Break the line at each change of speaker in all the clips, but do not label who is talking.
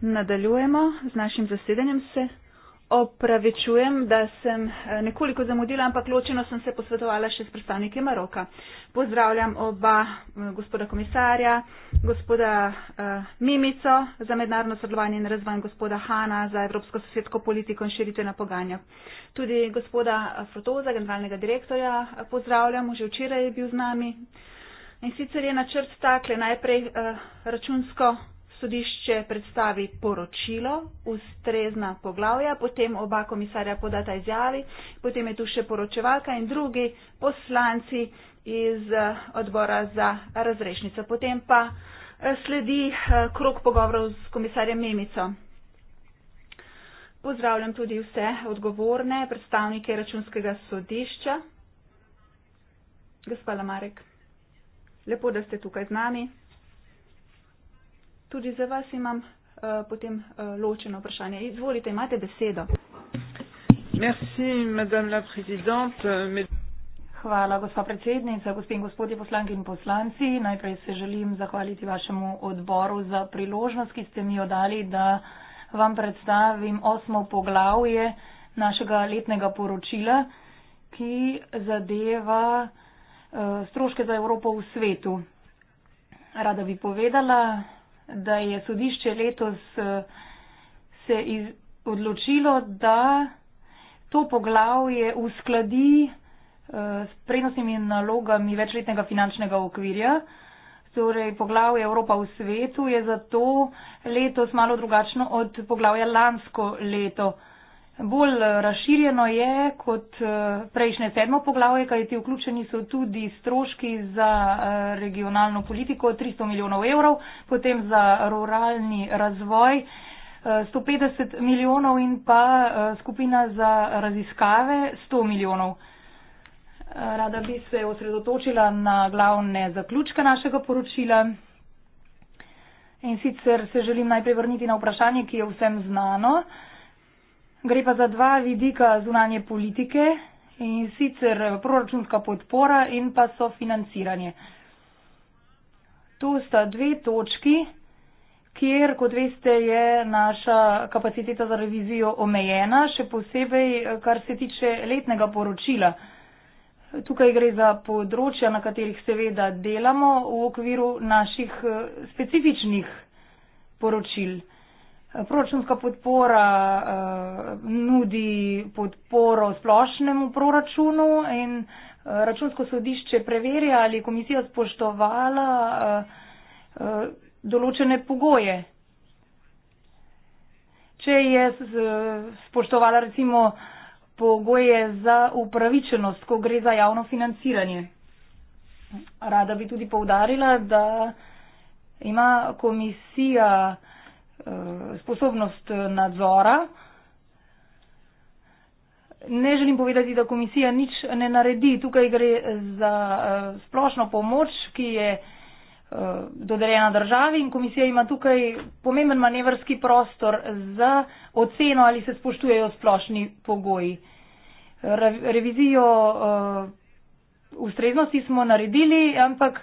Nadaljujemo z našim zasedanjem se. Opravičujem, da sem eh, nekoliko zamudila, ampak ločeno sem se posvetovala še s predstavniki Maroka. Pozdravljam oba eh, gospoda komisarja, gospoda eh, Mimico za mednarodno sodelovanje in razvoj in gospoda Hana za evropsko sosedsko politiko in širitev na pogajanja. Tudi gospoda Frotoza, generalnega direktorja, pozdravljam, že včeraj je bil z nami. In sicer je načrt takle, najprej uh, računsko sodišče predstavi poročilo, ustrezna poglavja, potem oba komisarja podata izjavi, potem je tu še poročevalka in drugi poslanci iz uh, odbora za razrešnico. Potem pa uh, sledi uh, krok pogovorov s komisarjem Memico. Pozdravljam tudi vse odgovorne predstavnike računskega sodišča. Gospa Lamarek lepo, da ste tukaj z nami. Tudi za vas imam uh, potem uh, ločeno vprašanje. Izvolite, imate besedo.
Merci,
Hvala, gospa predsednica, gospe in gospodje poslanki in poslanci. Najprej se želim zahvaliti vašemu odboru za priložnost, ki ste mi jo dali, da vam predstavim osmo poglavje našega letnega poročila, ki zadeva Eh, stroške za Evropo v svetu. Rada bi povedala, da je sodišče letos eh, se iz, odločilo, da to poglavje uskladi eh, s prednostnimi nalogami večletnega finančnega okvirja. Torej, poglavje Evropa v svetu je zato letos malo drugačno od poglavja lansko leto. Bolj razširjeno je kot eh, prejšnje sedmo poglavje, kajti vključeni so tudi stroški za eh, regionalno politiko 300 milijonov evrov, potem za ruralni razvoj 150 eh, milijonov in pa skupina za raziskave 100 milijonov. Rada bi se osredotočila na glavne zaključke našega poročila. In sicer se želim najprej vrniti na vprašanje, ki je vsem znano. Gre pa za dva vidika zunanje politike in sicer eh, proračunska podpora in pa sofinanciranje. To sta dve točki, kjer, kot veste, je naša kapaciteta za revizijo omejena, še posebej, eh, kar se tiče letnega poročila. Tukaj gre za področja, na katerih seveda delamo v okviru naših eh, specifičnih poročil. Proračunska podpora uh, nudi podporo splošnemu proračunu in eh, računsko sodišče preverja, ali je komisija spoštovala uh, uh, določene pogoje. Če je spoštovala recimo pogoje za upravičenost, ko gre za javno financiranje. Rada bi tudi povdarila, da ima komisija. Eh, sposobnost eh, nadzora. Ne želim povedati, da komisija nič ne naredi. Tukaj gre eh, za splošno pomoč, ki je dodeljena državi in komisija ima tukaj pomemben manevrski prostor za oceno, ali se spoštujejo splošni pogoji. Revizijo ustreznosti smo naredili, ampak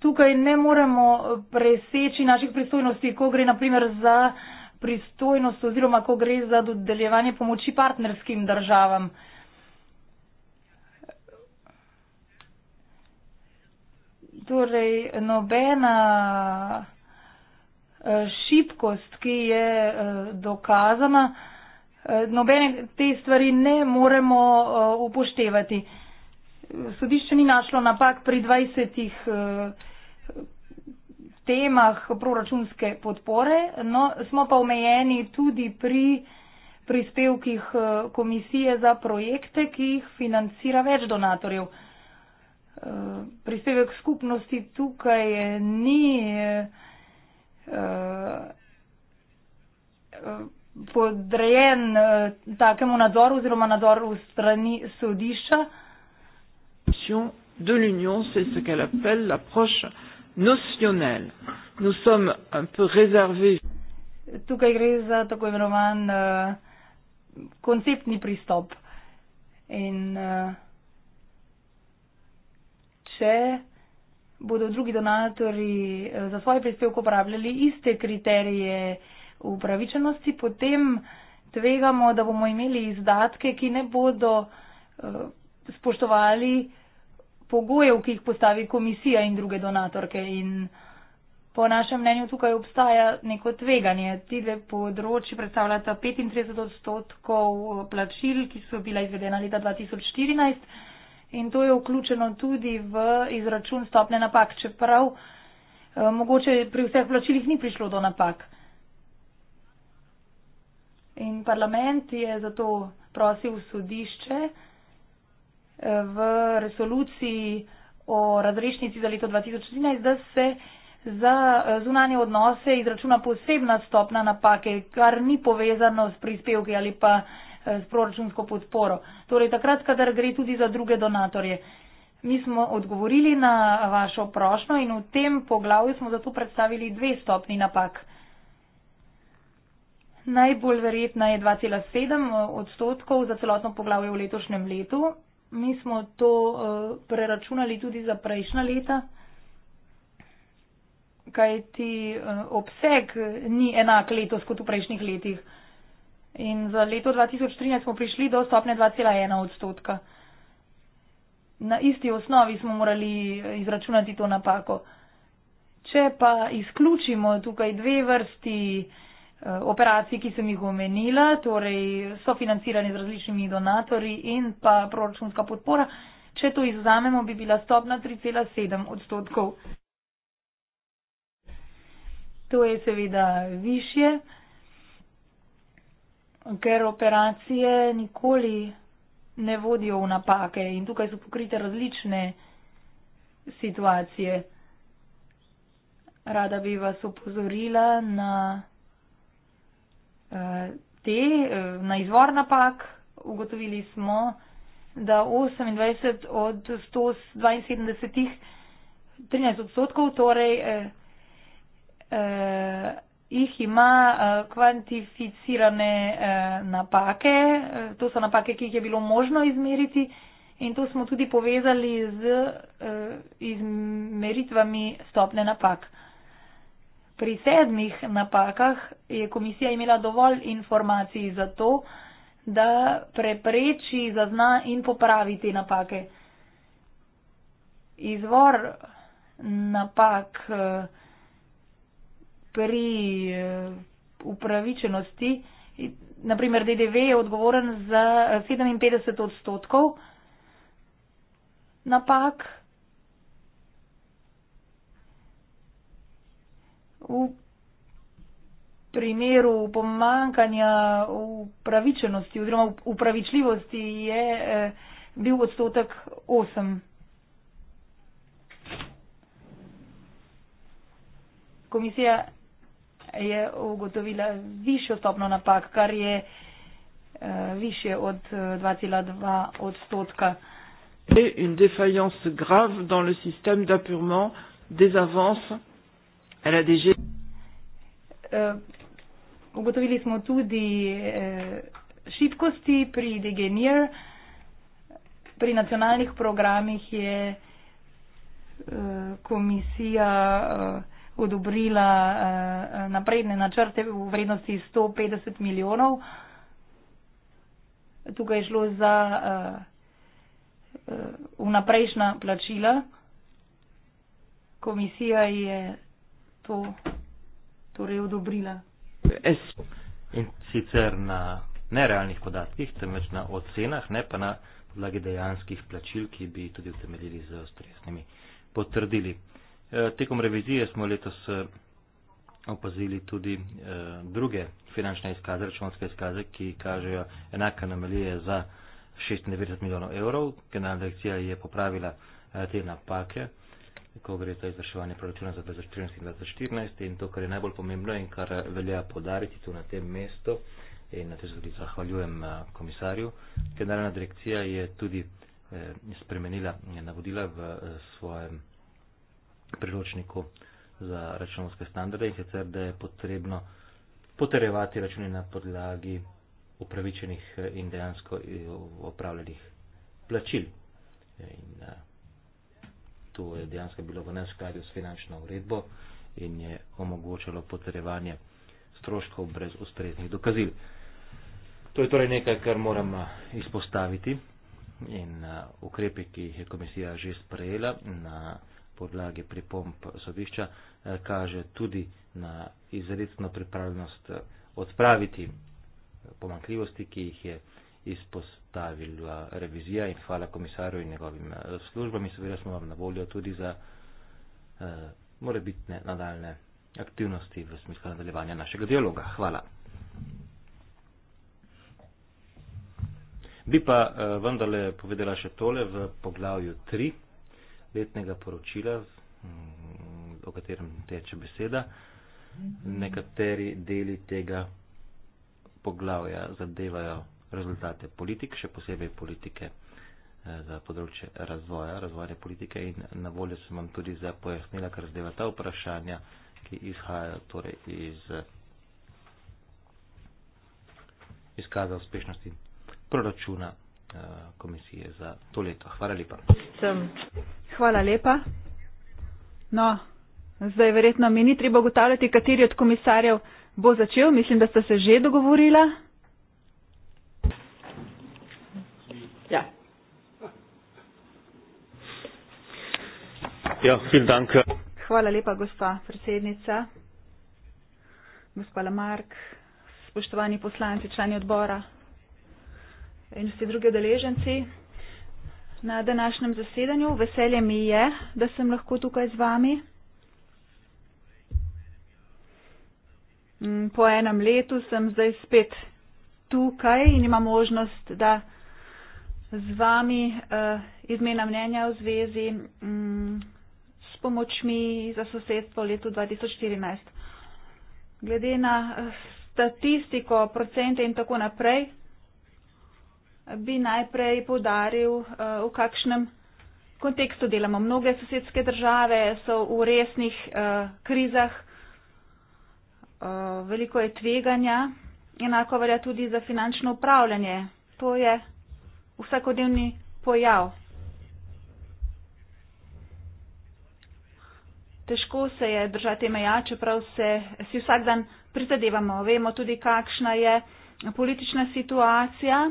tukaj ne moremo preseči naših pristojnosti, ko gre naprimer za pristojnost oziroma ko gre za dodeljevanje pomoči partnerskim državam. Torej, nobena eh, šibkost, ki je eh, dokazana, eh, nobene te stvari ne moremo upoštevati. Sodišče ni našlo napak pri 20 uh, temah proračunske podpore. No, smo pa omejeni tudi pri prispevkih eh, komisije za projekte, ki jih financira več donatorjev. Eh, prispevek skupnosti tukaj ni eh, podrejen takemu nadzoru oziroma nadzoru strani sodišča.
De l'Union, c'est ce qu'elle appelle l'approche euh, notionnel. Nous sommes un peu réservés. Tukaj gre za tako
imenovan uh, konceptni pristop. In uh, če bodo drugi donatori uh, eh, za svoje prispevke uporabljali iste kriterije upravičenosti, potem tvegamo, da bomo imeli izdatke, ki ne bodo uh, spoštovali uh, pogojev, ki jih postavi komisija in druge donatorke. In po našem mnenju tukaj obstaja neko tveganje. Ti dve področji predstavljata 35 odstotkov plačil, ki so bila izvedena leta 2014 in to je vključeno tudi v izračun stopne napak, čeprav eh, mogoče pri vseh plačilih ni prišlo do napak. In parlament je zato prosil sodišče, v resoluciji o razrešnici za leto 2013, da se za eh, zunanje odnose izračuna posebna stopna napake, kar ni povezano s prispevki ali pa eh, s proračunsko podporo. Torej, takrat, kadar gre tudi za druge donatorje. Mi smo odgovorili na vašo prošnjo in v tem poglavju smo zato predstavili dve stopni napak. Najbolj verjetna je 2,7 eh, odstotkov za celotno poglavje v letošnjem letu, Mi smo to uh, preračunali tudi za prejšnja leta, kaj ti uh, eh, obseg ni enak letos kot v prejšnjih letih. In za leto 2013 smo prišli do stopne 2,1 odstotka. Na isti osnovi smo morali eh, izračunati to napako. Če pa izključimo tukaj dve vrsti, Eh, operacij, ki sem jih omenila, torej sofinancirani z različnimi donatorji in pa proračunska podpora. Če to izuzamemo, bi bila stopna 3,7 odstotkov. To je seveda više, ker operacije nikoli ne vodijo v napake in tukaj so pokrite različne situacije. Rada bi vas opozorila na te na izvor napak. Ugotovili smo, da 28 od 172, 13 odstotkov, torej eh, eh, jih ima eh, kvantificirane eh, napake. Eh, to so napake, ki jih je bilo možno izmeriti in to smo tudi povezali z eh, izmeritvami stopne napak. Eh, Pri sedmih napakah je komisija imela dovolj informacij za to, da prepreči, zazna in popravi te napake. Izvor napak eh, pri eh, upravičenosti, naprimer DDV je odgovoren za 57 eh, odstotkov napak, v primeru pomankanja upravičenosti oziroma upravičljivosti je eh, bil odstotek 8. Komisija je ugotovila višjo stopno napak, kar je eh, više od 2,2 eh, odstotka.
Une défaillance grave dans le système d'apurement des avances Elle a déjà... euh, ugotovili smo tudi
eh, šibkosti pri Degenir. Pri nacionalnih programih je eh, komisija eh, odobrila eh, napredne načrte v vrednosti 150 milijonov. Tukaj je šlo za eh, eh vnaprejšnja plačila. Komisija je
to torej odobrila?
Es. In sicer na nerealnih podatkih, temveč na ocenah, ne pa na podlagi dejanskih plačil, ki bi tudi utemeljili z ustreznimi potrdili. E, tekom revizije smo letos e, opazili tudi e, druge finančne izkaze, računske izkaze, ki kažejo enake namelije za 96 milijonov evrov. Generalna direkcija je popravila e, te napake ko gre za izvrševanje proračuna za 2013 in 2014 in to, kar je najbolj pomembno in kar velja podariti tu na tem mestu in na te zgodi zahvaljujem eh, komisarju. Generalna direkcija je tudi eh, spremenila navodila v eh, svojem priročniku za računovske standarde in sicer, da je potrebno potrejevati račune na podlagi upravičenih in dejansko opravljenih plačil. In, uh, to je dejansko bilo v neskladju s finančno uredbo in je omogočalo potrjevanje stroškov brez ustreznih dokazil. To je torej nekaj, kar moram izpostaviti in ukrepe, ki jih je komisija že sprejela na podlagi pripomp sodišča, kaže tudi na izredno pripravljenost odpraviti pomankljivosti, ki jih je izpostavila revizija in hvala komisarju in njegovim eh, službam in seveda smo vam na voljo tudi za eh, morebitne nadaljne aktivnosti v smislu nadaljevanja našega dialoga. Hvala. Bi pa eh, vendarle povedala še tole v poglavju 3 letnega poročila, mm, o katerem teče beseda. Nekateri deli tega poglavja zadevajo rezultate politik, še posebej politike eh, za področje razvoja, razvojne politike in na voljo sem vam tudi za pojasnila, kar zdeva ta vprašanja, ki izhajajo torej iz izkaza uspešnosti proračuna eh, komisije za to leto. Hvala lepa.
Hvala lepa. No, zdaj verjetno mi ni treba ugotavljati, kateri od komisarjev bo začel. Mislim, da ste se že dogovorila. Ja.
Ja, vielen Dank.
Hvala lepa, gospa predsednica. Gospa Lamark, spoštovani poslanci, člani odbora in vsi drugi odeleženci. Na današnjem zasedanju veselje mi je, da sem lahko tukaj z vami. Mm, po enem letu sem zdaj spet tukaj in imam možnost, da z vami uh, izmena mnenja v zvezi um, s pomočmi za sosedstvo letu 2014. Glede na eh, statistiko, procente in tako naprej, bi najprej podaril, uh, eh, v kakšnem kontekstu delamo. Mnoge sosedske države so v resnih uh, krizah, uh, veliko je tveganja, enako velja tudi za finančno upravljanje. To je vsakodnevni pojav. Težko se je držati meja, čeprav se, si vsak dan prizadevamo. Vemo tudi, kakšna je politična situacija.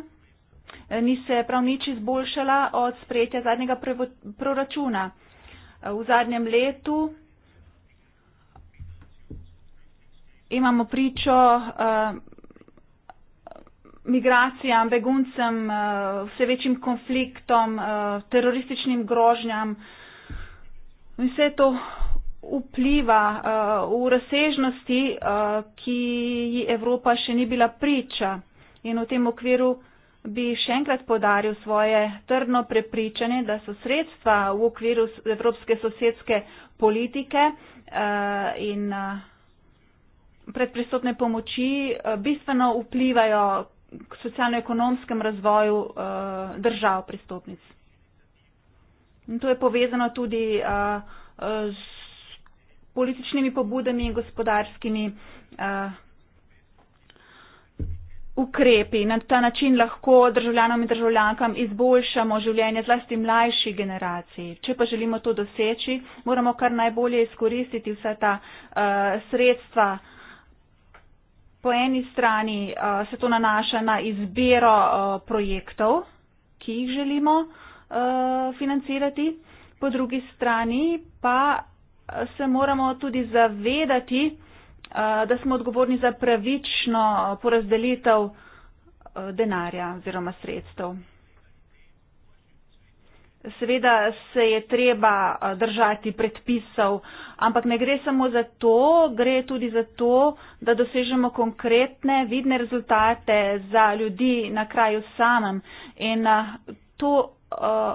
Ni se prav nič izboljšala od sprejetja zadnjega proračuna. V zadnjem letu eh, imamo pričo eh, migracijam, beguncem, eh, vse večjim konfliktom, eh, terorističnim grožnjam. In vse to vpliva eh, v razsežnosti, ki ji Evropa še ni bila priča. In v tem okviru bi še enkrat podaril svoje trdno prepričanje, da so sredstva v okviru evropske sosedske politike in predpristopne pomoči bistveno vplivajo k socialno-ekonomskem razvoju uh, držav pristopnic. In to je povezano tudi uh, uh, s političnimi pobudami in gospodarskimi uh, ukrepi. Na ta način lahko državljanom in državljankam izboljšamo življenje zlasti mlajši generaciji. Če pa želimo to doseči, moramo kar najbolje izkoristiti vsa ta uh, sredstva, uh, po eni strani uh, se to nanaša na izbiro uh, projektov, ki jih želimo uh, financirati, po drugi strani pa uh, se moramo tudi zavedati, uh, da smo odgovorni za pravično porazdelitev uh, denarja oziroma sredstev. Seveda se je treba držati predpisov, ampak ne gre samo za to, gre tudi za to, da dosežemo konkretne, vidne rezultate za ljudi na kraju samem. In to uh,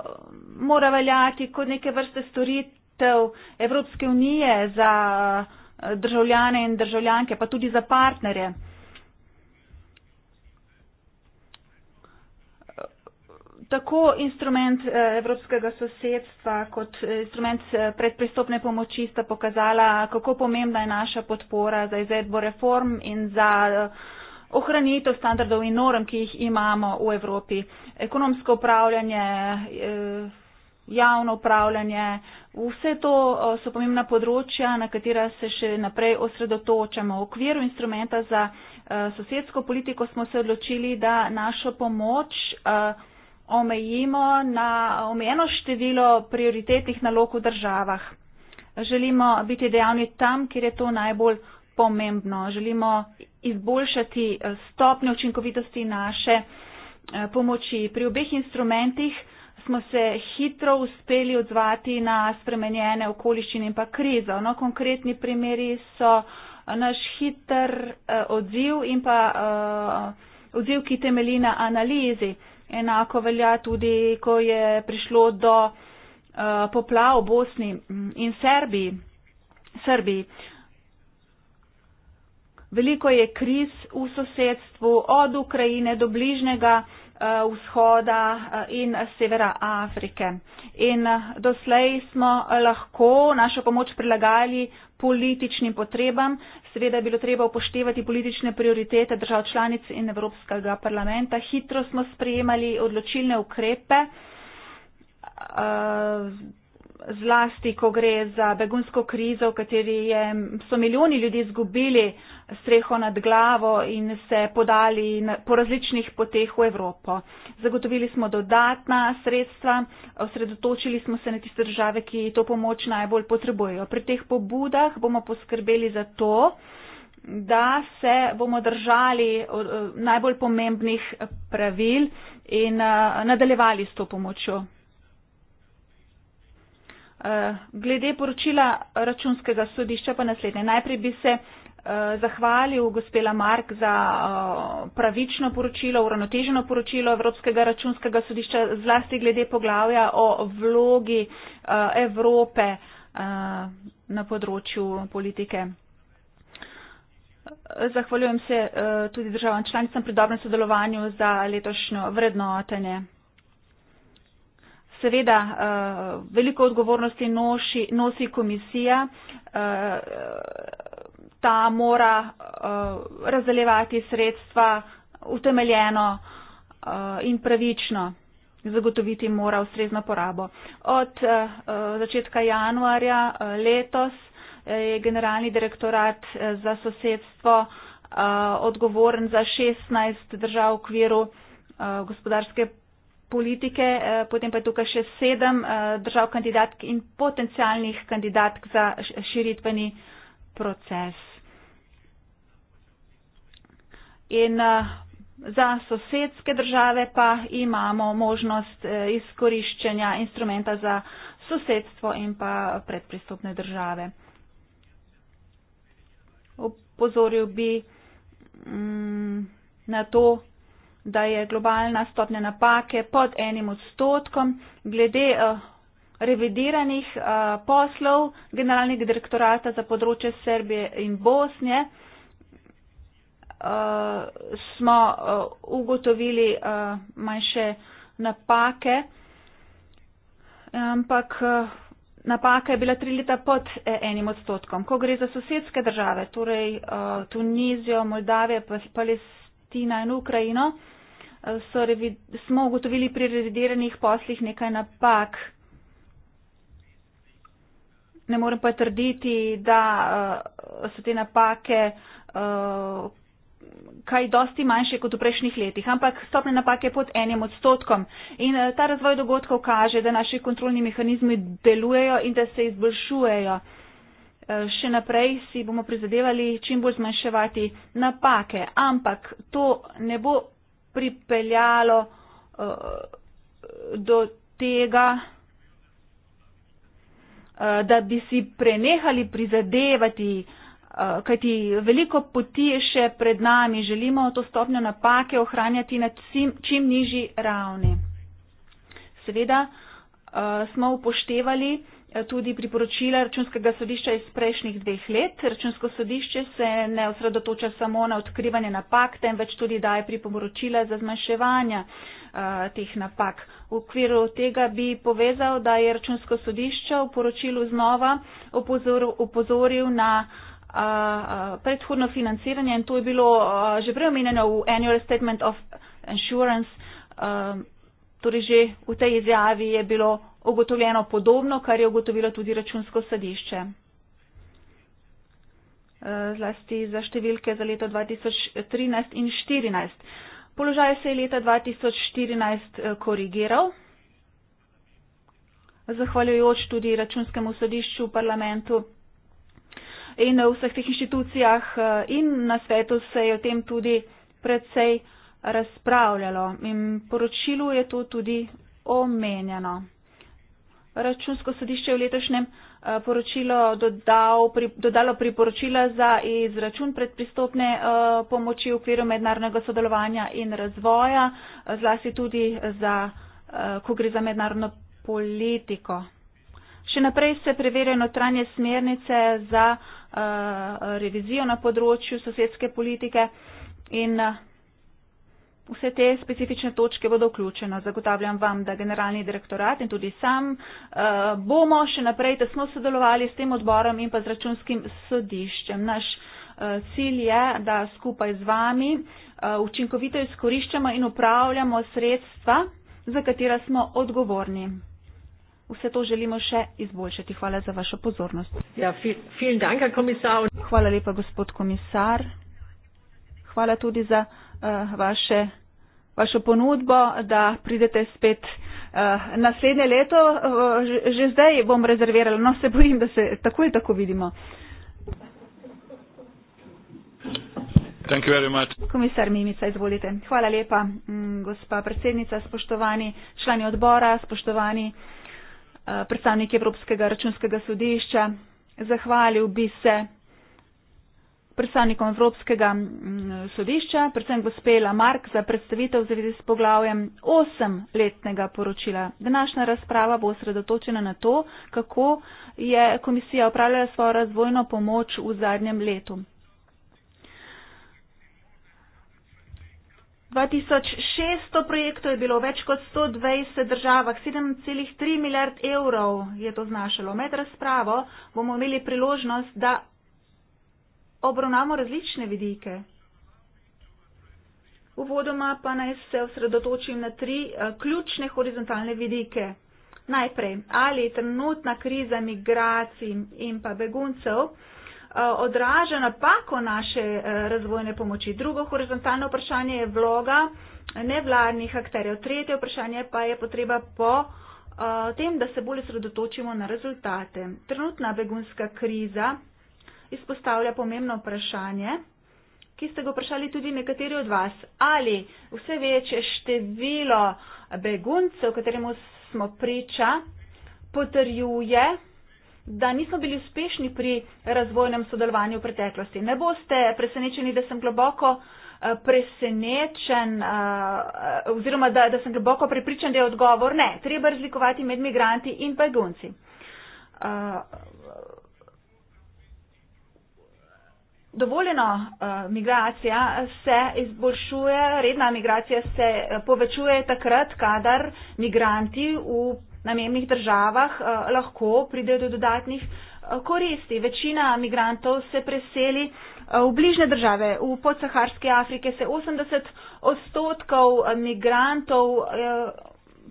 mora veljati kot neke vrste storitev Evropske unije za državljane in državljanke, pa tudi za partnerje. tako instrument eh, evropskega sosedstva kot eh, instrument eh, predpristopne pomoči sta pokazala, kako pomembna je naša podpora za izvedbo reform in za ohranitev standardov in norm, ki jih imamo v Evropi. Ekonomsko upravljanje, javno upravljanje, vse to so pomembna področja, na katera se še naprej osredotočamo. V okviru instrumenta za sosedsko politiko smo se odločili, da našo pomoč omejimo na omejeno število prioritetnih nalog v državah. Želimo biti dejavni tam, kjer je to najbolj pomembno. Želimo izboljšati eh, stopnjo učinkovitosti naše eh, pomoči. Pri obeh instrumentih smo se hitro uspeli odzvati na spremenjene okoliščine in pa krizo. No, konkretni primeri so eh, naš hiter odziv in pa odziv, ki temeli na analizi enako velja tudi, ko je prišlo do uh, poplav v Bosni mm, in Serbiji. Srbiji. Veliko je kriz v sosedstvu, od Ukrajine do bližnjega uh, vzhoda eh, in severa Afrike. In doslej smo lahko našo pomoč prilagajali političnim potrebam, seveda je bilo treba upoštevati politične prioritete držav članic in Evropskega parlamenta. Hitro smo sprejemali odločilne ukrepe. Uh, zlasti, ko gre za begunsko krizo, v kateri je, so milijoni ljudi izgubili streho nad glavo in se podali na, po različnih poteh v Evropo. Zagotovili smo dodatna sredstva, osredotočili smo se na tiste države, ki to pomoč najbolj potrebujejo. Pri teh pobudah bomo poskrbeli za to, da se bomo držali najbolj pomembnih pravil in nadaljevali s to pomočjo. Eh, glede poročila računskega sodišča pa naslednje. Najprej bi se eh, zahvalil gospela Mark za eh, pravično poročilo, uravnoteženo poročilo Evropskega računskega sodišča, zlasti glede poglavja o vlogi Evrope na področju politike. Zahvaljujem se tudi državam članicam pri dobrem sodelovanju za letošnjo vrednotenje. Seveda eh, veliko odgovornosti nosi, nosi komisija. Eh, ta mora eh, razdeljevati sredstva utemeljeno in pravično, zagotoviti mora ustrezno porabo. Od začetka januarja letos je generalni direktorat za sosedstvo odgovoren za 16 držav v okviru gospodarske politike, eh, potem pa je tukaj še sedem eh, držav kandidatk in potencialnih kandidatk za širitveni proces. In eh, za sosedske države pa imamo možnost izkoriščenja instrumenta za sosedstvo in pa predpristopne države. Opozoril bi mm, na to, da je globalna stopnja napake pod enim odstotkom. Glede eh, revidiranih eh, poslov generalnih direktorata za področje Srbije in Bosnje eh, smo ugotovili manjše napake, ampak napaka je bila tri leta pod enim odstotkom. Ko gre za sosedske države, torej Tunizijo, Moldavijo, Palestino in Ukrajino, so smo ugotovili pri revidiranih poslih nekaj napak. Ne morem pa trditi, da eh, so te napake eh, kaj dosti manjše kot v prejšnjih letih, ampak stopne napake pod enim odstotkom. In eh, ta razvoj dogodkov kaže, da naši kontrolni mehanizmi delujejo in da se izboljšujejo. Še naprej si bomo prizadevali čim bolj zmanjševati napake, ampak to ne bo pripeljalo uh, do tega, uh, da bi si prenehali prizadevati, uh, kajti veliko poti je še pred nami, želimo to stopnjo napake ohranjati na čim, čim nižji ravni. Seveda uh, smo upoštevali, tudi priporočila računskega sodišča iz prejšnjih dveh let. Računsko sodišče se ne osredotoča samo na odkrivanje napak, temveč tudi daje priporočila za zmanjševanje eh, teh napak. V okviru tega bi povezal, da je računsko sodišče v poročilu znova opozoril, opozoril na a, eh, a, eh, predhodno financiranje in to je bilo a, že prej omenjeno v Annual Statement of Insurance, a, torej že v tej izjavi je bilo ugotovljeno podobno, kar je ugotovilo tudi računsko sodišče. E, zlasti za številke za leto 2013 in 2014. Položaj se je leta 2014 e, korigiral, zahvaljujoč tudi računskemu sodišču v parlamentu in v e, vseh teh inštitucijah in na svetu se je o tem tudi predvsej razpravljalo in poročilu je to tudi omenjeno računsko sodišče v letošnjem eh, poročilu dodalo priporočila za izračun predpristopne eh, pomoči v okviru mednarodnega sodelovanja in razvoja, eh, zlasti tudi za, ko gre za mednarodno politiko. Še naprej se preverjajo notranje smernice za revizijo na področju sosedske politike in Vse te specifične točke bodo vključene. Zagotavljam vam, da generalni direktorat in tudi sam uh, bomo še naprej tesno sodelovali s tem odborom in pa z računskim sodiščem. Naš uh, cilj je, da skupaj z vami uh, učinkovito izkoriščamo in upravljamo sredstva, za katera smo odgovorni. Vse to želimo še izboljšati. Hvala za vašo pozornost. Ja, fil, danke, Hvala lepa, gospod komisar. Hvala tudi za. Eh, vaše, vašo ponudbo, da pridete spet eh, naslednje leto. Eh, že zdaj bom rezervirala, no se bojim, da se tako in tako vidimo. Komisar Mimica, izvolite. Hvala lepa, mm, gospa predsednica, spoštovani člani odbora, spoštovani predstavniki Evropskega računskega sodišča. Zahvalil bi se predstavnikom Evropskega mm, sodišča, predvsem gospela Mark za predstavitev v zvezi s poglavjem 8 letnega poročila. Današnja razprava bo osredotočena na to, kako je komisija upravljala svojo razvojno pomoč v zadnjem letu. 2600 projektov je bilo v več kot 120 državah, 7,3 milijard evrov je to znašalo. Med razpravo bomo imeli priložnost, da obravnamo različne vidike. Uvodoma pa naj se osredotočim na tri eh, ključne horizontalne vidike. Najprej, ali je trenutna kriza migracij in pa beguncev eh, odraža napako naše eh, razvojne pomoči. Drugo horizontalno vprašanje je vloga nevladnih akterjev. Tretje vprašanje pa je potreba po tem, da se bolj osredotočimo na rezultate. Trenutna begunska kriza izpostavlja pomembno vprašanje, ki ste ga vprašali tudi nekateri od vas. Ali vse večje število beguncev, kateremu smo priča, potrjuje, da nismo bili uspešni pri razvojnem sodelovanju v preteklosti. Ne boste presenečeni, da sem globoko eh, presenečen eh, eh, oziroma da, da sem globoko prepričan, da je odgovor ne. Treba razlikovati med migranti in begunci. dovoljeno uh, eh, migracija se izboljšuje, redna migracija se eh, povečuje takrat, kadar migranti v namemnih državah uh, lahko pridejo do dodatnih uh, koristi. Večina migrantov se preseli uh, v bližne države, v podsaharske Afrike se 80 odstotkov migrantov uh,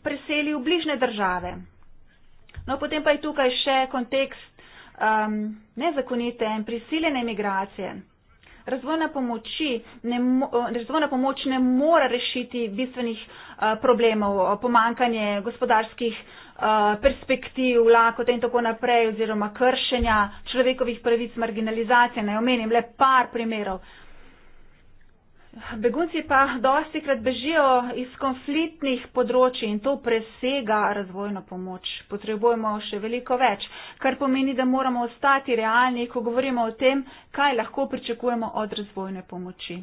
preseli v bližne države. No, potem pa je tukaj še kontekst um, nezakonite in prisiljene imigracije. Razvojna, ne, razvojna pomoč ne mora rešiti bistvenih uh, problemov, pomankanje gospodarskih uh, perspektiv, lakote in tako naprej, oziroma kršenja človekovih pravic, marginalizacije. Naj omenim le par primerov. Uh, Begunci pa dosti krat bežijo iz konfliktnih področji in to presega razvojno pomoč. Potrebujemo še veliko več, kar pomeni, da moramo ostati realni, ko govorimo o tem, kaj lahko pričakujemo od razvojne pomoči.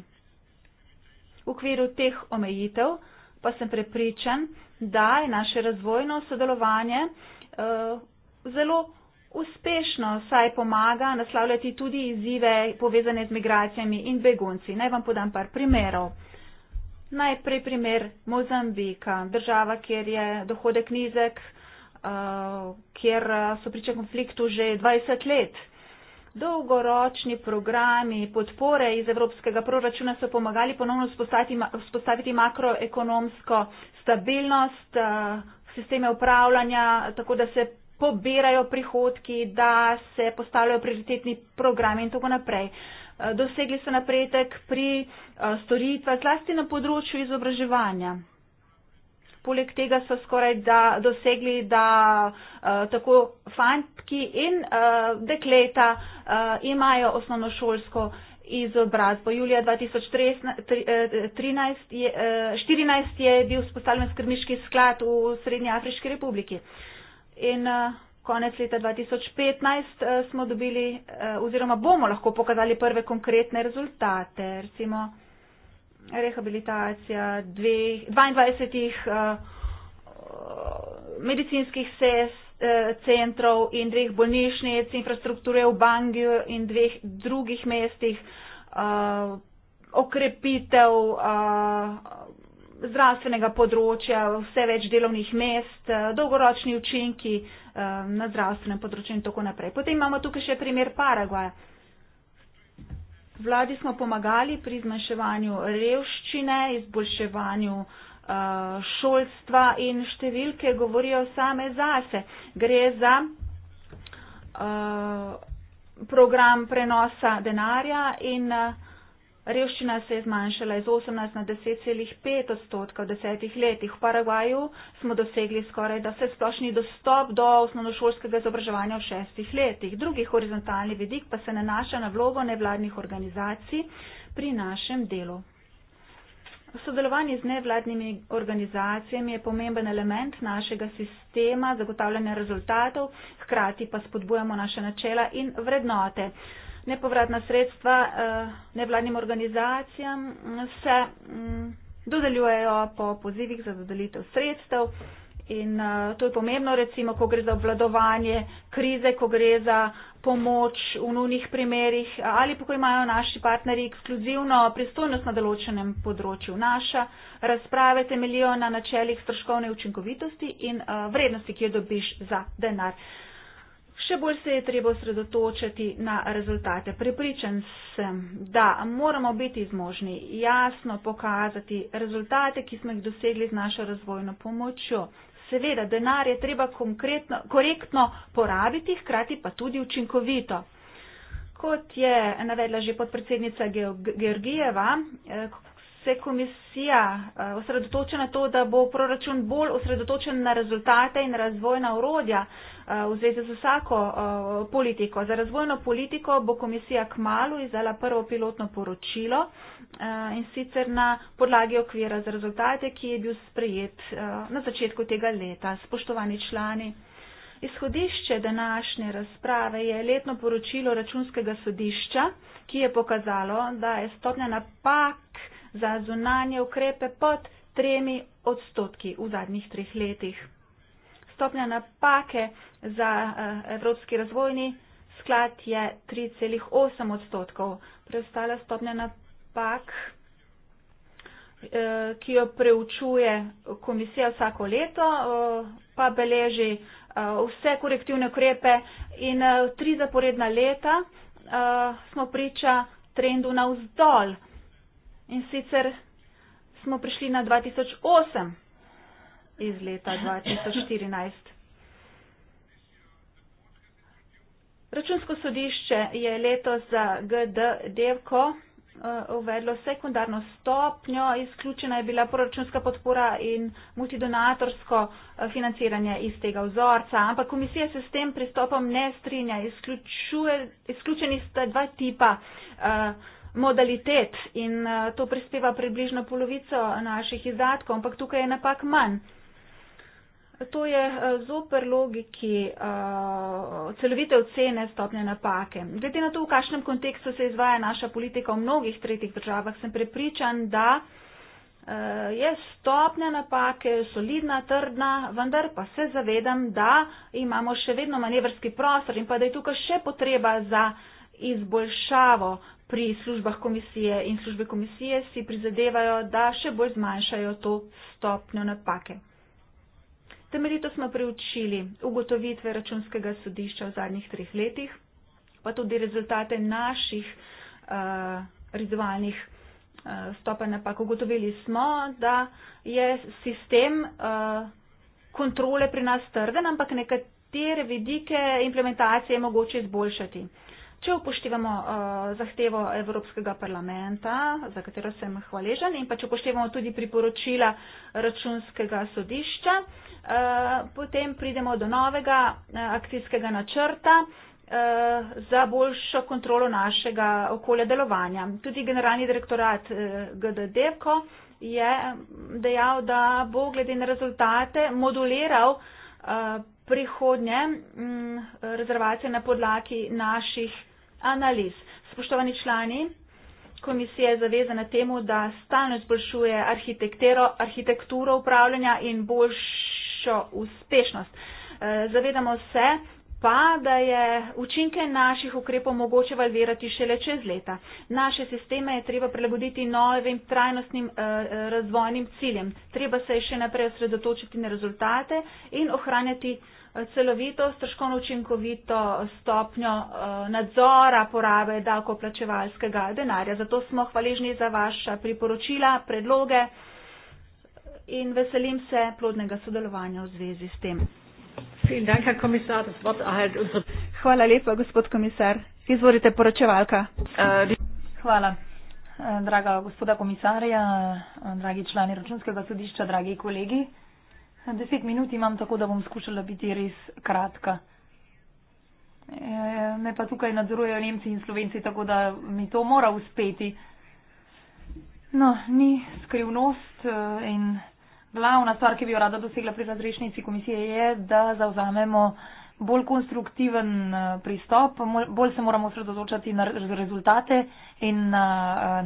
V okviru teh omejitev pa sem prepričan, da je naše razvojno sodelovanje uh, zelo uspešno saj pomaga naslavljati tudi izzive povezane z migracijami in begunci. Naj vam podam par primerov. Najprej primer Mozambika, država, kjer je dohodek nizek, uh, kjer so priča konfliktu že 20 let. Dolgoročni programi podpore iz evropskega proračuna so pomagali ponovno vzpostaviti makroekonomsko stabilnost, uh, sisteme upravljanja, tako da se pobirajo prihodki, da se postavljajo prioritetni programi in tako naprej. Eh, dosegli so napredek pri eh, storitvah, zlasti na področju izobraževanja. Poleg tega so skoraj da, dosegli, da eh, tako fantki in dekleta imajo osnovnošolsko izobrazbo. Julija 2014 je, je bil vzpostavljen skrbniški sklad v Srednji Afriški republiki in eh, konec leta 2015 eh, smo dobili eh, oziroma bomo lahko pokazali prve konkretne rezultate, recimo rehabilitacija 22 medicinskih centrov in dveh bolnišnic, infrastrukture v Bangiju in dveh drugih mestih, okrepitev zdravstvenega področja, vse več delovnih mest, eh, dolgoročni učinki eh, na zdravstvenem področju in tako naprej. Potem imamo tukaj še primer Paragvaja. Vladi smo pomagali pri zmanjševanju revščine, izboljševanju eh, šolstva in številke govorijo same zase. Gre za program prenosa denarja in Revščina se je zmanjšala iz 18 na 10,5 odstotka v desetih letih. V Paragvaju smo dosegli skoraj da se splošni dostop do osnovnošolskega izobraževanja v šestih letih. Drugi horizontalni vidik pa se nanaša na vlogo nevladnih organizacij pri našem delu. Sodelovanje z nevladnimi organizacijami je pomemben element našega sistema zagotavljanja rezultatov, hkrati pa spodbujamo naše načela in vrednote nepovratna sredstva eh, nevladnim organizacijam se mm, dodeljujejo po pozivih za dodelitev sredstev in eh, to je pomembno, recimo, ko gre za obvladovanje krize, ko gre za pomoč v nunih primerih ali pa ko imajo naši partnerji ekskluzivno pristojnost na določenem področju. Naša razprave temelijo na načelih stroškovne učinkovitosti in eh, vrednosti, ki jo dobiš za denar. Še bolj se je treba osredotočiti na rezultate. Pripričan sem, da moramo biti zmožni jasno pokazati rezultate, ki smo jih dosegli z našo razvojno pomočjo. Seveda, denar je treba korektno porabiti, hkrati pa tudi učinkovito. Kot je navedla že podpredsednica Georgijeva, eh, se komisija eh, osredotoča na to, da bo proračun bolj osredotočen na rezultate in razvojna urodja. Eh, v zvezi z vsako eh, politiko. Za razvojno politiko bo komisija k malu izdala prvo pilotno poročilo eh, in sicer na podlagi okvira za rezultate, ki je bil sprejet na začetku tega leta. Spoštovani člani, izhodišče današnje razprave je letno poročilo računskega sodišča, ki je pokazalo, da je stopnja napak za zunanje ukrepe pod tremi odstotki v zadnjih treh letih stopnja napake za eh, Evropski razvojni sklad je 3,8 odstotkov. Preostala stopnja napak, eh, ki jo preučuje komisija vsako leto, eh, pa beleži vse korektivne ukrepe in tri zaporedna leta smo priča trendu navzdol. In sicer smo prišli na 2008 iz leta 2014. Računsko sodišče je letos za GD Devko eh, uvedlo sekundarno stopnjo, izključena je bila proračunska podpora in multidonatorsko eh, financiranje iz tega vzorca, ampak komisija se s tem pristopom ne strinja. Izključeni sta dva tipa eh, modalitet in to prispeva približno polovico naših izdatkov, ampak tukaj je napak manj to je eh, zoper logiki uh, celovite ocene stopnje napake. Glede na to, v kakšnem kontekstu se izvaja naša politika v mnogih tretjih državah, sem prepričan, da uh, je stopnja napake solidna, trdna, vendar pa se zavedam, da imamo še vedno manevrski prostor in pa da je tukaj še potreba za izboljšavo. Pri službah komisije in službe komisije si prizadevajo, da še bolj zmanjšajo to stopnjo napake. Temeljito smo preučili ugotovitve računskega sodišča v zadnjih treh letih, pa tudi rezultate naših uh, eh, rezovalnih uh, eh, stopen napak. Ugotovili smo, da je sistem uh, kontrole pri nas trden, ampak nekatere vidike implementacije je mogoče izboljšati. Uh, Če upoštevamo uh, zahtevo Evropskega parlamenta, za katero sem hvaležen, in pa če upoštevamo tudi priporočila računskega sodišča, uh, potem pridemo do novega uh, akcijskega načrta uh, za boljšo kontrolo našega okolja delovanja. Tudi generalni direktorat uh, GDDECO je dejal, da bo glede na rezultate moduliral. Uh, prihodnje m, mm, rezervacije na podlaki naših analiz. Spoštovani člani, komisija je zavezana temu, da stalno izboljšuje arhitekturo upravljanja in boljšo uspešnost. Eh, zavedamo se pa, da je učinke naših ukrepov mogoče valvirati šele čez leta. Naše sisteme je treba prilagoditi novim trajnostnim eh, razvojnim ciljem. Treba se je še naprej osredotočiti na rezultate in ohranjati učinke celovito, stroškovno učinkovito stopnjo eh, nadzora porabe davkoplačevalskega denarja. Zato smo hvaležni za vaša priporočila, predloge in veselim se plodnega sodelovanja v zvezi s tem. Hvala lepa, gospod komisar. Izvolite, poročevalka.
Äh, Hvala. Äh, draga gospoda komisarja, äh, dragi člani računskega sodišča, dragi kolegi. Deset minut imam, tako da bom skušala biti res kratka. E, me pa tukaj nadzorujejo Nemci in Slovenci, tako da mi to mora uspeti. No, ni skrivnost e, in glavna stvar, ki bi jo rada dosegla pri razrešnici komisije, je, da zauzamemo bolj konstruktiven e, pristop, bolj se moramo sredozočati na rezultate in na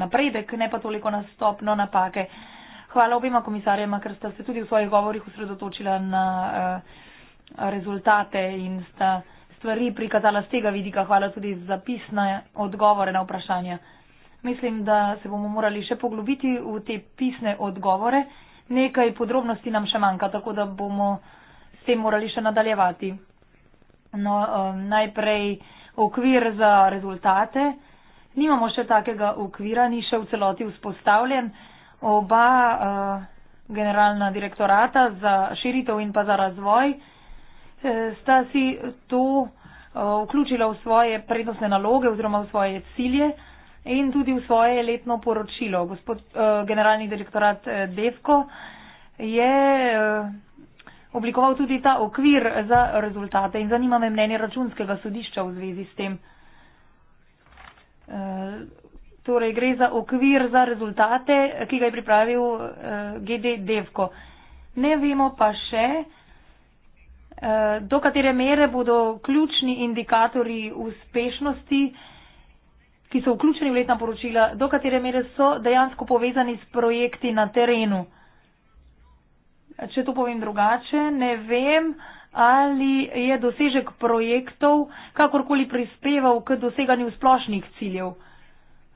napredek, ne pa toliko na stopno napake. Hvala obima komisarjema, ker sta se tudi v svojih govorih usredotočila na eh, rezultate in sta stvari prikazala z tega vidika. Hvala tudi za pisne odgovore na vprašanja. Mislim, da se bomo morali še poglobiti v te pisne odgovore. Nekaj podrobnosti nam še manjka, tako da bomo s tem morali še nadaljevati. No, um, najprej okvir za rezultate. Nimamo še takega okvira, ni še v celoti vzpostavljen oba eh, generalna direktorata za širitev in pa za razvoj eh, sta si to eh, vključila v svoje prednostne naloge oziroma v svoje cilje in tudi v svoje letno poročilo. Gospod generalni direktorat Devko je oblikoval tudi ta okvir za rezultate in zanima me mnenje računskega sodišča v zvezi s tem. Torej, gre za okvir za rezultate, ki ga je pripravil uh, eh, GD Devko. Ne vemo pa še, uh, do katere mere bodo ključni indikatorji uspešnosti, ki so vključeni v letna poročila, do katere mere so dejansko povezani s projekti na terenu. Če to povem drugače, ne vem, ali je dosežek projektov kakorkoli prispeval k doseganju splošnih ciljev.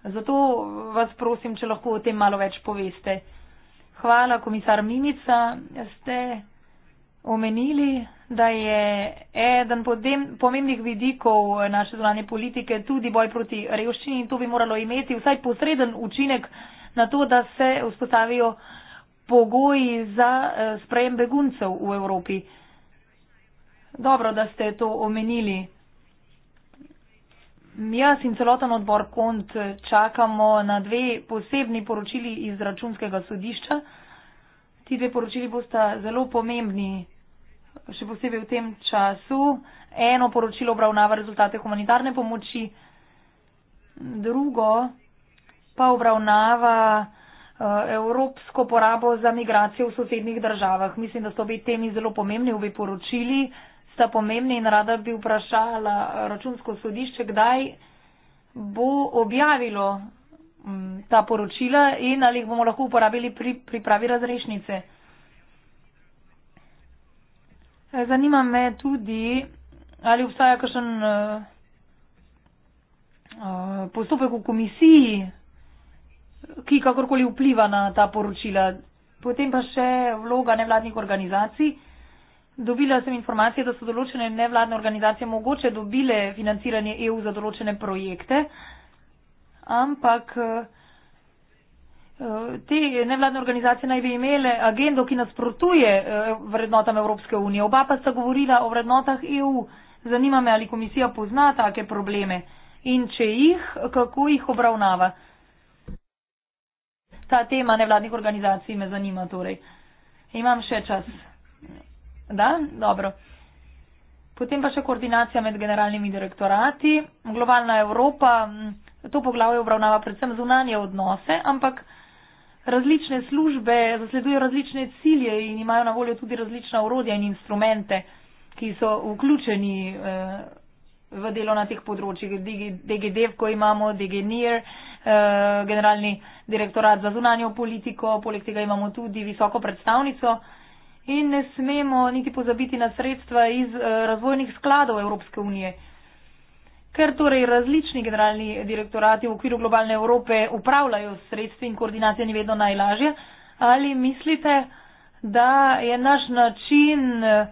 Zato vas prosim, če lahko o tem malo več poveste. Hvala, komisar Mimica, ste omenili, da je eden pomembnih vidikov naše zvonanje politike tudi boj proti revščini in to bi moralo imeti vsaj posreden učinek na to, da se vzpostavijo pogoji za eh, sprejem beguncev v Evropi. Dobro, da ste to omenili. Jaz in celoten odbor kont čakamo na dve posebni poročili iz računskega sodišča. Ti dve poročili bosta zelo pomembni, še posebej v tem času. Eno poročilo obravnava rezultate humanitarne pomoči, drugo pa obravnava eh, evropsko porabo za migracije v sosednjih državah. Mislim, da so obe temi zelo pomembni, obe poročili sta pomembni in rada bi vprašala računsko sodišče, kdaj bo objavilo mm, ta poročila in ali jih bomo lahko uporabili pri pripravi razrešnice. Zanima me tudi, ali obstaja kakšen eh, eh, postopek v komisiji, ki kakorkoli vpliva na ta poročila. Potem pa še vloga nevladnih organizacij. Dobila sem informacije, da so določene nevladne organizacije mogoče dobile financiranje EU za določene projekte, ampak eh, te nevladne organizacije naj bi imele agendo, ki nasprotuje eh, vrednotam Evropske unije. Oba pa sta govorila o vrednotah EU. Zanima me, ali komisija pozna take probleme in če jih, kako jih obravnava. Ta tema nevladnih organizacij me zanima torej. Imam še čas. Da, dobro. Potem pa še koordinacija med generalnimi direktorati. Globalna Evropa, mm, to poglavje obravnava predvsem zunanje odnose, ampak različne službe zasledujejo različne cilje in imajo na voljo tudi različna urodja in instrumente, ki so vključeni eh, v delo na teh področjih. DGDF, ko imamo DGNIR, eh, generalni direktorat za zunanjo politiko, poleg tega imamo tudi visoko predstavnico in ne smemo niti pozabiti na sredstva iz eh, razvojnih skladov Evropske unije. Ker torej različni generalni direktorati v okviru globalne Evrope upravljajo sredstvi in koordinacija ni vedno najlažja, ali mislite, da je naš način eh,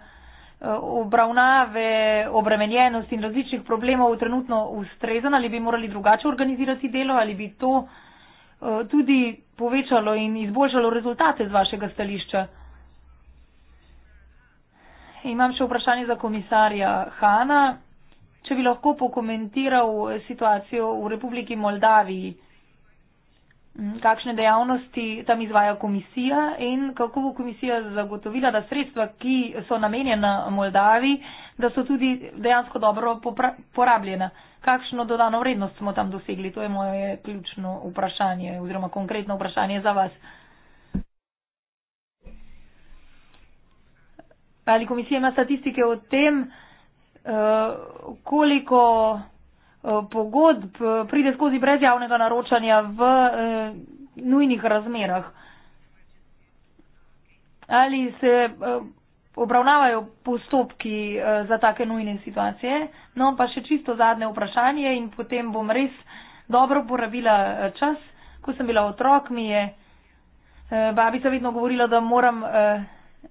obravnave obremenjenosti in različnih problemov trenutno ustrezan ali bi morali drugače organizirati delo ali bi to eh, tudi povečalo in izboljšalo rezultate z vašega stališča? Imam še vprašanje za komisarja Hana. Če bi lahko pokomentiral situacijo v Republiki Moldaviji, kakšne dejavnosti tam izvaja komisija in kako bo komisija zagotovila, da sredstva, ki so namenjena Moldaviji, da so tudi dejansko dobro porabljena. Kakšno dodano vrednost smo tam dosegli? To je moje ključno vprašanje oziroma konkretno vprašanje za vas. ali komisija ima statistike o tem, eh, koliko eh, pogodb eh, pride skozi brez javnega naročanja v nujnih razmerah. Ali se obravnavajo postopki za take nujne situacije. No, pa še čisto zadnje vprašanje in potem bom res dobro porabila čas. Ko sem bila otrok, mi je babica vedno govorila, da moram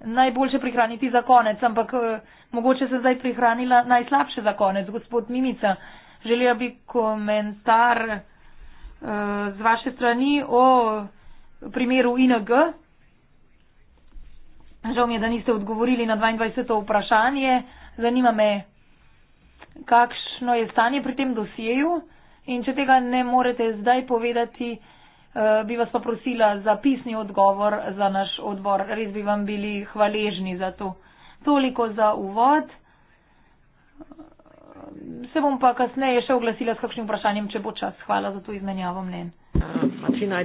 najboljše prihraniti za konec, ampak eh, mogoče se zdaj prihranila najslabše za konec. Gospod Mimica, želela bi komentar eh, z vaše strani o primeru ING. Žal mi je, da niste odgovorili na 22. vprašanje. Zanima me, kakšno je stanje pri tem dosjeju in če tega ne morete zdaj povedati, Eh, bi vas pa prosila za pisni odgovor za naš odbor. Res bi vam bili hvaležni za to. Toliko za uvod. Eh, se bom pa kasneje še oglasila s kakšnim vprašanjem, če bo čas. Hvala za to izmenjavo mnen. Martina,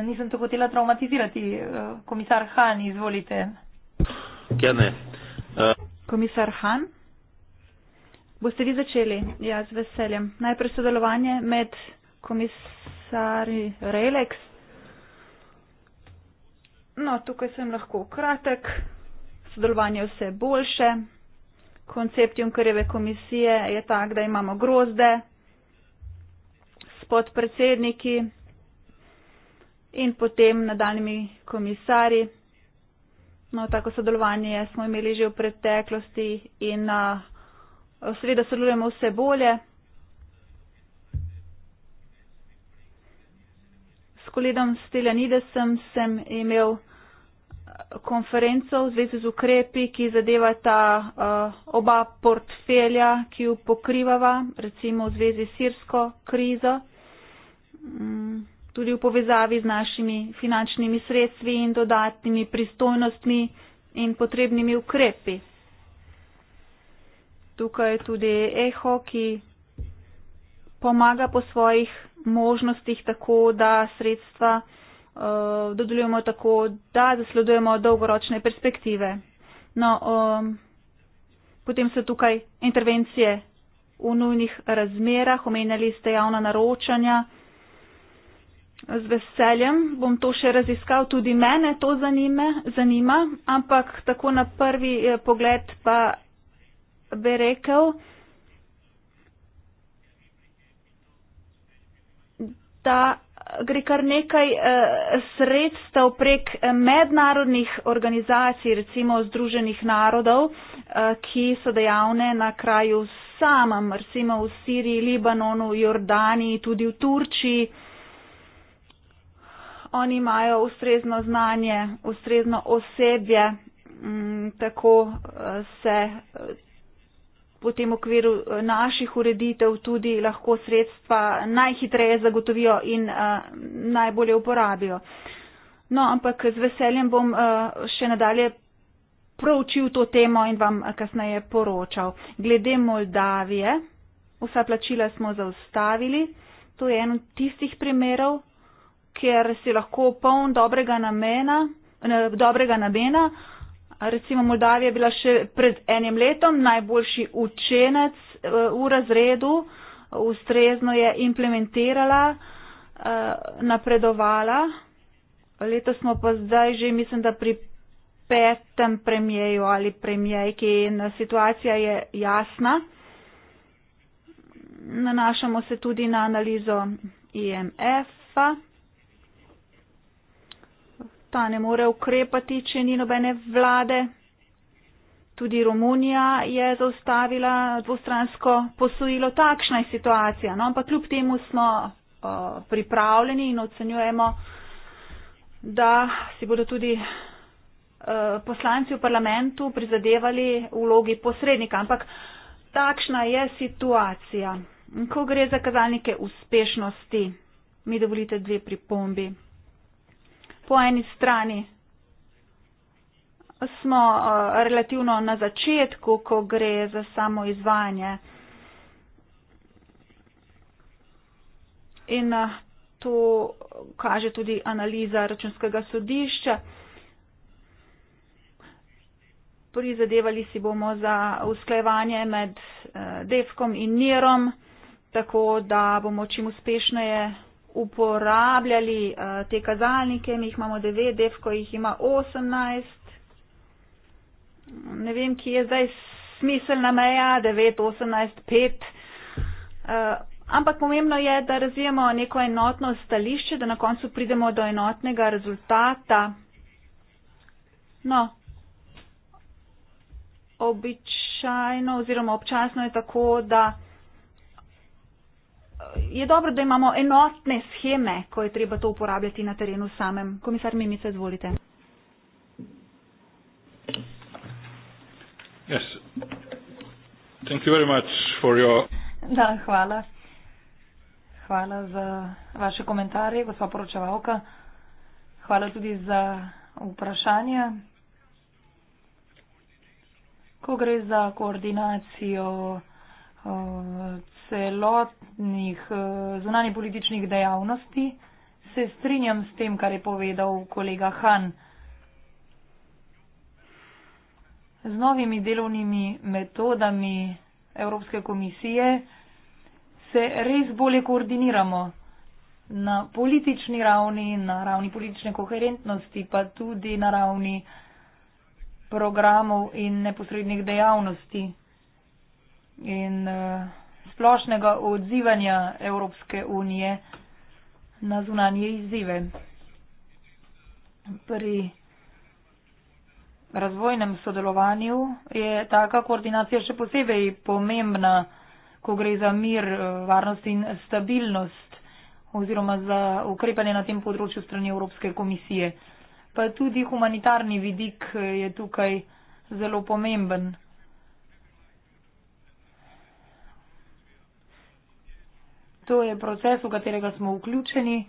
eh, nisem to hotela traumatizirati. Komisar Han, izvolite.
Kjene. Ja,
komisar Han? Boste
vi začeli? Jaz z veseljem. Najprej sodelovanje med komisarji Relex. No, tukaj sem lahko kratek. Sodelovanje vse boljše. Koncept Junkerjeve komisije je tak, da imamo grozde s podpredsedniki in potem nadaljnimi komisari. No, tako sodelovanje smo imeli že v preteklosti in uh, seveda sodelujemo vse bolje. S kolegom Stelanidesem sem imel eh, konferenco v zvezi z ukrepi, ki zadeva ta uh, eh, oba portfelja, ki ju pokrivava, recimo v zvezi s sirsko krizo, um, tudi v povezavi z našimi finančnimi sredstvi in dodatnimi pristojnostmi in potrebnimi ukrepi. Tukaj je tudi Eho, ki pomaga po svojih možnostih tako, da sredstva uh, dodeljujemo tako, da zasledujemo dolgoročne perspektive. No, um, potem so tukaj intervencije v nujnih razmerah, omenjali ste javna naročanja. Z veseljem bom to še raziskal, tudi mene to zanime, zanima, ampak tako na prvi eh, pogled pa bi rekel, da gre kar nekaj eh, sredstev prek eh, mednarodnih organizacij, recimo Združenih narodov, eh, ki so dejavne na kraju samem, recimo v Siriji, Libanonu, Jordaniji, tudi v Turčiji. Oni imajo ustrezno znanje, ustrezno osebje, m, mm, tako eh, se potem v okviru eh, naših ureditev tudi lahko sredstva najhitreje zagotovijo in uh, najbolje uporabijo. No, ampak z veseljem bom uh, še nadalje proučil to temo in vam kasneje poročal. Glede Moldavije, vsa plačila smo zaustavili, to je en od tistih primerov, ker si lahko poln dobrega namena, ne, dobrega namena uh, recimo Moldavija bila še pred enim letom najboljši učenec eh, v razredu, ustrezno je implementirala, eh, napredovala. Leto smo pa zdaj že, mislim, da pri petem premijeju ali premijejki in situacija je jasna. Nanašamo se tudi na analizo IMF-a ta ne more ukrepati, če ni nobene vlade. Tudi Romunija je zaustavila dvostransko posojilo. Takšna je situacija. No, ampak kljub temu smo uh, pripravljeni in ocenjujemo, da si bodo tudi uh, poslanci v parlamentu prizadevali v vlogi posrednika. Ampak takšna je situacija. Ko gre za kazalnike uspešnosti, mi dovolite dve pripombi po eni strani smo eh, relativno na začetku, ko gre za samo izvajanje. In eh, to kaže tudi analiza računskega sodišča. Prizadevali si bomo za usklajevanje med eh, DEFKOM in NIROM, tako da bomo čim uspešneje uporabljali uh, te kazalnike, mi jih imamo 9, devko jih ima 18. Ne vem, ki je zdaj smiselna meja, 9, 18, 5. Uh, ampak pomembno je, da razvijemo neko enotno stališče, da na koncu pridemo do enotnega rezultata. No, običajno oziroma občasno je tako, da je dobro, da imamo enotne scheme, ko je treba to uporabljati na terenu samem. Komisar Mimica, izvolite.
Yes. Thank you very much for your...
Da, hvala. Hvala za vaše komentarje, gospa poročevalka. Hvala tudi za vprašanje. Ko gre za koordinacijo eh, celotnih eh, zunanje političnih dejavnosti, se strinjam s tem, kar je povedal kolega Han. Z novimi delovnimi metodami Evropske komisije se res bolje koordiniramo na politični ravni, na ravni politične koherentnosti, pa tudi na ravni programov in neposrednih dejavnosti. In uh, splošnega odzivanja Evropske unije na zunanje izzive. Pri razvojnem sodelovanju je taka koordinacija še posebej pomembna, ko gre za mir, varnost in stabilnost oziroma za ukrepanje na tem področju strani Evropske komisije. Pa tudi humanitarni vidik je tukaj zelo pomemben. to je proces, v katerega smo vključeni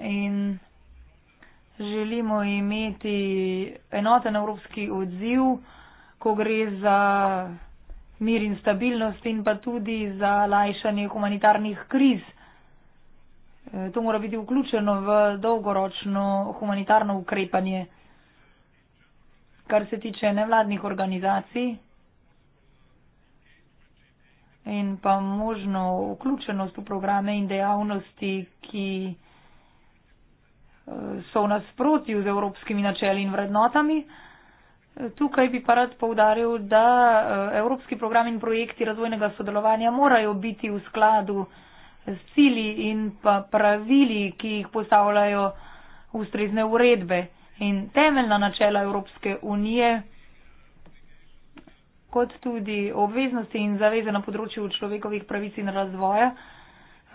in želimo imeti enoten evropski odziv, ko gre za mir in stabilnost in pa tudi za lajšanje humanitarnih kriz. E, to mora biti vključeno v dolgoročno humanitarno ukrepanje. Kar se tiče nevladnih organizacij, in pa možno vključenost v programe in dejavnosti, ki eh, so v nasprotju z evropskimi načeli in vrednotami. Tukaj bi pa rad povdaril, da eh, evropski program in projekti razvojnega sodelovanja morajo biti v skladu s cili in pa pravili, ki jih postavljajo ustrezne uredbe. In temeljna načela Evropske unije kot tudi obveznosti in zaveze na področju človekovih pravic in razvoja.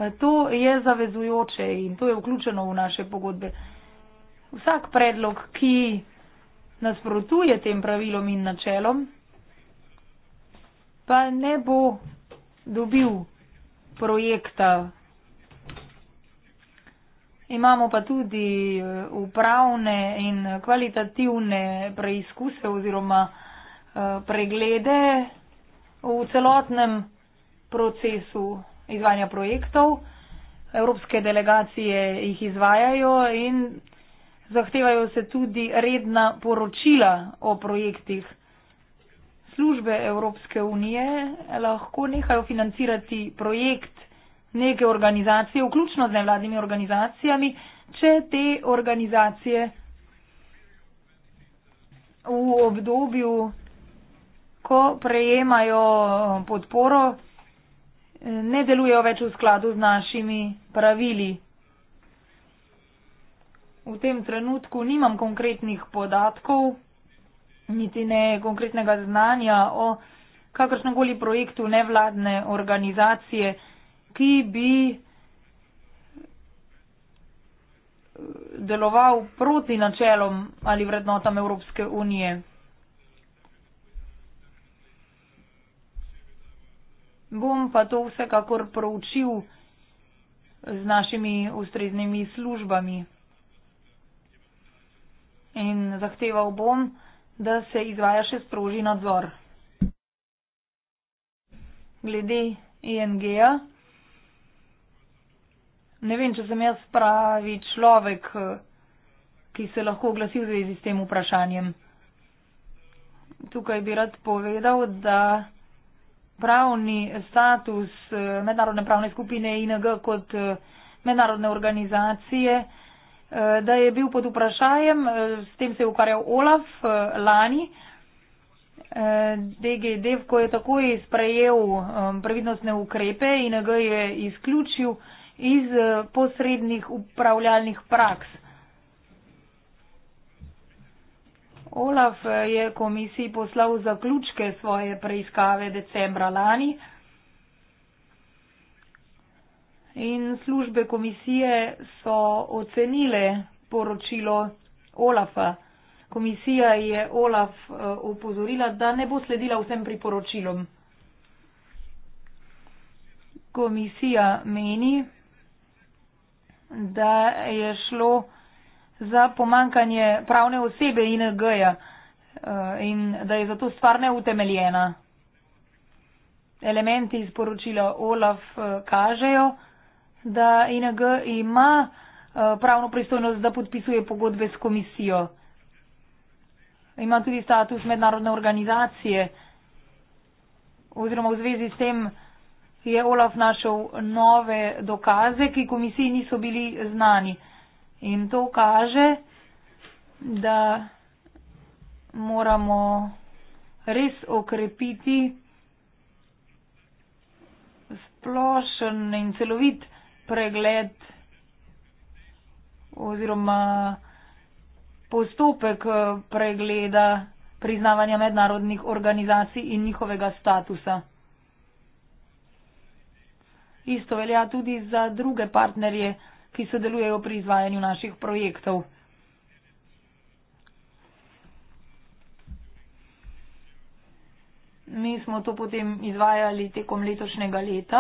E, to je zavezujoče in to je vključeno v naše pogodbe. Vsak predlog, ki nasprotuje tem pravilom in načelom, pa ne bo dobil projekta. Imamo pa tudi e, upravne in kvalitativne preizkuse oziroma Eh, preglede v celotnem procesu izvajanja projektov. Evropske delegacije jih izvajajo in zahtevajo se tudi redna poročila o projektih. Službe Evropske unije lahko nehajo financirati projekt neke organizacije, vključno z nevladnimi organizacijami, če te organizacije v obdobju ko prejemajo podporo, ne delujejo več v skladu z našimi pravili. V tem trenutku nimam konkretnih podatkov, niti ne konkretnega znanja o kakršnemkoli projektu nevladne organizacije, ki bi eh, deloval proti načelom ali vrednotam Evropske unije. bom pa to vsekakor proučil z našimi ustreznimi službami. In zahteval bom, da se izvaja še sproži nadzor. Glede ENG-ja. Ne vem, če sem jaz pravi človek, ki se lahko oglasil v zvezi s tem vprašanjem. Tukaj bi rad povedal, da pravni status eh, mednarodne pravne skupine ING kot eh, mednarodne organizacije, eh, da je bil pod vprašanjem, s tem se je ukvarjal Olaf lani, DGD, ko je takoj sprejel previdnostne ukrepe in ga je izključil iz posrednih upravljalnih praks. Olaf je komisiji poslal zaključke svoje preiskave decembra lani in službe komisije so ocenile poročilo Olafa. Komisija je Olaf upozorila, eh, da ne bo sledila vsem priporočilom. Komisija meni, da je šlo za pomankanje pravne osebe ING-ja eh, in da je zato stvar neutemeljena. Elementi iz poročila OLAF eh, kažejo, da ING ima eh, pravno pristojnost, da podpisuje pogodbe s komisijo. Ima tudi status mednarodne organizacije. Oziroma v zvezi s tem je OLAF našel nove dokaze, ki komisiji niso bili znani. In to kaže, da moramo res okrepiti splošen in celovit pregled oziroma postopek eh, pregleda priznavanja mednarodnih organizacij in njihovega statusa. Isto velja tudi za druge partnerje ki sodelujejo pri izvajanju naših projektov. Mi smo to potem izvajali tekom letošnjega leta.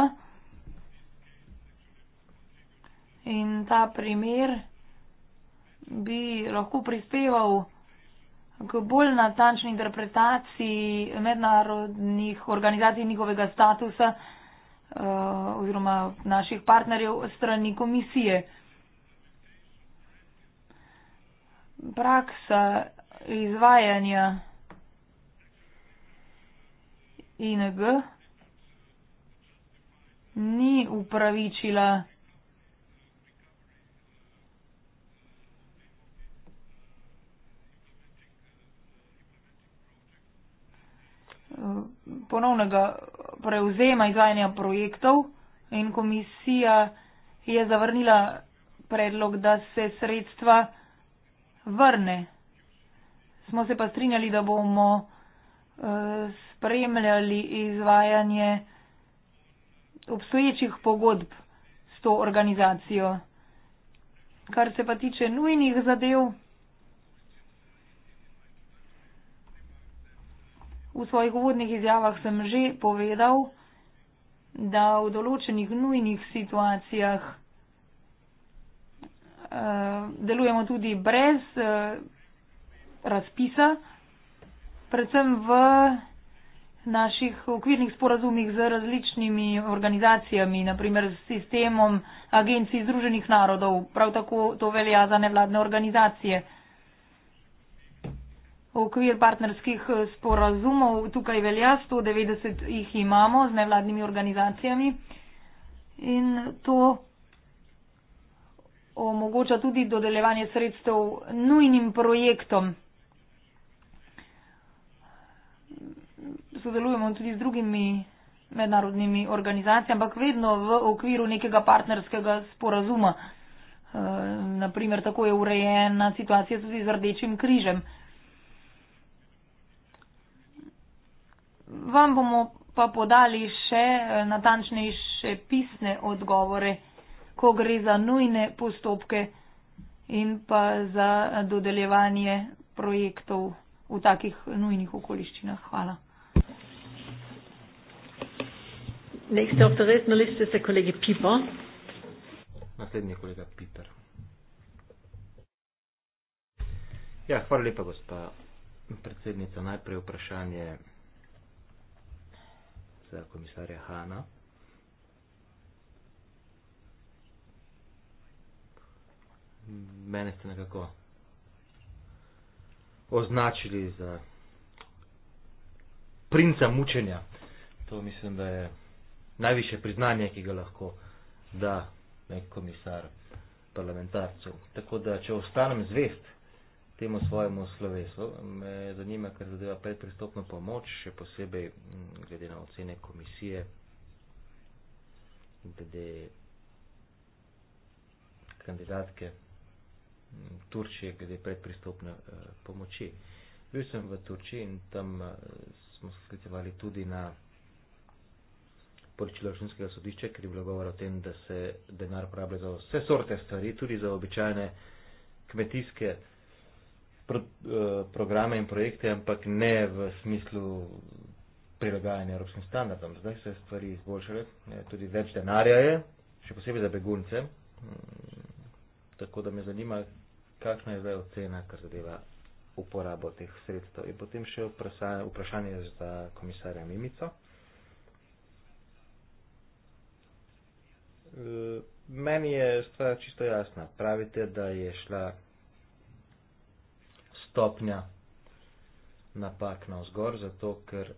In ta primer bi lahko prispeval k bolj natančni interpretaciji mednarodnih organizacij njihovega statusa Eh, oziroma naših partnerjev strani komisije. Praksa izvajanja ING ni upravičila Eh, ponovnega prevzema izvajanja projektov in komisija je zavrnila predlog, da se sredstva vrne. Smo se pa strinjali, da bomo eh, spremljali izvajanje obstoječih pogodb s to organizacijo. Kar se pa tiče nujnih zadev, V svojih uvodnih izjavah sem že povedal, da v določenih nujnih situacijah eh, delujemo tudi brez eh, razpisa, predvsem v naših okvirnih sporazumih z različnimi organizacijami, naprimer s sistemom agencij Združenih narodov. Prav tako to velja za nevladne organizacije okvir partnerskih eh, sporazumov, tukaj velja, 190 jih imamo z nevladnimi organizacijami in to omogoča tudi dodelevanje sredstev nujnim projektom. Sodelujemo tudi z drugimi mednarodnimi organizacijami, ampak vedno v okviru nekega partnerskega sporazuma. E, eh, naprimer, tako je urejena situacija tudi z Rdečim križem. vam bomo pa podali še eh, natančnejše pisne odgovore, ko gre za nujne postopke in pa za dodeljevanje projektov v
takih nujnih okoliščinah. Hvala.
Naslednji je kolega Piper. Ja, hvala lepa, gospa predsednica. Najprej vprašanje za komisarja Hana. Mene ste nekako označili za princa mučenja. To mislim, da je najviše priznanje, ki ga lahko da nek komisar parlamentarcev. Tako da, če ostanem zvest, temu svojemu slovesu. Me zanima, ker zadeva predpristopno pomoč, še posebej glede na ocene komisije, glede kandidatke Turčije, glede predpristopne eh, pomoči. Bil sem v Turčiji in tam eh, smo se sklicevali tudi na poročilo Evropskega sodišča, ker je bilo govora o tem, da se denar uporablja za vse sorte stvari, tudi za običajne kmetijske stvari pro, uh, programe in projekte, ampak ne v smislu prilagajanja evropskim standardom. Zdaj se stvari izboljšale, tudi več denarja je, še posebej za begunce. Mm, tako da me zanima, kakšna je zdaj ocena, kar zadeva uporabo teh sredstev. In potem še vprašanje za komisarja Mimico. Eh, meni je stvar čisto jasna. Pravite, da je šla stopnja napak na vzgor, zato ker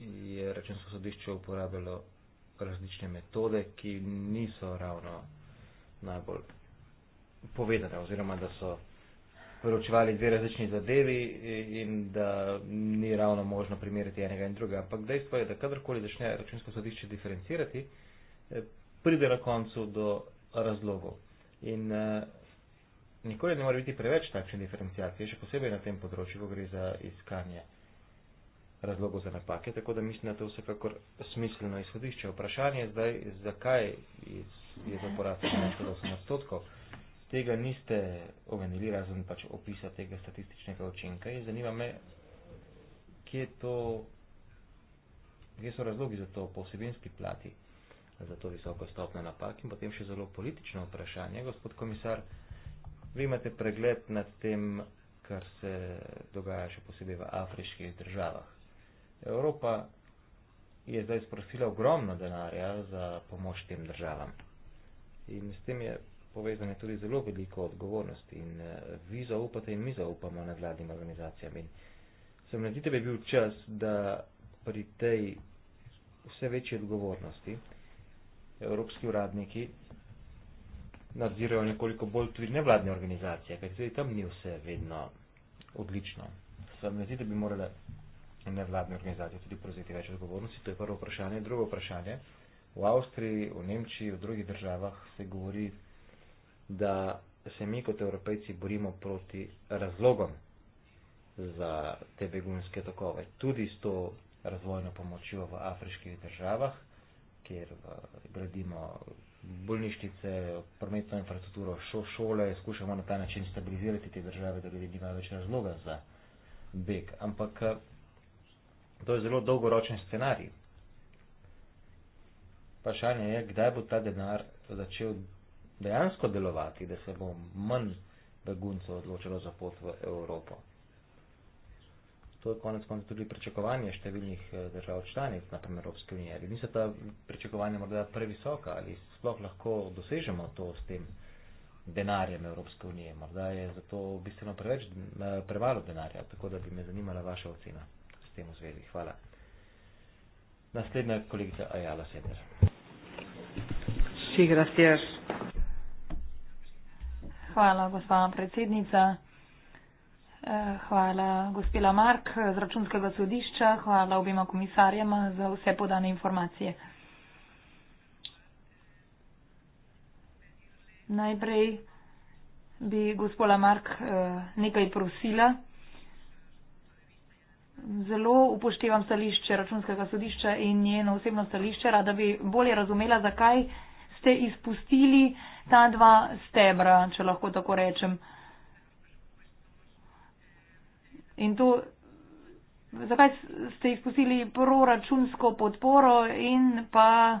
je računsko sodišče uporabljalo različne metode, ki niso ravno najbolj povedane oziroma da so poročevali dve različni zadevi in da ni ravno možno primeriti enega in drugega. Ampak dejstvo je, da kadarkoli začne računsko sodišče diferencirati, eh, pride na koncu do razlogov. In eh, nikoli ne more biti preveč takšne diferencijacije, še posebej na tem področju, ko gre za iskanje razlogov za napake, tako da mislim, da to vsekakor smiselno izhodišče. Vprašanje je zdaj, zakaj je to porastlo na 8 odstotkov. Tega niste omenili, razen pač opisa tega statističnega učinka in zanima me, kje, to, kje so razlogi za to posebenski plati, za to visoko stopno napak in potem še zelo politično vprašanje, gospod komisar vi imate pregled nad tem, kar se dogaja še posebej v afriških državah. Evropa je zdaj sprosila ogromno denarja za pomoč tem državam. In s tem je povezane tudi zelo veliko odgovornosti. In eh, vi zaupate in mi zaupamo nad vladnim organizacijam. In se mi zdi, da bi bil čas, da pri tej vse večji odgovornosti evropski uradniki nadzirajo nekoliko bolj tudi nevladne organizacije, ker tudi tam ni vse vedno odlično. Se mi zdi, da bi morale nevladne organizacije tudi prevzeti več odgovornosti. To je prvo vprašanje. Drugo vprašanje. V Avstriji, v Nemčiji, v drugih državah se govori, da se mi kot evropejci borimo proti razlogom za te begunske tokove. Tudi s to razvojno pomočjo v afriških državah, kjer eh, gradimo bolnišnice, prometno infrastrukturo, šo, šole, skušamo na ta način stabilizirati te države, da ljudje nimajo več razloga za beg. Ampak eh, to je zelo dolgoročen scenarij. Vprašanje je, kdaj bo ta denar začel dejansko delovati, da se bo manj beguncev odločilo za pot v Evropo to je konec konca tudi pričakovanje številnih eh, držav članic, naprimer Evropske unije. Ali niso ta pričakovanja morda previsoka ali sploh lahko dosežemo to s tem denarjem Evropske unije? Morda je za to bistveno preveč, eh, premalo denarja, tako da bi me zanimala vaša ocena s tem v zvezi. Hvala. Naslednja kolegica
Ajala Seder. Sí, gracias.
Hvala, gospa predsednica. Hvala, gospela Mark z računskega sodišča. Hvala obima komisarjama za vse podane informacije. Najprej bi gospoda Mark eh, nekaj prosila. Zelo upoštevam stališče računskega sodišča in njeno osebno stališče, rada bi bolje razumela, zakaj ste izpustili ta dva stebra, če lahko tako rečem. In to, zakaj ste izpustili proračunsko podporo in pa eh,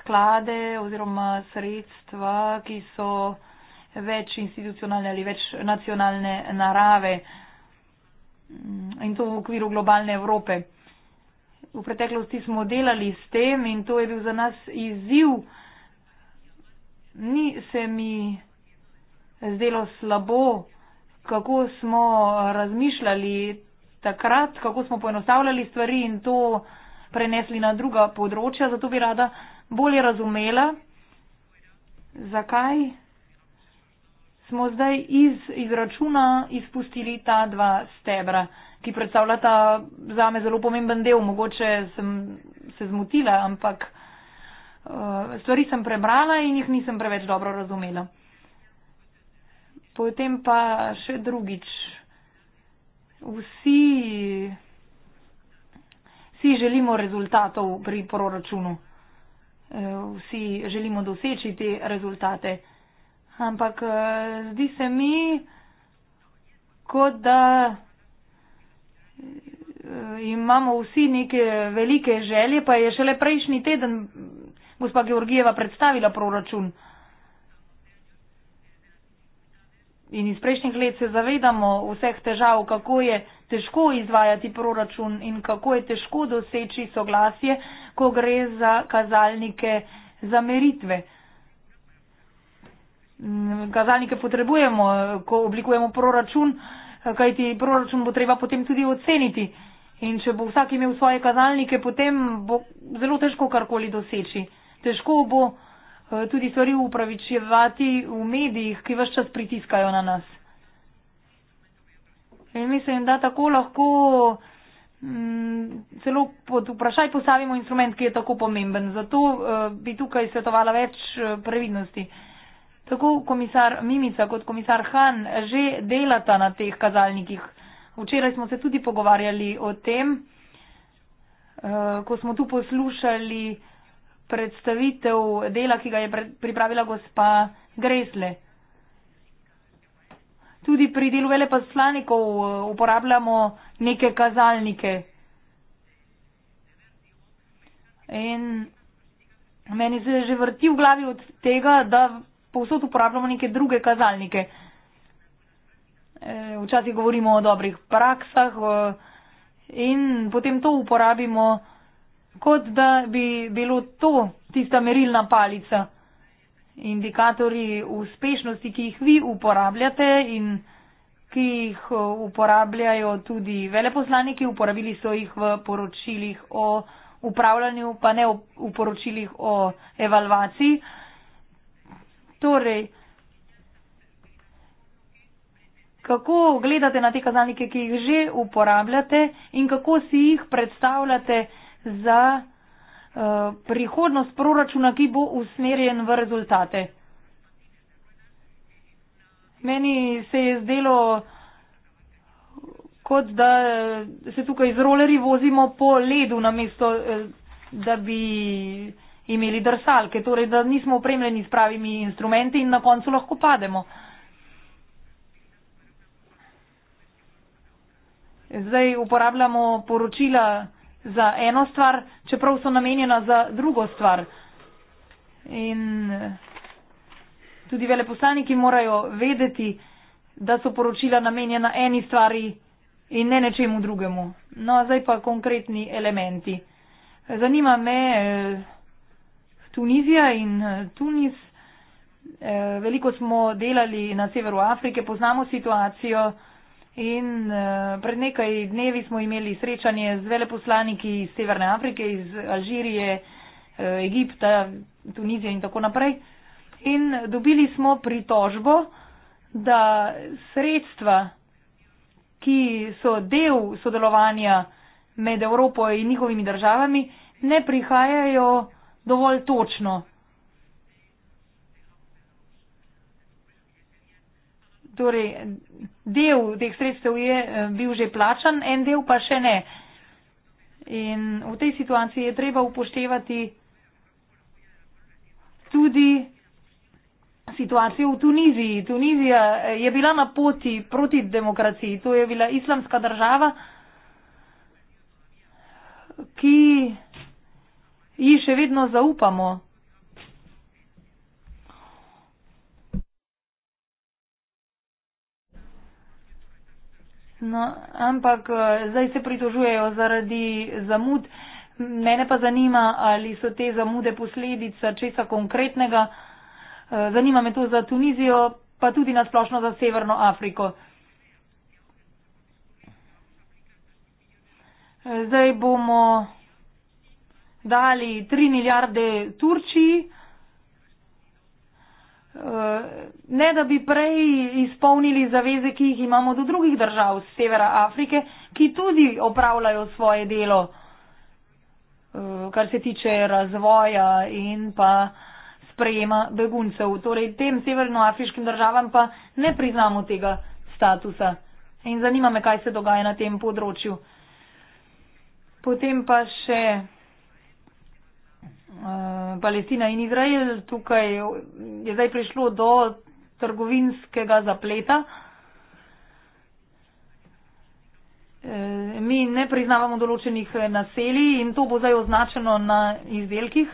sklade oziroma sredstva, ki so več institucionalne ali več nacionalne narave mm, in to v okviru globalne Evrope. V preteklosti smo delali s tem in to je bil za nas izziv. Ni se mi zdelo slabo, kako smo razmišljali takrat, kako smo poenostavljali stvari in to prenesli na druga področja. Zato bi rada bolje razumela, zakaj smo zdaj iz izračuna izpustili ta dva stebra, ki predstavljata za me zelo pomemben del. Mogoče sem se zmotila, ampak eh, stvari sem prebrala in jih nisem preveč dobro razumela potem pa še drugič. Vsi, vsi želimo rezultatov pri proračunu. Eh, vsi želimo doseči te rezultate. Ampak eh, zdi se mi, kot da eh, imamo vsi neke velike želje, pa je šele prejšnji teden gospa Georgijeva predstavila proračun. in iz prejšnjih let se zavedamo vseh težav, kako je težko izvajati proračun in kako je težko doseči soglasje, ko gre za kazalnike zameritve. Mm, kazalnike potrebujemo, ko oblikujemo proračun, kajti proračun bo treba potem tudi oceniti. In če bo vsak imel svoje kazalnike, potem bo zelo težko karkoli doseči. Težko bo. Eh, tudi stvari upravičevati v medijih, ki vse čas pritiskajo na nas. In mislim, da tako lahko mm, celo pod vprašaj postavimo instrument, ki je tako pomemben. Zato eh, bi tukaj svetovala več eh, previdnosti. Tako komisar Mimica kot komisar Han že delata na teh kazalnikih. Včeraj smo se tudi pogovarjali o tem, ko smo tu poslušali predstavitev dela, ki ga je pripravila gospa Gresle. Tudi pri delu veleposlanikov eh, uporabljamo neke kazalnike. In meni se že vrti v glavi od tega, da povsod uporabljamo neke druge kazalnike. Eh, včasih govorimo o dobrih praksah eh, in potem to uporabimo kot da bi bilo to tista merilna palica. Indikatorji uspešnosti, ki jih vi uporabljate in ki jih eh, uporabljajo tudi veleposlaniki, uporabili so jih v poročilih o upravljanju, pa ne v poročilih o evalvaciji. Torej, kako gledate na te kazalnike, ki jih že uporabljate in kako si jih predstavljate? za uh, prihodnost proračuna, ki bo usmerjen v rezultate. Meni se je zdelo, kot da se tukaj z roleri vozimo po ledu, namesto eh, da bi imeli drsalke, torej da nismo opremljeni s pravimi instrumenti in na koncu lahko pademo. Zdaj uporabljamo poročila za eno stvar, čeprav so namenjena za drugo stvar. In eh, tudi veleposlaniki morajo vedeti, da so poročila namenjena eni stvari in ne nečemu drugemu. No, zdaj pa konkretni elementi. Zanima me eh, Tunizija in eh, Tunis. Veliko smo delali na severu Afrike, poznamo situacijo. In uh, pred nekaj dnevi smo imeli srečanje z veleposlaniki iz Severne Afrike, iz Alžirije, uh, Egipta, Tunizije in tako naprej. In dobili smo pritožbo, da sredstva, ki so del sodelovanja med Evropo in njihovimi državami, ne prihajajo dovolj točno torej, del teh sredstev je eh, bil že plačan, en del pa še ne. In v tej situaciji je treba upoštevati tudi situacijo v Tuniziji. Tunizija eh, je bila na poti proti demokraciji, to je bila islamska država, ki ji še vedno zaupamo. No, ampak eh, zdaj se pritožujejo zaradi zamud. Mene pa zanima, ali so te zamude posledica česa konkretnega. Eh, zanima me to za Tunizijo, pa tudi nasplošno za Severno Afriko. Eh, zdaj bomo dali 3 milijarde Turčiji ne da bi prej izpolnili zaveze, ki jih imamo do drugih držav z severa Afrike, ki tudi opravljajo svoje delo, eh, kar se tiče razvoja in pa sprejema beguncev. Torej tem severnoafriškim državam pa ne priznamo tega statusa. In zanima me, kaj se dogaja na tem področju. Potem pa še. Eh, Palestina in Izrael. Tukaj je zdaj prišlo do trgovinskega zapleta. Eh, Mi ne priznavamo določenih naselij in to bo zdaj označeno na izdelkih.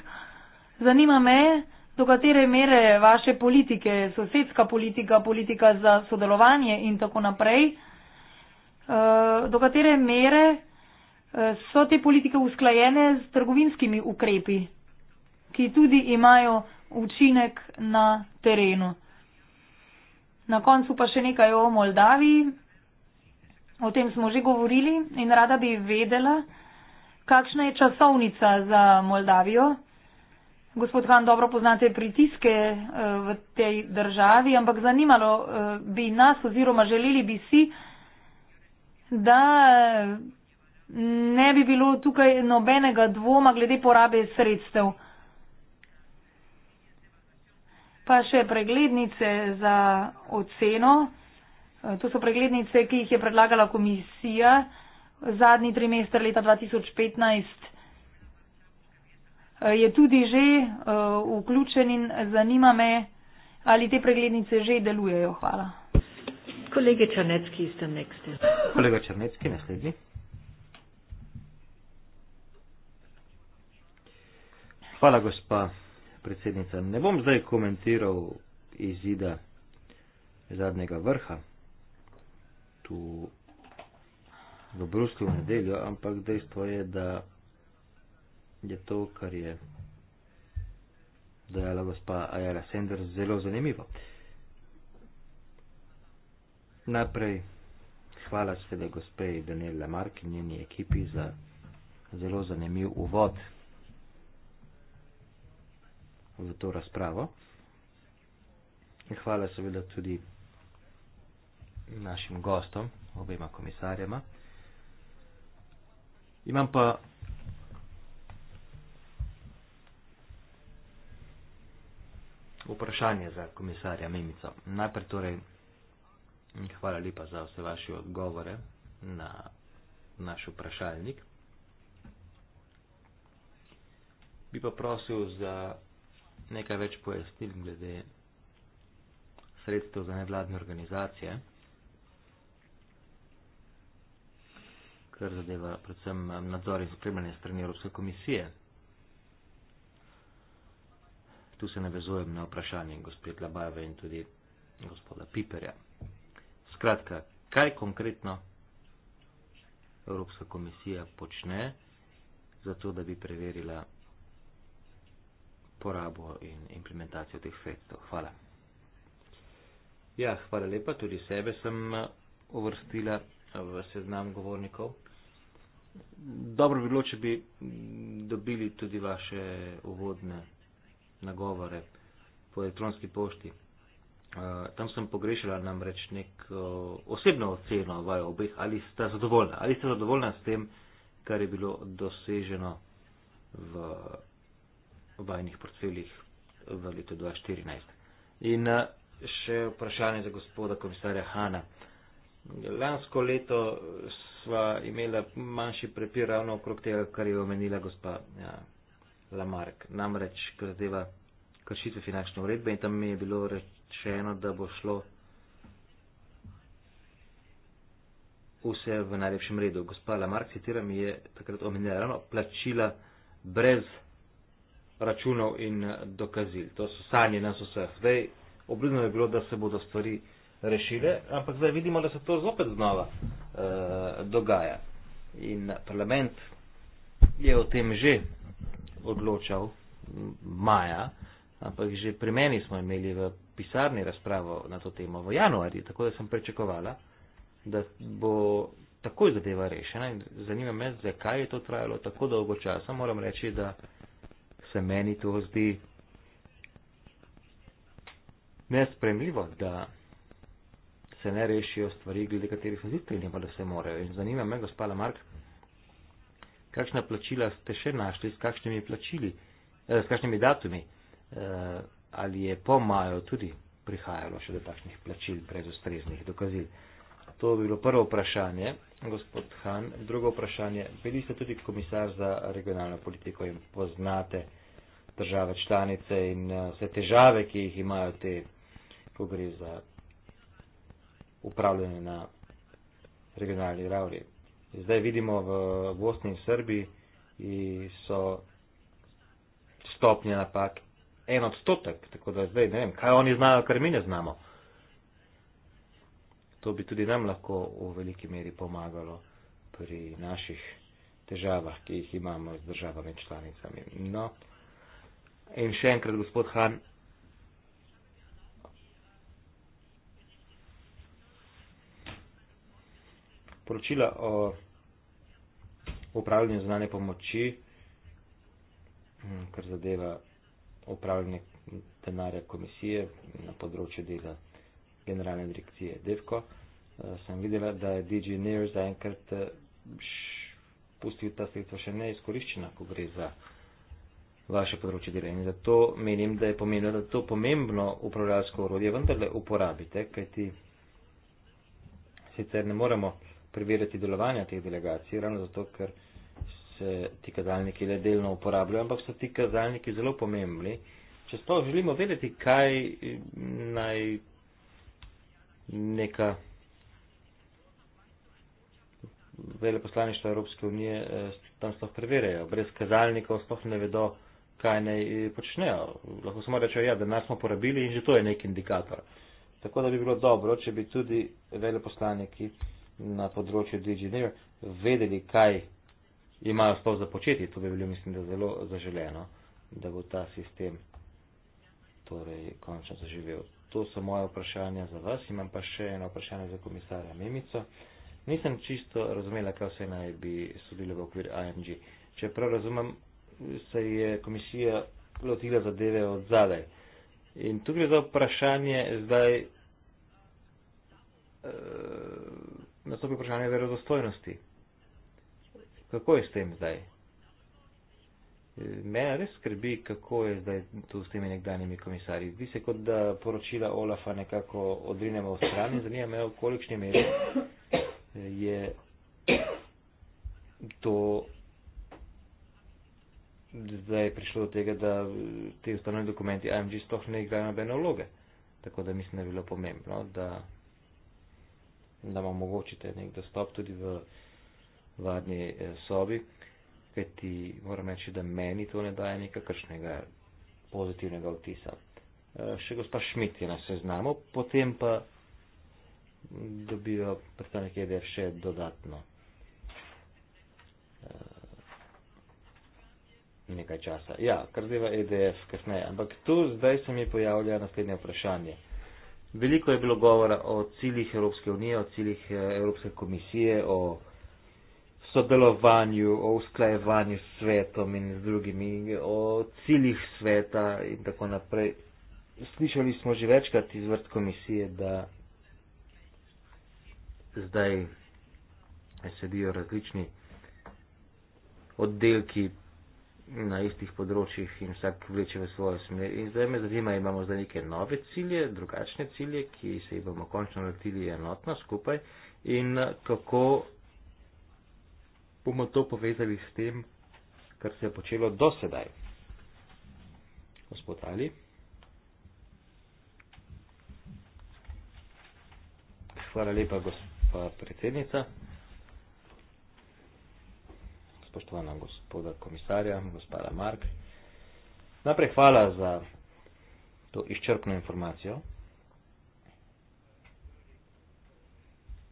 Zanima me, do katere mere vaše politike, sosedska politika, politika za sodelovanje in tako naprej, eh, do katere mere so te politike usklajene s trgovinskimi ukrepi ki tudi imajo učinek na terenu. Na koncu pa še nekaj o Moldaviji. O tem smo že govorili in rada bi vedela, kakšna je časovnica za Moldavijo. Gospod Han, dobro poznate pritiske eh, v tej državi, ampak zanimalo eh, bi nas oziroma želeli bi si, da eh, ne bi bilo tukaj nobenega dvoma glede porabe sredstev pa še preglednice za oceno. E, to so preglednice, ki jih je predlagala komisija zadnji trimester leta 2015. E, je tudi že e, vključen in zanima me, ali te preglednice
že delujejo. Hvala. Kolega Črnecki, ste nekste.
Kolega Črnecki, naslednji. Hvala, gospa predsednica. Ne bom zdaj komentiral izida zadnjega vrha tu v Bruslju v nedeljo, ampak dejstvo je, da je to, kar je dajala gospa Ayala Sender, zelo zanimivo. Najprej hvala seveda gospe Daniela Mark in njeni ekipi za zelo zanimiv uvod v to razpravo. In hvala seveda tudi našim gostom, obema komisarjama. Imam pa vprašanje za komisarja Mimico. Najprej torej, hvala lepa za vse vaše odgovore na naš vprašalnik. Bi pa prosil za nekaj več pojasnil glede sredstev za nevladne organizacije, kar zadeva predvsem eh, nadzor in spremljanje strani Evropske komisije. Tu se navezujem na vprašanje gospe Tlabajeve in tudi gospoda Piperja. Skratka, kaj konkretno Evropska komisija počne, zato da bi preverila porabo in implementacijo teh sredstev. Hvala. Ja, hvala lepa. Tudi sebe sem eh, uvrstila v seznam govornikov. Dobro bi bilo, če bi mm, dobili tudi vaše uvodne nagovore po elektronski pošti. Eh, tam sem pogrešala namreč nek osebno oceno vaju obeh, ali ste zadovoljna, ali ste zadovoljna s tem, kar je bilo doseženo v vajnih portfeljih v letu 2014. In eh, še vprašanje za gospoda komisarja Hanna. Lansko leto sva imela manjši prepir ravno okrog tega, kar je omenila gospa ja, Lamark. Namreč, ko zadeva kršitve finančne uredbe in tam mi je bilo rečeno, da bo šlo vse v najlepšem redu. Gospa Lamark, citiram, je takrat omenila ravno plačila brez računov in eh, dokazil. To so sanje nas vseh. Zdaj, obljubljeno je bilo, da se bodo stvari rešile, ampak zdaj vidimo, da se to zopet znova eh, dogaja. In parlament je o tem že odločal maja, ampak že pri meni smo imeli v pisarni razpravo na to temo v januarju, tako da sem pričakovala, da bo takoj zadeva rešena. Zanima me, zakaj je to trajalo tako dolgo časa. Moram reči, da se meni to zdi nespremljivo, da se ne rešijo stvari, glede katerih se zitrinjamo, da se morajo. In zanima me, gospala Mark, kakšna plačila ste še našli, s kakšnimi plačili, eh, s kakšnimi datumi, eh, ali je po maju tudi prihajalo še do takšnih plačil brez ustreznih dokazil. To je bilo prvo vprašanje, gospod Han. Drugo vprašanje, bili ste tudi komisar za regionalno politiko in poznate države članice in eh, vse težave, ki jih imajo te, ko gre za upravljanje na regionalni ravni. Zdaj vidimo v Bosni in Srbiji so stopnje napak en odstotek, tako da zdaj ne vem, kaj oni znajo, kar mi ne znamo. To bi tudi nam lahko v veliki meri pomagalo pri naših težavah, ki jih imamo z državami članicami. No. In še enkrat, gospod Han. Poročila o upravljanju znane pomoči, kar zadeva upravljanje denarja komisije na področju dela generalne direkcije DEVKO. Eh, sem videla, da je DG NEAR zaenkrat eh, pustil ta sredstva še neizkoriščena, ko gre za vaše področje dela. In zato menim, da je pomembno, da to pomembno upravljalsko orodje vendarle uporabite, kajti sicer ne moremo preverjati delovanja teh delegacij, ravno zato, ker se ti kazalniki le delno uporabljajo, ampak so ti kazalniki zelo pomembni. Če to želimo vedeti, kaj naj neka veleposlaništva Evropske unije eh, tam sploh preverjajo. Brez kazalnikov sploh ne vedo, kaj naj eh, počnejo. Lahko samo rečejo, ja, denar smo porabili in že to je nek indikator. Tako da bi bilo dobro, če bi tudi veleposlaniki na področju DigiNew vedeli, kaj imajo sploh započeti. To bi bilo, mislim, da zelo zaželeno, da bo ta sistem torej, končno zaživel. To so moje vprašanja za vas. Imam pa še eno vprašanje za komisarja Mimico. Nisem čisto razumela, kaj vse naj bi sodilo v okvir IMG. Če prav razumem, se je komisija lotila zadeve od zadaj. In tu gre za vprašanje zdaj, e, nastopi vprašanje verodostojnosti. Kako je s tem zdaj? Mene res skrbi, kako je zdaj tu s temi nekdanjimi komisarji. Zdi se, kot da poročila Olafa nekako odrinemo v stran in zanima me, v kolikšni meri je to zdaj je prišlo do tega, da te ustanovni dokumenti IMG sploh ne igrajo nobene vloge. Tako da mislim, da je bilo pomembno, da, da vam omogočite nek dostop tudi v vladni eh, sobi, kajti moram reči, da meni to ne daje nekakršnega pozitivnega vtisa. Eh, še gospa Šmit je na seznamu, potem pa dobijo predstavnike EDF še dodatno. nekaj časa. Ja, kar zdajva EDF kasneje, ampak tu zdaj se mi pojavlja naslednje vprašanje. Veliko je bilo govora o ciljih Evropske unije, o ciljih eh, Evropske komisije, o sodelovanju, o usklajevanju s svetom in z drugimi, o ciljih sveta in tako naprej. Slišali smo že večkrat iz vrt komisije, da zdaj sedijo različni oddelki na istih področjih in vsak vleče v svojo smer. In zdaj me zanima, imamo zdaj neke nove cilje, drugačne cilje, ki se jih bomo končno lotili enotno skupaj in eh, kako bomo to povezali s tem, kar se je počelo do sedaj. Gospod Ali. Hvala lepa, gospa predsednica spoštovana gospoda komisarja, gospoda Mark. Najprej hvala za to izčrpno informacijo.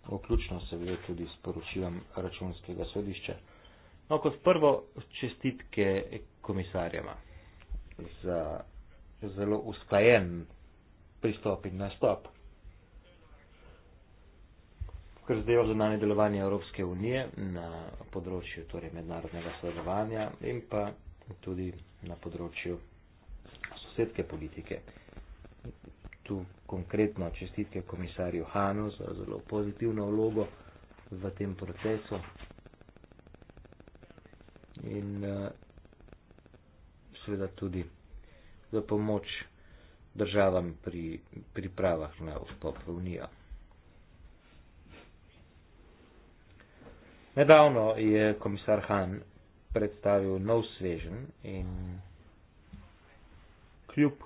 Vključno seveda tudi s poročilom računskega sodišča. No, kot prvo, čestitke komisarjama za zelo usklajen pristop in nastop kar zdaj za nanje delovanje Evropske unije na področju torej, mednarodnega sodelovanja in pa tudi na področju sosedske politike. Tu konkretno čestitke komisarju Hanu za zelo pozitivno vlogo v tem procesu. In eh, seveda tudi za pomoč državam pri pripravah na vstop v Unijo. Nedavno je komisar Han predstavil nov svežen in kljub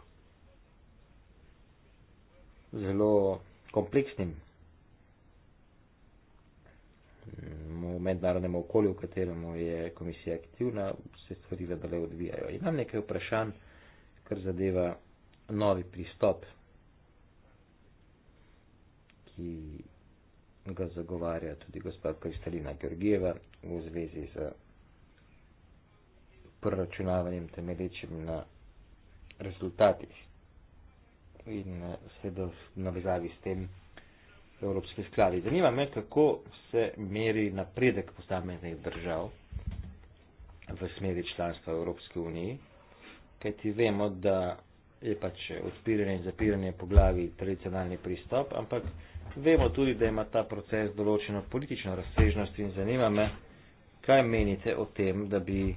zelo kompleksnim v mednarodnem okolju, v katerem je komisija aktivna, se stvari vedele odvijajo. Imam nekaj vprašanj, kar zadeva novi pristop, ki ga zagovarja tudi gospod Kristalina Georgijeva v zvezi z proračunavanjem temelječim na rezultatih in eh, seveda v navezavi s tem evropski skladi. Zanima me, kako se meri napredek posameznih držav v smeri članstva Evropske unije, kaj ti vemo, da je pač odpiranje in zapiranje poglavi tradicionalni pristop, ampak Vemo tudi, da ima ta proces določeno politično razsežnost in zanima me, kaj menite o tem, da bi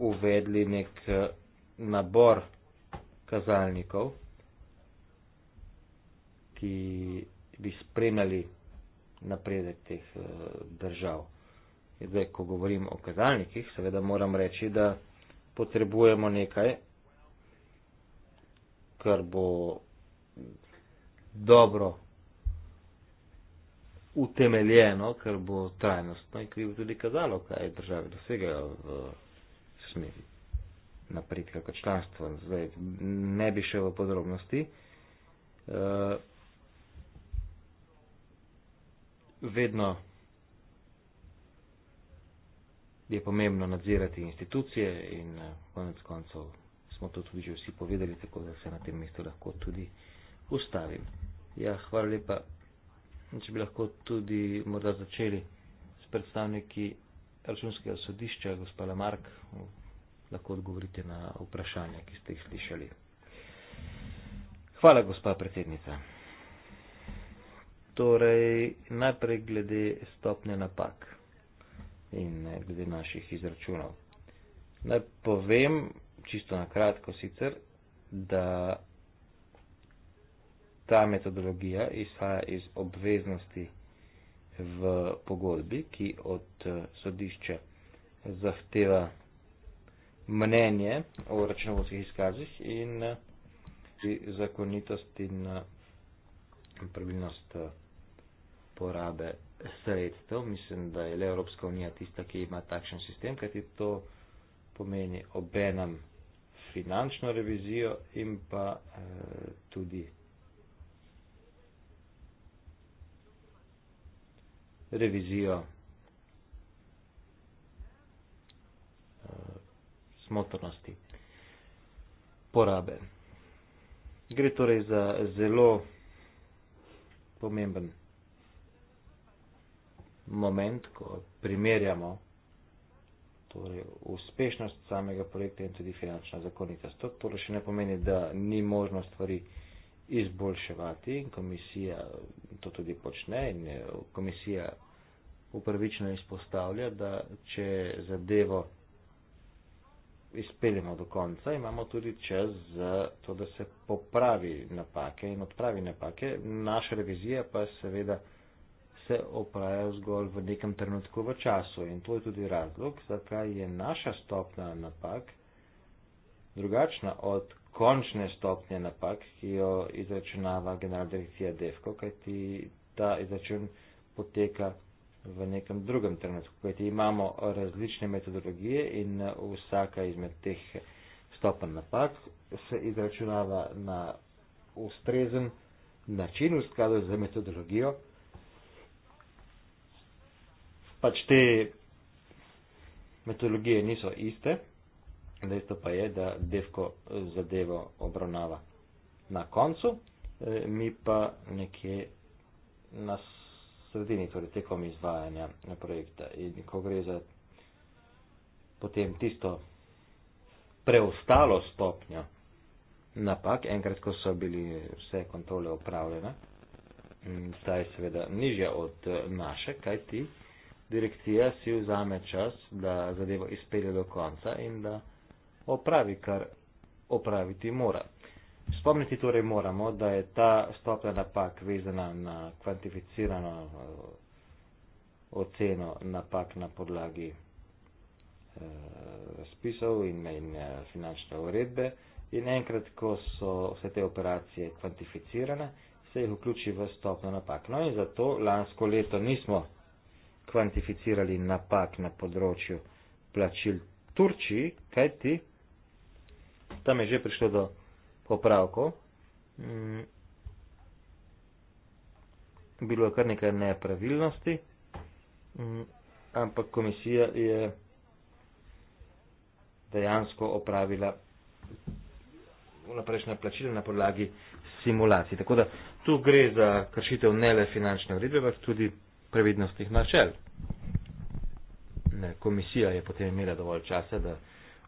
uvedli nek eh, nabor kazalnikov, ki bi spremljali napredek teh eh, držav. Zdaj, ko govorim o kazalnikih, seveda moram reči, da potrebujemo nekaj, kar bo dobro utemeljeno, kar bo trajnostno in ki bo tudi kazalo, kaj je države dosegajo v smeri napredka kot članstvo. Zdaj, ne bi še v podrobnosti. Uh, vedno je pomembno nadzirati institucije in eh, konec koncev smo to tudi že vsi povedali, tako da se na tem mestu lahko tudi ustavim. Ja, hvala lepa. In če bi lahko tudi morda začeli s predstavniki računskega sodišča, gospoda Mark, lahko odgovorite na vprašanja, ki ste jih slišali. Hvala, gospa predsednica. Torej, najprej glede stopne napak in eh, glede naših izračunov. Naj povem, čisto na kratko sicer, da ta metodologija izhaja iz obveznosti v pogodbi, ki od eh, sodišča zahteva mnenje o računovodskih izkazih in eh, zakonitost in pravilnost eh, porabe sredstev. Mislim, da je le Evropska unija tista, ki ima takšen sistem, kajti to pomeni obenem finančno revizijo in pa eh, tudi revizijo eh, smotrnosti porabe. Gre torej za zelo pomemben moment, ko primerjamo torej uspešnost samega projekta in tudi finančna zakonitost. To torej še ne pomeni, da ni možno stvari izboljševati in komisija to tudi počne in eh, komisija upravično izpostavlja, da če zadevo izpeljemo do konca, imamo tudi čas za to, da se popravi napake in odpravi napake. Naša revizija pa seveda se opraja zgolj v nekem trenutku v času in to je tudi razlog, zakaj je naša stopna napak drugačna od končne stopnje napak, ki jo izračunava generalna direkcija DEFCO, kajti ta izračun poteka v nekem drugem trenutku, kajti imamo različne metodologije in vsaka izmed teh stopen napak se izračunava na ustrezen način v skladu z metodologijo. Pač te metodologije niso iste, dejstvo pa je, da devko zadevo obravnava na koncu, eh, mi pa nekje nas sredini, torej tekom izvajanja projekta. In ko gre za potem tisto preostalo stopnjo napak, enkrat, ko so bili vse kontrole opravljene, ta je seveda nižja od eh, naše, kaj ti direkcija si vzame čas, da zadevo izpelje do konca in da opravi, kar opraviti mora. Spomniti torej moramo, da je ta stopnja napak vezana na kvantificirano eh, oceno napak na podlagi eh, razpisov in, in eh, finančne uredbe. In enkrat, ko so vse te operacije kvantificirane, se jih vključi v stopno napak. No in zato lansko leto nismo kvantificirali napak na področju plačil Turčiji, kajti tam je že prišlo do popravkov. Mm. Bilo je kar nekaj nepravilnosti, mm, ampak komisija je dejansko opravila naprejšnja plačila na podlagi simulacij. Tako da tu gre za kršitev ne le finančne vredbe, ampak tudi previdnostnih načel. Ne, komisija je potem imela dovolj časa, da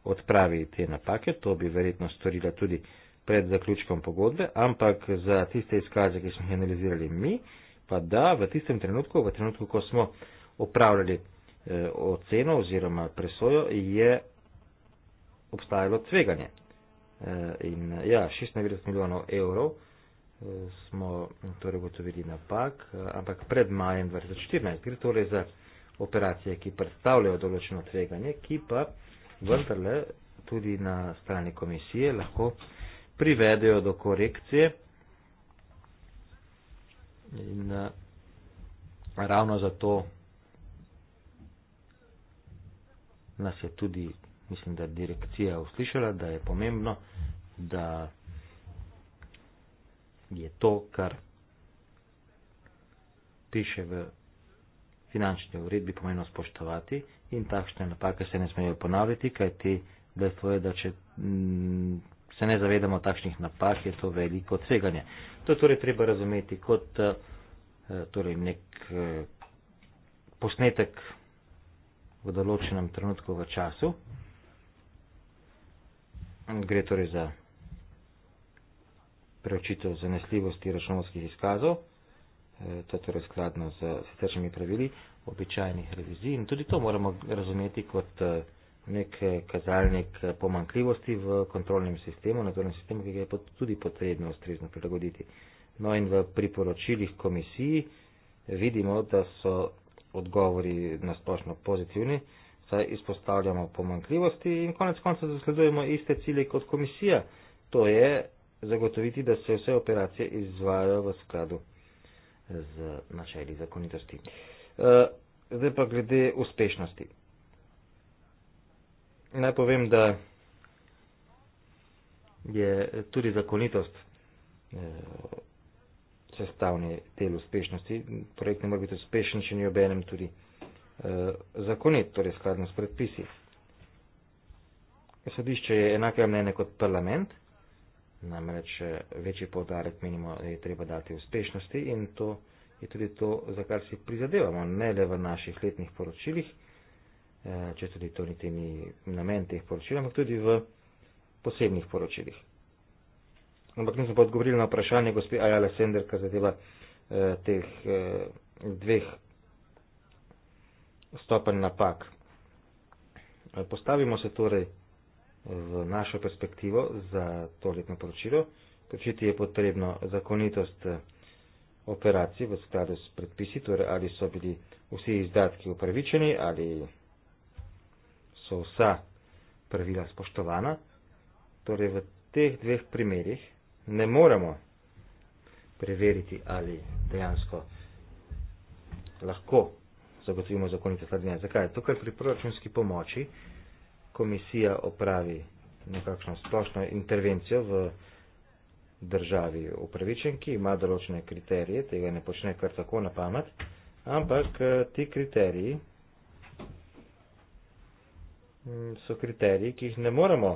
odpravi te napake, to bi verjetno storila tudi pred zaključkom pogodbe, ampak za tiste izkaze, ki smo jih analizirali mi, pa da v tistem trenutku, v trenutku, ko smo opravljali eh, oceno oziroma presojo, je obstajalo tveganje. Eh, in ja, 96 milijonov evrov eh, smo torej gotovili napak, eh, ampak pred majem 2014 gre torej za operacije, ki predstavljajo določeno tveganje, ki pa vendarle tudi na strani komisije lahko privedejo do korekcije. In eh, ravno zato nas je tudi, mislim, da direkcija uslišala, da je pomembno, da je to, kar piše v finančni uredbi, pomembno spoštovati in takšne napake se ne smejo ponavljati, kaj ti dejstvo je, da če. M, mm, se ne zavedamo takšnih napak, je to veliko tveganje. To je torej treba razumeti kot eh, torej nek eh, posnetek v določenem trenutku v času. Gre torej za preučitev zanesljivosti računovskih izkazov, eh, to je torej skladno z siceršnjimi pravili običajnih revizij in tudi to moramo razumeti kot nek eh, kazalnik eh, pomankljivosti v kontrolnem sistemu, nadzornem sistemu, ki ga je tudi potrebno ustrezno prilagoditi. No in v priporočilih komisiji eh, vidimo, da so odgovori na splošno pozitivni, saj izpostavljamo pomankljivosti in konec konca zasledujemo iste cilje kot komisija. To je zagotoviti, da se vse operacije izvajajo v skladu z načeli zakonitosti. Zdaj pa glede uspešnosti naj povem, da je tudi zakonitost eh, sestavni del uspešnosti. Projekt ne more biti uspešen, če ni obenem tudi eh, zakonit, torej skladno s predpisi. Sodišče je enakega mnenja kot parlament, namreč eh, večji povdarek menimo, da je treba dati uspešnosti in to je tudi to, za kar si prizadevamo, ne le v naših letnih poročilih. Eh, često tudi to niti ni namen teh poročil, ampak tudi v posebnih poročilih. Ampak nismo pa odgovorili na vprašanje gospe Ajale Sender, kar zadeva eh, teh eh, dveh stopenj napak. Eh, postavimo se torej eh, v našo perspektivo za to letno poročilo. Prečiti je potrebno zakonitost operacij v skladu s predpisi, torej ali so bili vsi izdatki upravičeni ali so vsa pravila spoštovana. Torej, v teh dveh primerjih ne moremo preveriti, ali dejansko lahko zagotovimo zakonite sladine. Zakaj? To, kar pri proračunski pomoči komisija opravi nekakšno splošno intervencijo v državi upravičenki, ima določene kriterije, tega ne počne kar tako na pamet, ampak eh, ti kriteriji Mm, so kriteriji, ki jih ne moremo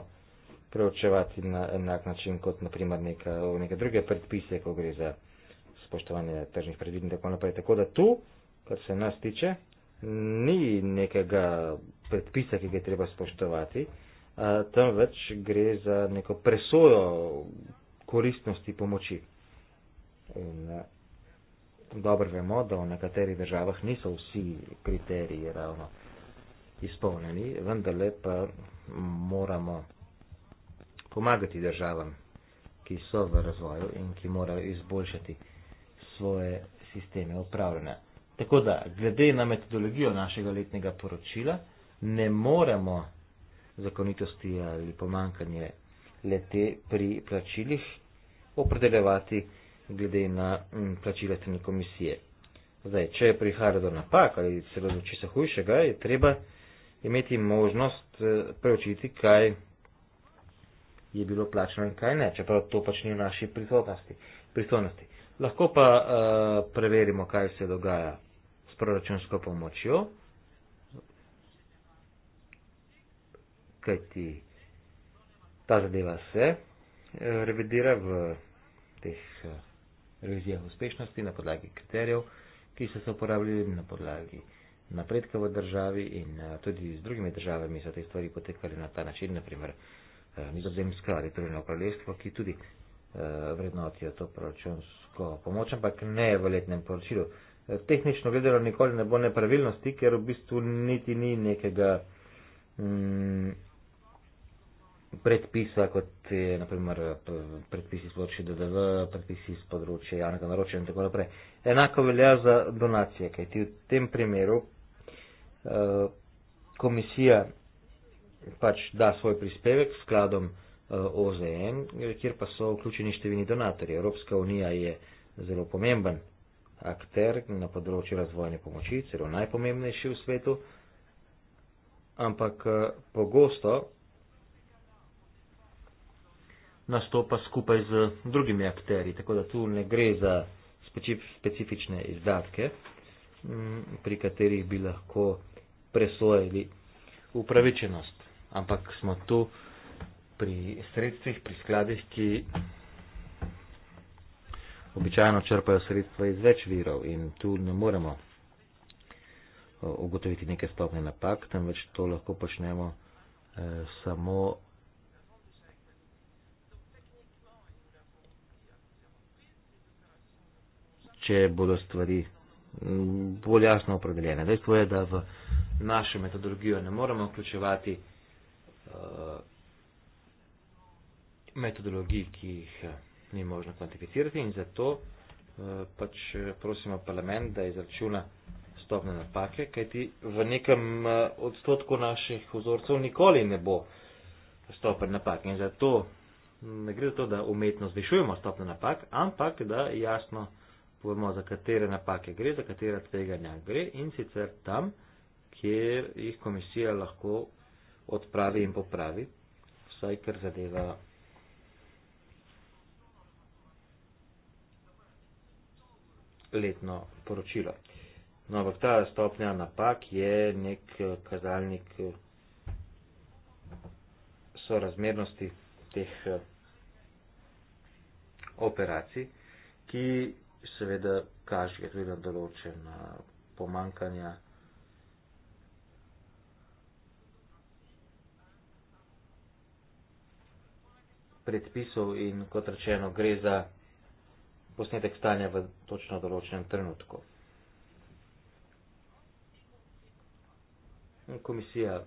preučevati na enak način kot naprimer neka, neke druge predpise, ko gre za spoštovanje tržnih predvidin in tako naprej. Tako da tu, kar se nas tiče, ni nekega predpisa, ki ga je treba spoštovati, temveč gre za neko presojo koristnosti pomoči. In dobro vemo, da v nekaterih državah niso vsi kriteriji ravno izpolnjeni, vendarle pa moramo pomagati državam, ki so v razvoju in ki morajo izboljšati svoje sisteme upravljanja. Tako da, glede na metodologijo našega letnega poročila, ne moremo zakonitosti ali pomankanje lete pri plačilih opredeljevati glede na mm, plačila strani komisije. Zdaj, če je prihajalo do napak ali celo do česa hujšega, je treba imeti možnost eh, preučiti, kaj je bilo plačeno in kaj ne, čeprav to pač ni v naši pristojnosti. Lahko pa uh, preverimo, kaj se dogaja s proračunsko pomočjo, kajti ta zadeva se eh, revidira v teh revizijah uspešnosti na podlagi kriterijev, ki so se uporabljali na podlagi uh, napredka v državi in eh, tudi z drugimi državami so te stvari potekali na ta način, naprimer eh, Nizozemska ali Trujno kraljestvo, ki tudi eh, vrednotijo to proračunsko pomoč, ampak ne v letnem poročilu. Tehnično gledano nikoli ne bo nepravilnosti, ker v bistvu niti ni nekega mm, predpisa, kot je naprimer predpisi z področja DDV, predpisi z področja javnega naročanja in tako naprej. Enako velja za donacije, kajti v tem primeru, Eh, komisija pač da svoj prispevek skladom eh, OZN, kjer pa so vključeni številni donatorji. Evropska unija je zelo pomemben akter na področju razvojne pomoči, celo najpomembnejši v svetu, ampak eh, pogosto nastopa skupaj z drugimi akteri, tako da tu ne gre za specifične izdatke, mm, pri katerih bi lahko presojali upravičenost. Ampak smo tu pri sredstvih, pri skladih, ki običajno črpajo sredstva iz več virov in tu ne moremo ugotoviti neke stopne napak, temveč to lahko počnemo eh, samo če bodo stvari bolj jasno opredeljene. Dejstvo je, da v našo metodologijo. Ne moremo vključevati uh, metodologij, ki jih eh, ni možno kvantificirati in zato uh, pač prosimo parlament, da izračuna stopne napake, kajti v nekem uh, odstotku naših vzorcev nikoli ne bo stopen napak. In zato ne gre za to, da umetno zvišujemo stopne napak, ampak da jasno povemo, za katere napake gre, za katera tveganja gre in sicer tam, kjer jih komisija lahko odpravi in popravi, vsaj kar zadeva letno poročilo. No, ampak ta stopnja napak je nek eh, kazalnik eh, sorazmernosti teh eh, operacij, ki seveda kaže tudi na določena pomankanja. predpisov in kot rečeno, gre za posnetek stanja v točno določenem trenutku. Komisija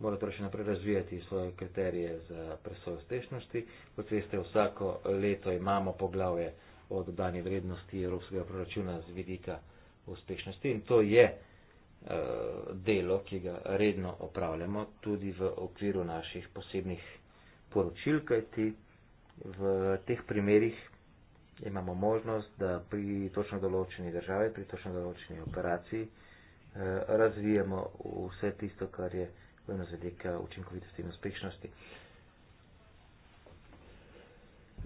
mora torej še naprej razvijati svoje kriterije za presojo uspešnosti. Kot veste, vsako leto imamo poglavje o dodani vrednosti evropskega proračuna z vidika uspešnosti in to je eh, delo, ki ga redno opravljamo tudi v okviru naših posebnih poročil, kajti v teh primerjih imamo možnost, da pri točno določeni državi, pri točno določeni operaciji eh, razvijemo vse tisto, kar je vojno zadeka učinkovitosti in uspešnosti.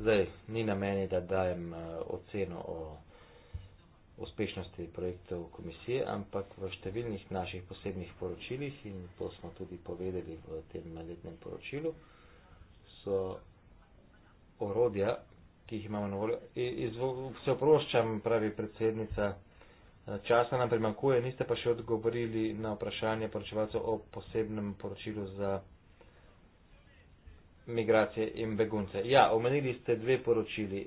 Zdaj, ni na meni, da dajem eh, oceno o uspešnosti projektov komisije, ampak v številnih naših posebnih poročilih in to smo tudi povedali v tem letnem poročilu, so orodja, ki jih imamo na voljo. Se oproščam, pravi predsednica, eh, časa nam primankuje, niste pa še odgovorili na vprašanje poročevalcev o posebnem poročilu za migracije in begunce. Ja, omenili ste dve poročili.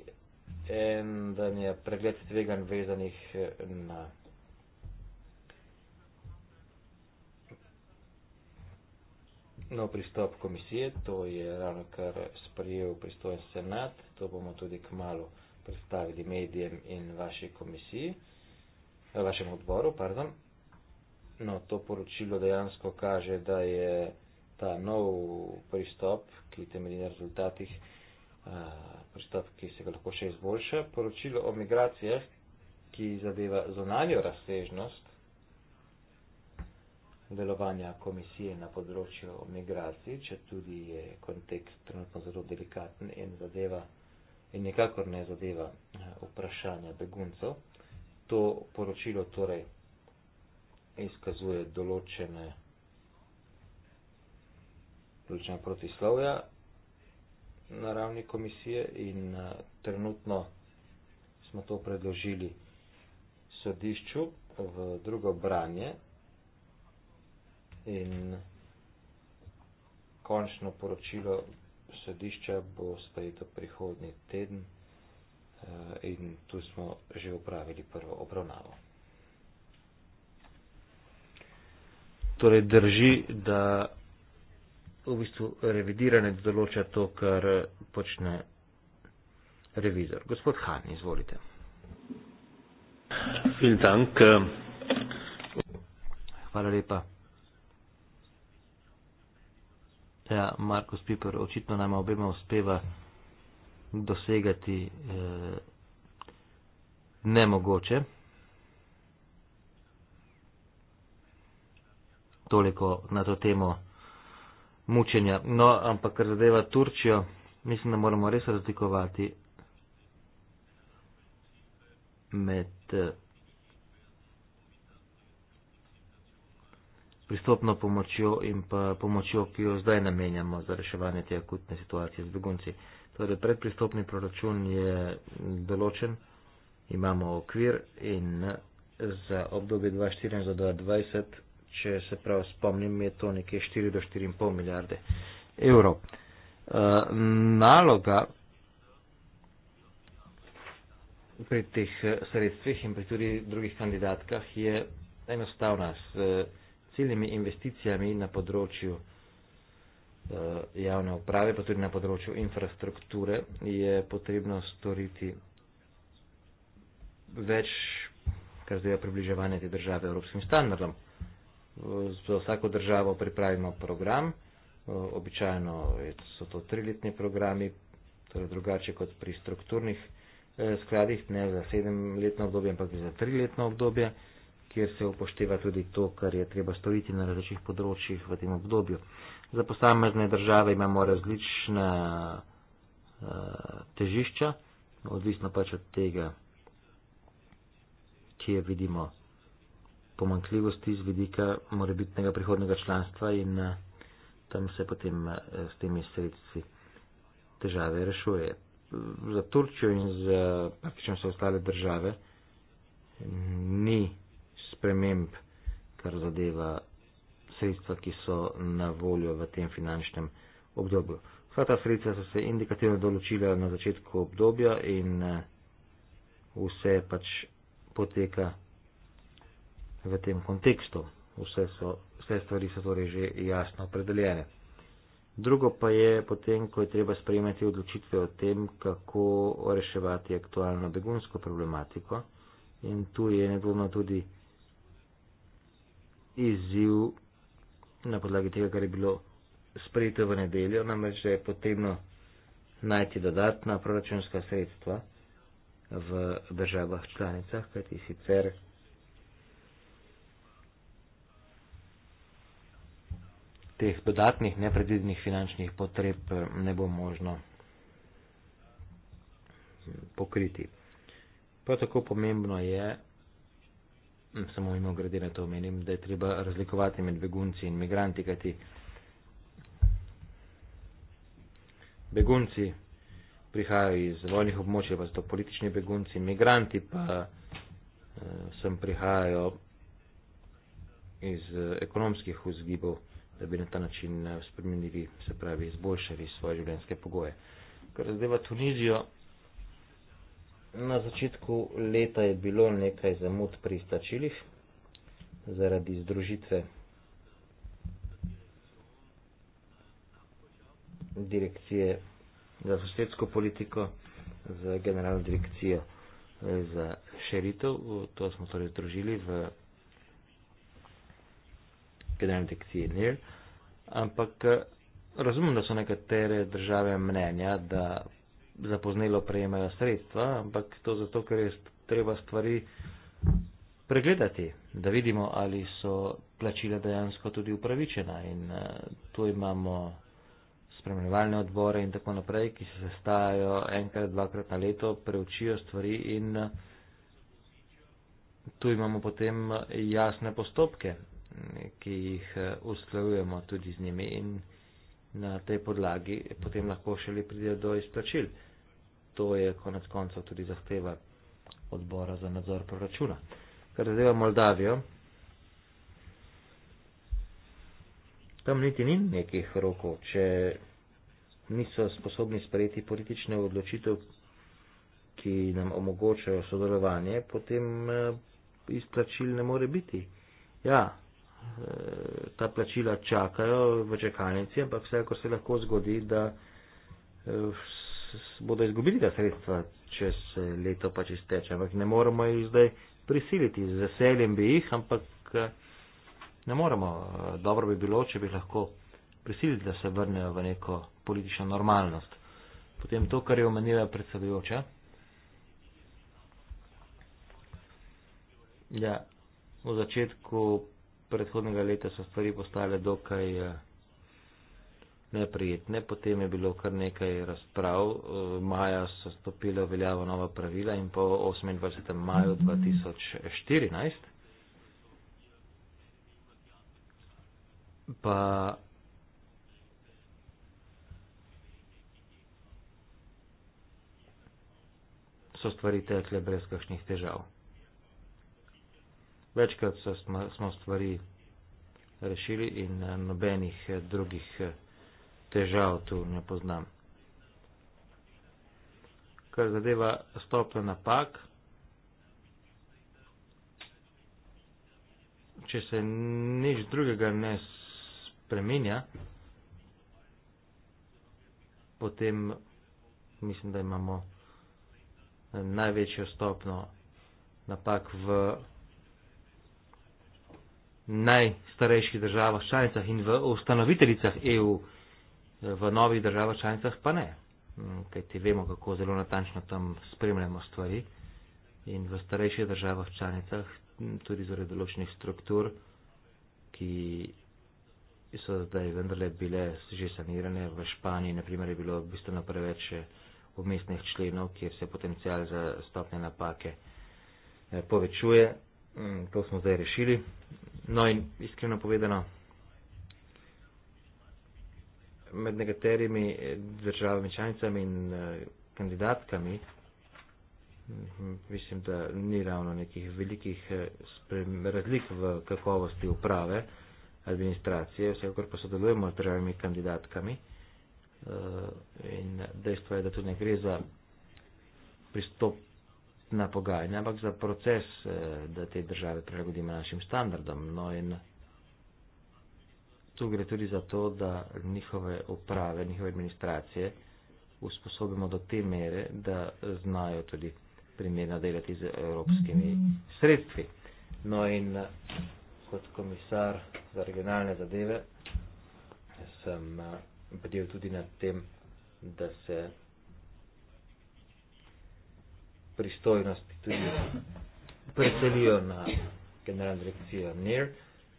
En dan je pregled tveganj vezanih eh, na no, pristop komisije, to je ravno kar sprejel pristojen senat, to bomo tudi kmalo predstavili medijem in vaši komisiji, eh, vašem odboru, pardon. No, to poročilo dejansko kaže, da je ta nov pristop, ki temelji na rezultatih, eh, pristop, ki se ga lahko še izboljša. Poročilo o migracijah, ki zadeva zonanjo razsežnost delovanja komisije na področju migracij, če tudi je kontekst trenutno zelo delikaten in zadeva in nekakor ne zadeva eh, vprašanja beguncev. To poročilo torej izkazuje določene, določene protislovja na ravni komisije in eh, trenutno smo to predložili sodišču v drugo branje in končno poročilo sodišča bo sprejeto prihodnji teden eh, in tu smo že upravili prvo obravnavo. Torej drži, da v bistvu revidiranje določa to, kar počne revizor. Gospod Han, izvolite. Eh. Hvala lepa. Ja, Markus Piper, očitno nama obema uspeva dosegati eh, nemogoče. Toliko na to temo mučenja. No, ampak kar zadeva Turčijo, mislim, da moramo res razlikovati med. Eh, pristopno pomočjo in pa pomočjo, ki jo zdaj namenjamo za reševanje te akutne situacije z begunci. Torej, predpristopni proračun je določen, imamo okvir in za obdobje 2014 do 2020, če se prav spomnim, je to nekje 4 do 4,5 milijarde evrov. Eh, naloga pri teh eh, sredstvih in pri tudi drugih kandidatkah je enostavna. Eh, ciljnimi investicijami na področju eh, javne uprave, pa tudi na področju infrastrukture, je potrebno storiti več, kar zdaj je približevanje te države evropskim standardom. Za vsako državo pripravimo program, eh, običajno so to triletni programi, torej drugače kot pri strukturnih eh, skladih, ne za sedemletno obdobje, ampak za triletno obdobje kjer se upošteva tudi to, kar je treba storiti na različnih področjih v tem obdobju. Za posamezne države imamo različna eh, težišča, odvisno pač od tega, kje vidimo pomankljivosti z vidika morebitnega prihodnega članstva in eh, tam se potem eh, s temi sredstvi težave rešuje. Za Turčijo in za praktično vse ostale države ni sprememb, kar zadeva sredstva, ki so na voljo v tem finančnem obdobju. Vsa ta sredstva so se indikativno določila na začetku obdobja in eh, vse pač poteka v tem kontekstu. Vse, so, vse stvari so torej že jasno opredeljene. Drugo pa je potem, ko je treba sprejemati odločitve o tem, kako reševati aktualno begunsko problematiko. In tu je nedvomno tudi izziv na podlagi tega, kar je bilo sprejeto v nedeljo, namreč da je potrebno najti dodatna proračunska sredstva v državah članicah, kajti sicer teh dodatnih nepredvidnih finančnih potreb eh, ne bo možno pokriti. Prav tako pomembno je, Hm, samo imel grede na to, menim, da je treba razlikovati med begunci in migranti, kajti begunci prihajajo iz voljnih območij, pa so politični begunci, migranti pa eh, sem prihajajo iz eh, ekonomskih vzgibov, da bi na ta način eh, spremenili, se pravi, izboljšali svoje življenjske pogoje. Kar zdaj v Tunizijo, Na začetku leta je bilo nekaj zamud pri stačilih zaradi združitve direkcije za sosedsko politiko z generalno direkcijo za šeritev. To smo torej združili v generalno direkcije NIR. Ampak eh, razumem, da so nekatere države mnenja, da zapoznelo prejemajo sredstva, ampak to zato, ker je treba stvari pregledati, da vidimo, ali so plačila dejansko tudi upravičena. In uh, tu imamo spremljevalne odbore in tako naprej, ki se sestajajo enkrat, dvakrat na leto, preučijo stvari in uh, tu imamo potem jasne postopke, ki jih uh, usklajujemo tudi z njimi in na tej podlagi potem lahko šele pride do izplačil. Uh, to je konec koncev tudi zahteva odbora za nadzor proračuna. Kar zadeva Moldavijo, tam niti ni nekih rokov, če niso sposobni sprejeti politične odločitev, ki nam omogočajo sodelovanje, potem eh, izplačil ne more biti. Ja, eh, ta plačila čakajo v čakalnici, ampak vsekakor se lahko zgodi, da eh, bodo izgubili ta sredstva čez eh, leto, pa čez teče. Ampak ne moramo jih zdaj prisiliti. Z veseljem bi jih, ampak eh, ne moramo. Eh, dobro bi bilo, če bi lahko prisilili, da se vrnejo v neko politično normalnost. Potem to, kar je omenila predsedujoča. Ja, v začetku predhodnega leta so stvari postale dokaj. Eh, neprijetne. Potem je bilo kar nekaj razprav. Eh, maja so stopile v veljavo nova pravila in po 28. maju 2014 pa so stvari tekle brez kakšnih težav. Večkrat so, smo, smo stvari rešili in eh, nobenih eh, drugih težav tu ne poznam. Kar zadeva stopnjo napak, če se nič drugega ne spremenja, potem mislim, da imamo največjo stopno napak v najstarejših državah, članicah in v ustanoviteljicah EU v novih državah članicah pa ne, mm, kaj ti vemo, kako zelo natančno tam spremljamo stvari in v starejših državah članicah, mm, tudi zaradi določenih struktur, ki so zdaj vendarle bile že sanirane, v Španiji naprimer je bilo bistveno preveč umestnih eh, členov, kjer se potencial za stopne napake eh, povečuje, mm, to smo zdaj rešili. No in iskreno povedano, med nekaterimi državami članicami in eh, kandidatkami, hm, mislim, da ni ravno nekih velikih eh, razlik v kakovosti uprave, administracije, vsekakor pa sodelujemo z državami kandidatkami eh, in dejstvo je, da tu ne gre za pristop na pogajanje, ampak za proces, da te države prilagodimo našim standardom. No in tu gre tudi za to, da njihove uprave, njihove administracije usposobimo do te mere, da znajo tudi primerno delati z evropskimi mm -hmm. sredstvi. No in eh, kot komisar za regionalne zadeve sem eh, bdel tudi nad tem, da se pristojnosti tudi
preselijo
na generalno direkcijo NIR. E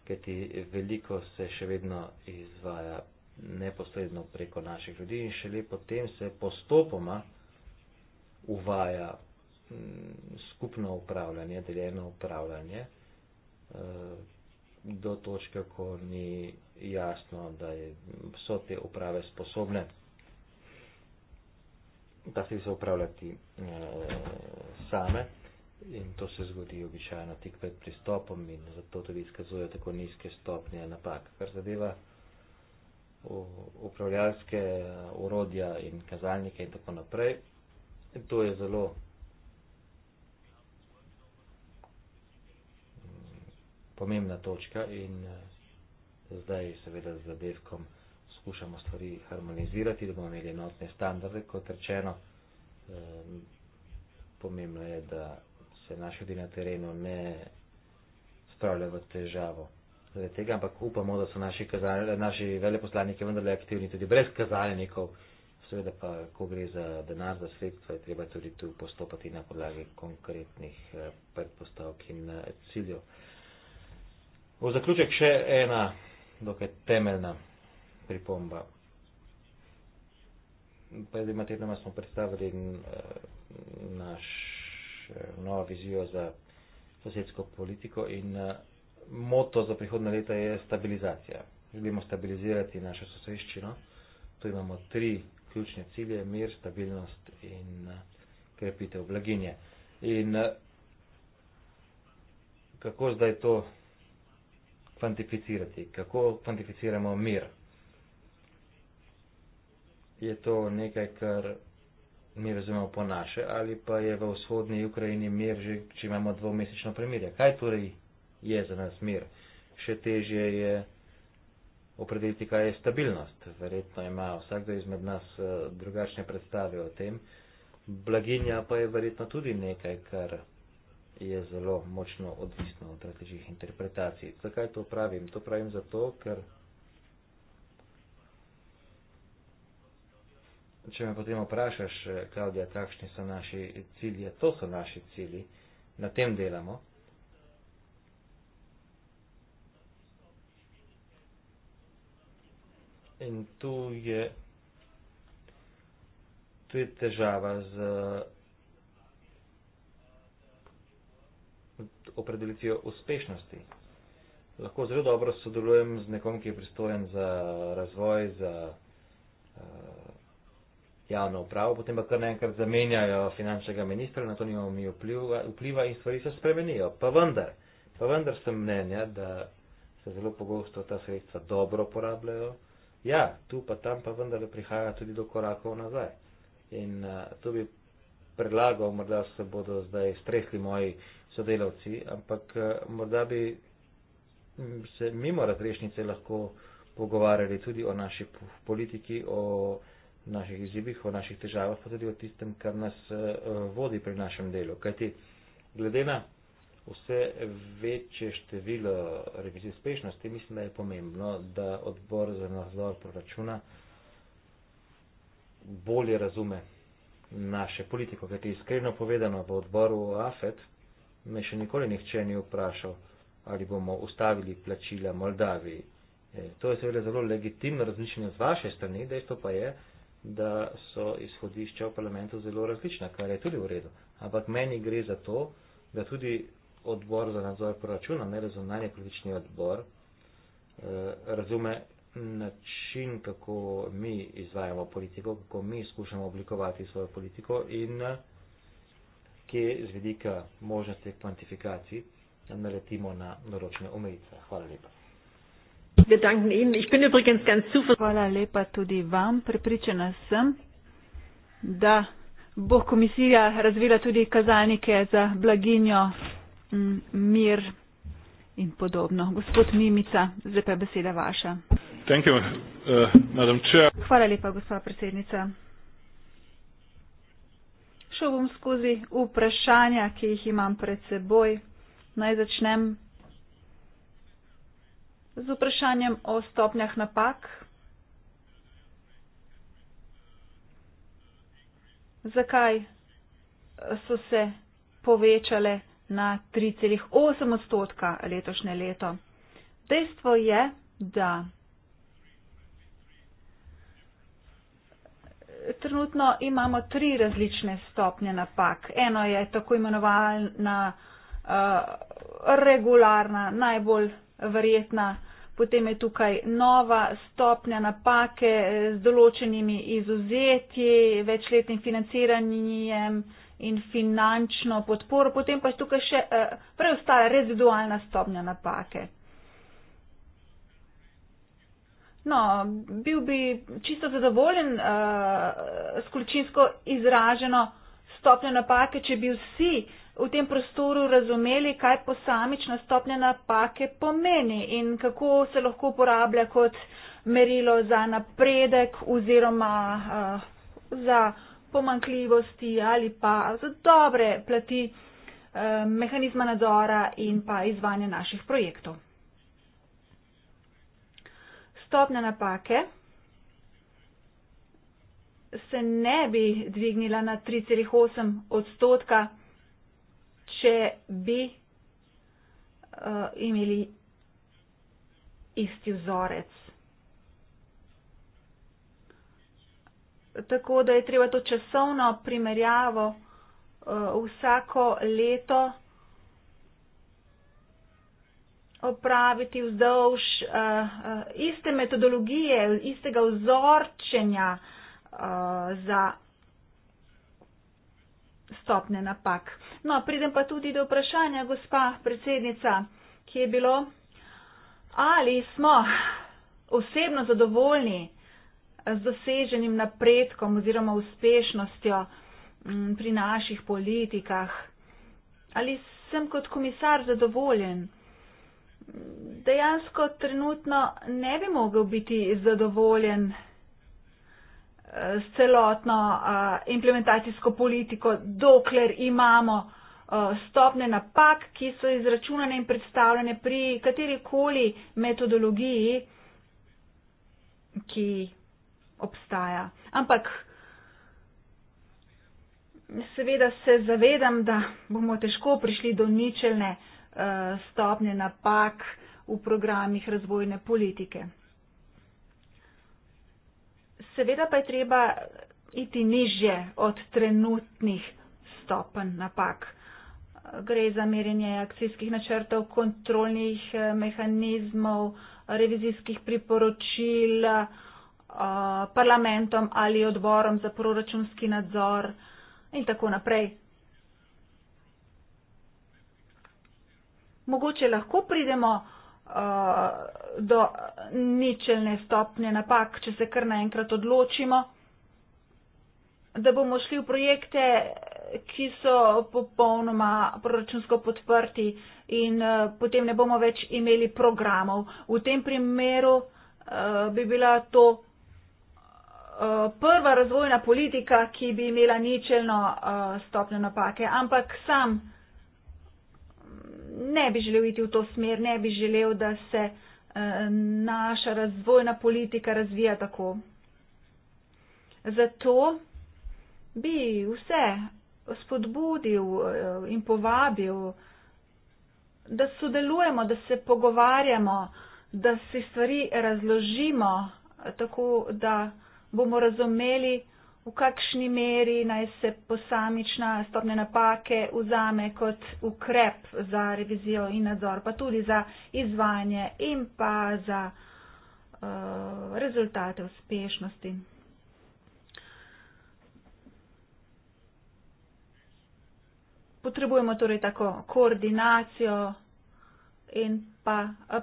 kajti veliko se še vedno izvaja neposredno preko naših ljudi in šele potem se postopoma uvaja mm, skupno upravljanje, deljeno upravljanje eh, do točke, ko ni jasno, da so te uprave sposobne, da se jih se upravljati eh, same. In to se zgodi običajno tik pred pristopom in zato tudi izkazuje tako nizke stopnje napak. Kar zadeva upravljalske urodja in kazalnike in tako naprej, in to je zelo mm, pomembna točka in zdaj seveda z zadevkom skušamo stvari harmonizirati, da bomo imeli enotne standarde, kot rečeno, eh, pomembno je, da se naš ljudi na terenu ne spravljajo v težavo. Zdaj tega, ampak upamo, da so naši, naši veleposlaniki vendarle aktivni tudi brez kazalnikov. Seveda pa, ko gre za denar, za sredstva, je treba tudi tu postopati na podlagi konkretnih eh, predpostavk in eh, ciljev. V zaključek še ena dokaj temeljna pripomba. Pred dvema tednama smo predstavili eh, naš novo vizijo za sosedsko politiko in eh, moto za prihodne leta je stabilizacija. Želimo stabilizirati našo sosediščino. Tu imamo tri ključne cilje, mir, stabilnost in eh, krepitev blaginje. In eh, kako zdaj to kvantificirati? Kako kvantificiramo mir? Je to nekaj, kar mi razumemo po naše, ali pa je v vzhodni Ukrajini mir, že, če imamo dvomesečno premirje. Kaj torej je za nas mir? Še težje je opredeliti, kaj je stabilnost. Verjetno ima vsakdo izmed nas eh, drugačne predstave o tem. Blaginja pa je verjetno tudi nekaj, kar je zelo močno odvisno od različnih interpretacij. Zakaj to pravim? To pravim zato, ker če me potem vprašaš, Klaudija, kakšni so naši cilji, ja, to so naši cilji, na tem delamo. In tu je, tu je težava z opredelitvijo uspešnosti. Lahko zelo dobro sodelujem z nekom, ki je pristojen za razvoj, za uh, javno upravo, potem pa kar naenkrat zamenjajo finančnega ministra, na to nimamo mi vpliva, vpliva in stvari se spremenijo. Pa vendar, pa vendar sem mnenja, da se zelo pogosto ta sredstva dobro porabljajo. Ja, tu pa tam pa vendar prihaja tudi do korakov nazaj. In uh, to bi predlagal, morda se bodo zdaj strehli moji sodelavci, ampak uh, morda bi se mimo razrešnice lahko pogovarjali tudi o naši politiki, o naših izzivih, o naših težavah, pa tudi o tistem, kar nas eh, vodi pri našem delu. Kajti, glede na vse večje število revizij uspešnosti, mislim, da je pomembno, da odbor za nadzor proračuna bolje razume naše politiko. Kajti, iskreno povedano, v odboru AFET me še nikoli nihče ni vprašal, ali bomo ustavili plačila Moldaviji. Eh, to je seveda zelo legitimno razmišljanje z vaše strani, dejstvo pa je, da so izhodišča v parlamentu zelo različna, kar je tudi v redu. Ampak meni gre za to, da tudi odbor za nadzor proračuna, ne razumljanje politični odbor, eh, razume način, kako mi izvajamo politiko, kako mi skušamo oblikovati svojo politiko in eh, kje z vidika možnosti kvantifikacij naletimo na določene omejitve. Hvala lepa.
Hvala lepa tudi vam. Pripričana sem, da bo komisija razvila tudi kazalnike za blaginjo, mir in podobno. Gospod Mimica, lepa beseda vaša.
Uh,
Hvala lepa, gospa predsednica. Šel bom skozi vprašanja, ki jih imam pred seboj. Naj začnem z vprašanjem o stopnjah napak. Zakaj eh, so se povečale na 3,8 odstotka letošnje leto? Dejstvo je, da eh, trenutno imamo tri različne stopnje napak. Eno je tako imenovana uh, regularna, najbolj verjetna potem je tukaj nova stopnja napake z določenimi izuzetji, večletnim financiranjem in finančno podporo, potem pa je tukaj še eh, preostala rezidualna stopnja napake. No, bil bi čisto zadovoljen uh, s količinsko izraženo stopnjo napake, če bi vsi uh, v tem prostoru razumeli, kaj posamična stopnja napake pomeni in kako se lahko uporablja kot merilo za napredek oziroma uh, za pomankljivosti ali pa za dobre plati uh, mehanizma nadzora in pa izvanja naših projektov. Stopnja napake se ne bi dvignila na 3,8 odstotka če bi uh, imeli isti vzorec. Tako da je treba to časovno primerjavo uh, vsako leto opraviti vzdolž uh, uh, iste metodologije, istega vzorčenja uh, za stopne napak. No, pridem pa tudi do vprašanja, gospa predsednica, ki je bilo, ali smo osebno zadovoljni z doseženim napredkom oziroma uspešnostjo mm, pri naših politikah. Ali sem kot komisar zadovoljen? Dejansko trenutno ne bi mogel biti zadovoljen s celotno implementacijsko politiko, dokler imamo stopne napak, ki so izračunane in predstavljene pri katerikoli metodologiji, ki obstaja. Ampak seveda se zavedam, da bomo težko prišli do ničelne stopnje napak v programih razvojne politike seveda pa je treba iti nižje od trenutnih stopenj napak. Gre za merjenje akcijskih načrtov, kontrolnih eh, mehanizmov, revizijskih priporočil eh, parlamentom ali odborom za proračunski nadzor in tako naprej. Mogoče lahko pridemo Eh, do ničelne stopnje napak, če se kar naenkrat odločimo, da bomo šli v projekte, ki so popolnoma proračunsko podprti in eh, potem ne bomo več imeli programov. V tem primeru eh, bi bila to prva razvojna politika, ki bi imela ničelno stopnjo napake, ampak sam ne bi želel iti v to smer, ne bi želel, da se eh, naša razvojna politika razvija tako. Zato bi vse spodbudil eh, in povabil, da sodelujemo, da se pogovarjamo, da si stvari razložimo tako, da bomo razumeli, v kakšni meri naj se posamična stopnja napake vzame kot ukrep za revizijo in nadzor, pa tudi za izvajanje in pa za uh, rezultate uspešnosti. Potrebujemo torej tako koordinacijo in pa eh,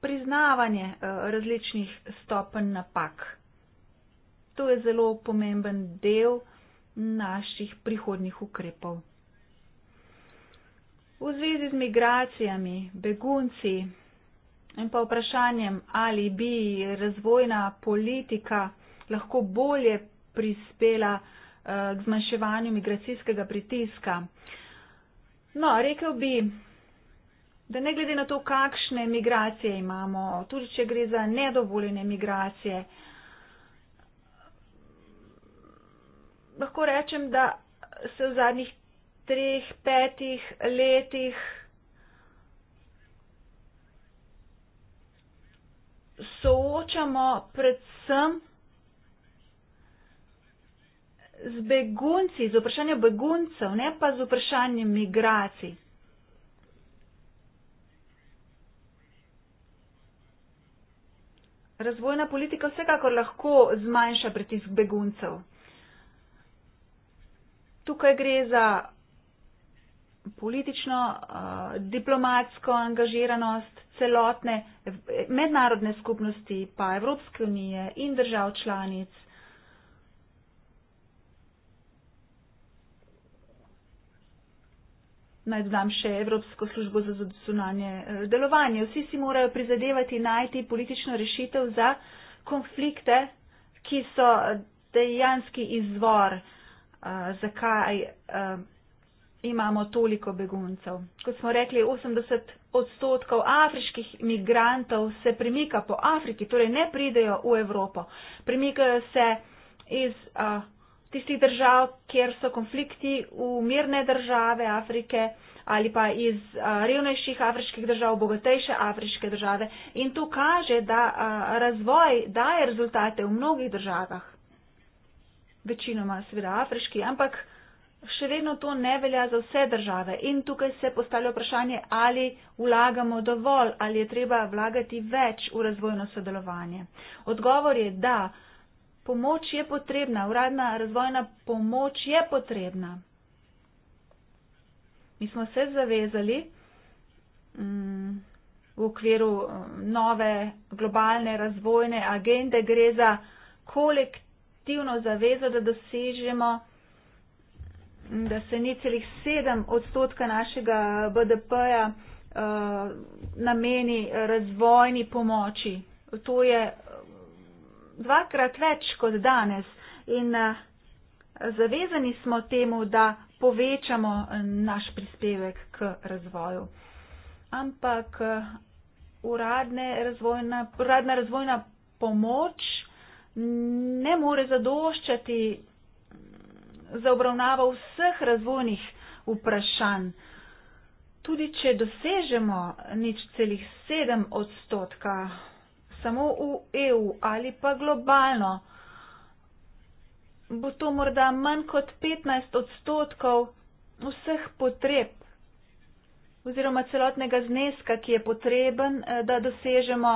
priznavanje eh, različnih stopenj napak to je zelo pomemben del naših prihodnih ukrepov. V zvezi z migracijami, begunci in pa vprašanjem, ali bi razvojna politika lahko bolje prispela eh, k zmanjševanju migracijskega pritiska. No, rekel bi, da ne glede na to, kakšne migracije imamo, tudi če gre za nedovoljene migracije, lahko rečem, da se v zadnjih treh, petih letih soočamo predvsem z begunci, z vprašanjem beguncev, ne pa z vprašanjem migracij. Razvojna politika vsekakor lahko zmanjša pritisk beguncev tukaj gre za politično, uh, diplomatsko angažiranost celotne mednarodne skupnosti, pa Evropske unije in držav članic. Naj znam še Evropsko službo za zadosunanje e, delovanje. Vsi si morajo prizadevati najti politično rešitev za konflikte, ki so dejanski izvor uh, uh, zakaj uh, imamo toliko beguncev. Kot smo rekli, 80 odstotkov afriških migrantov se premika po Afriki, torej ne pridejo v Evropo. Premikajo se iz uh, tistih držav, kjer so konflikti v mirne države Afrike ali pa iz uh, revnejših afriških držav, bogatejše afriške države. In to kaže, da uh, razvoj daje rezultate v mnogih državah večinoma seveda afriški, ampak še vedno to ne velja za vse države. In tukaj se postavlja vprašanje, ali vlagamo dovolj, ali je treba vlagati več v razvojno sodelovanje. Odgovor je da. Pomoč je potrebna, uradna razvojna pomoč je potrebna. Mi smo se zavezali mm, v okviru mm, nove globalne razvojne agende, gre za kolektivno kolektivno zavezo, da dosežemo, da se ne celih sedem odstotka našega BDP-ja eh, nameni razvojni pomoči. To je eh, dvakrat več kot danes in eh, zavezani smo temu, da povečamo naš prispevek k razvoju. Ampak uradne razvojna, uradna razvojna pomoč ne more zadoščati za obravnavo vseh razvojnih vprašanj. Tudi če dosežemo nič celih sedem odstotka samo v EU ali pa globalno, bo to morda manj kot 15 odstotkov vseh potreb oziroma celotnega zneska, ki je potreben, eh, da dosežemo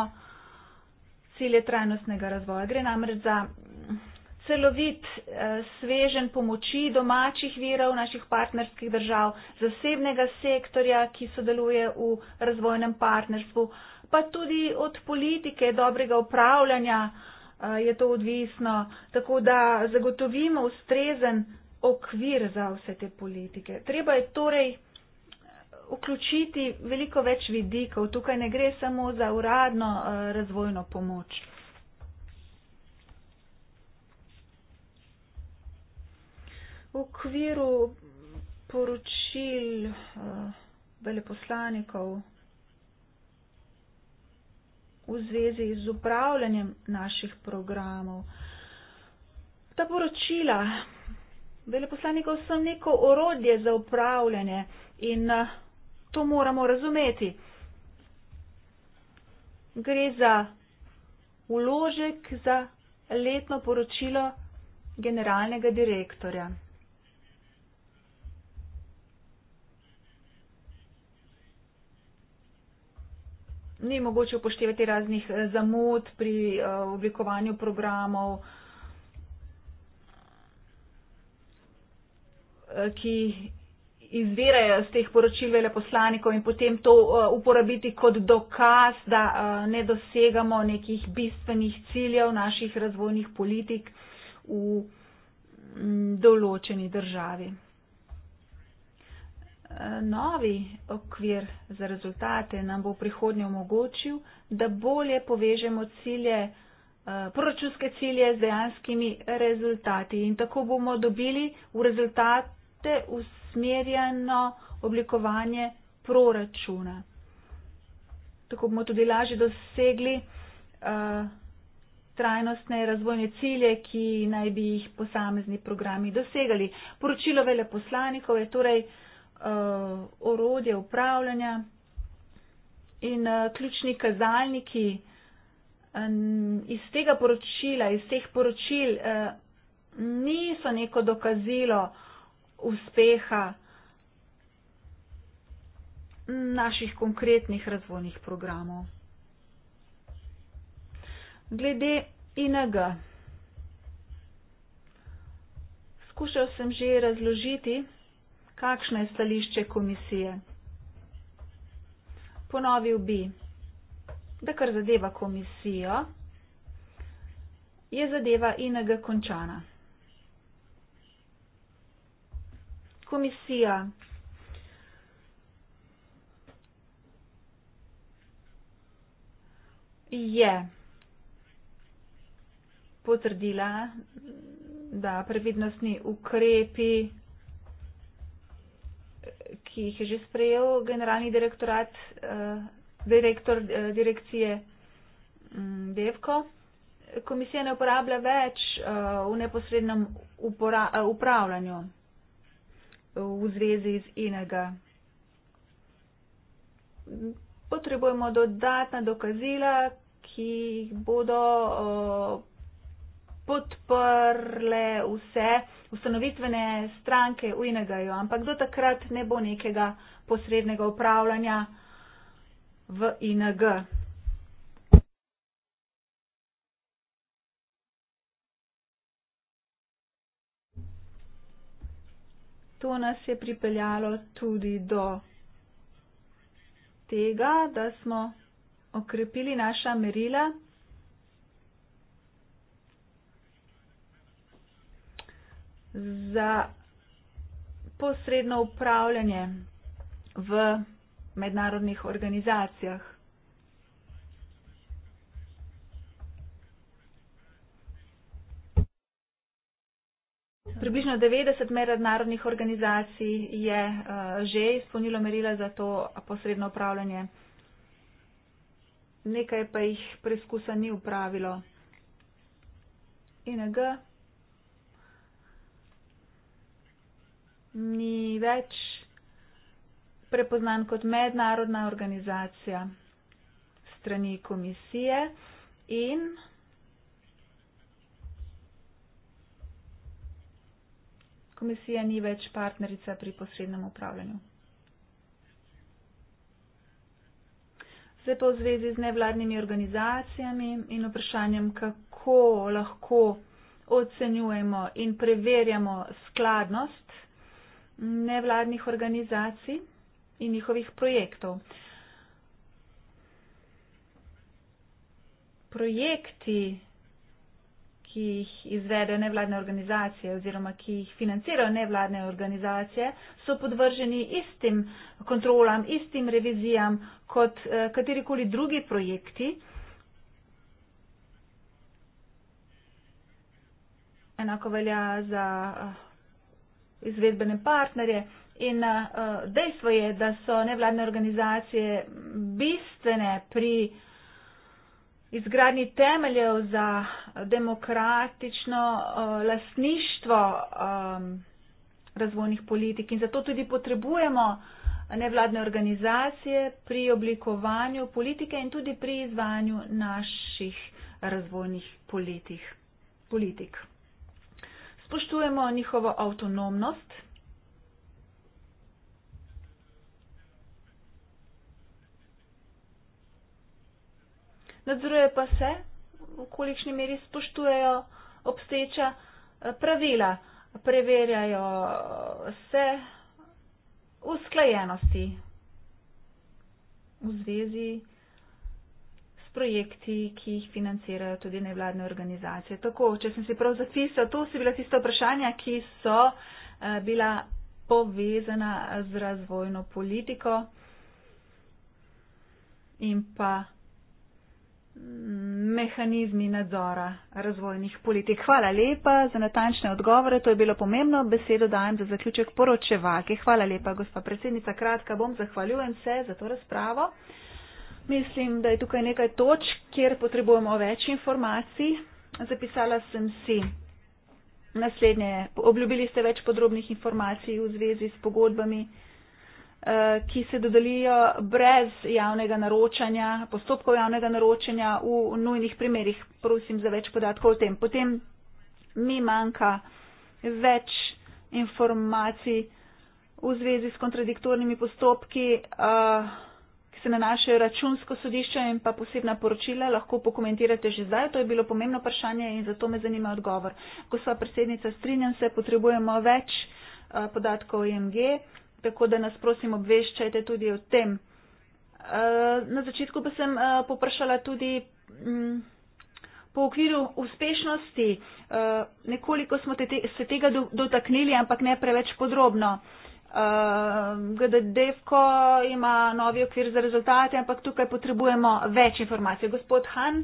cilje trajnostnega razvoja. Gre namreč za mm, celovit, eh, svežen pomoči domačih virov naših partnerskih držav, zasebnega sektorja, ki sodeluje v razvojnem partnerstvu, pa tudi od politike dobrega upravljanja eh, je to odvisno, tako da zagotovimo ustrezen okvir za vse te politike. Treba je torej vključiti veliko več vidikov. Tukaj ne gre samo za uradno eh, razvojno pomoč. V okviru poročil eh, veleposlanikov v zvezi z upravljanjem naših programov. Ta poročila veleposlanikov so neko orodje za upravljanje in eh, to moramo razumeti. Gre za uložek za letno poročilo generalnega direktorja. Ni mogoče upoštevati raznih eh, zamud pri eh, oblikovanju programov, eh, ki izvirajo iz teh poročil veleposlanikov in potem to uh, uporabiti kot dokaz, da uh, ne dosegamo nekih bistvenih ciljev naših razvojnih politik v mm, določeni državi. Uh, novi okvir za rezultate nam bo v prihodnje omogočil, da bolje povežemo cilje, proračunske cilje z dejanskimi rezultati in tako bomo dobili v rezultat te usmerjeno oblikovanje proračuna. Tako bomo tudi lažje dosegli uh, trajnostne razvojne cilje, ki naj bi jih posamezni programi dosegali. Poročilo veleposlanikov je torej uh, orodje upravljanja in uh, ključni kazalniki um, iz tega poročila, iz teh poročil, uh, niso neko dokazilo, uh, uspeha naših konkretnih razvojnih programov. Glede inega, skušal sem že razložiti, kakšno je stališče komisije. Ponovil bi, da kar zadeva komisijo, je zadeva inega končana. komisija. Je potrdila, da previdnostni ukrepi, ki jih je že sprejel generalni direktorat, eh, direktor eh, direkcije mm, Devko, komisija ne uporablja več eh, v neposrednem upravljanju v zvezi z inega. Potrebujemo dodatna dokazila, ki jih bodo eh, podprle vse ustanovitvene stranke v inegaju, ampak do takrat ne bo nekega posrednega upravljanja v inega. to nas je pripeljalo tudi do tega, da smo okrepili naša merila. Za posredno upravljanje v mednarodnih organizacijah. Približno 90 mednarodnih organizacij je eh, že izpolnilo merila za to posredno upravljanje. Nekaj pa jih preizkusa ni upravilo. ING ni več prepoznan kot mednarodna organizacija strani komisije in komisija ni več partnerica pri posrednem upravljanju. Zdaj pa v zvezi z nevladnimi organizacijami in vprašanjem, kako lahko ocenjujemo in preverjamo skladnost nevladnih organizacij in njihovih projektov. Projekti ki jih izvedejo nevladne organizacije oziroma ki jih financirajo nevladne organizacije, so podvrženi istim kontrolam, istim revizijam kot eh, katerikoli drugi projekti. Enako velja za eh, izvedbene partnerje. In eh, dejstvo je, da so nevladne organizacije bistvene pri izgradnji temeljev za demokratično uh, lastništvo um, razvojnih politik in zato tudi potrebujemo nevladne organizacije pri oblikovanju politike in tudi pri izvanju naših razvojnih politik. politik. Spoštujemo njihovo avtonomnost nadzoruje pa se, v kolikšni meri spoštujejo obsteča eh, pravila, preverjajo eh, se usklajenosti v zvezi s projekti, ki jih financirajo tudi nevladne organizacije. Tako, če sem si prav zapisal, to so bila tista vprašanja, ki so eh, bila povezana z razvojno politiko in pa mehanizmi nadzora razvojnih politik. Hvala lepa za natančne odgovore. To je bilo pomembno. Besedo dajem za zaključek poročevake. Hvala lepa, gospa predsednica. Kratka bom. Zahvaljujem se za to razpravo. Mislim, da je tukaj nekaj točk, kjer potrebujemo več informacij. Zapisala sem si naslednje. Obljubili ste več podrobnih informacij v zvezi s pogodbami. Eh, ki se dodelijo brez javnega naročanja, postopkov javnega naročanja v nujnih primerjih. Prosim za več podatkov o tem. Potem mi manjka več informacij v zvezi s kontradiktornimi postopki, eh, ki se nanašajo računsko sodišče in pa posebna poročila. Lahko pokomentirate že zdaj. To je bilo pomembno vprašanje in zato me zanima odgovor. Gospa predsednica, strinjam se, potrebujemo več eh, podatkov o IMG tako da nas prosim obveščajte tudi o tem. Eh, na začetku pa sem eh, poprašala tudi mm, po okviru uspešnosti. Eh, nekoliko smo te, se tega dotaknili, ampak ne preveč podrobno. GDDFKO ima novi okvir za rezultate, ampak tukaj potrebujemo več informacij. Gospod Han,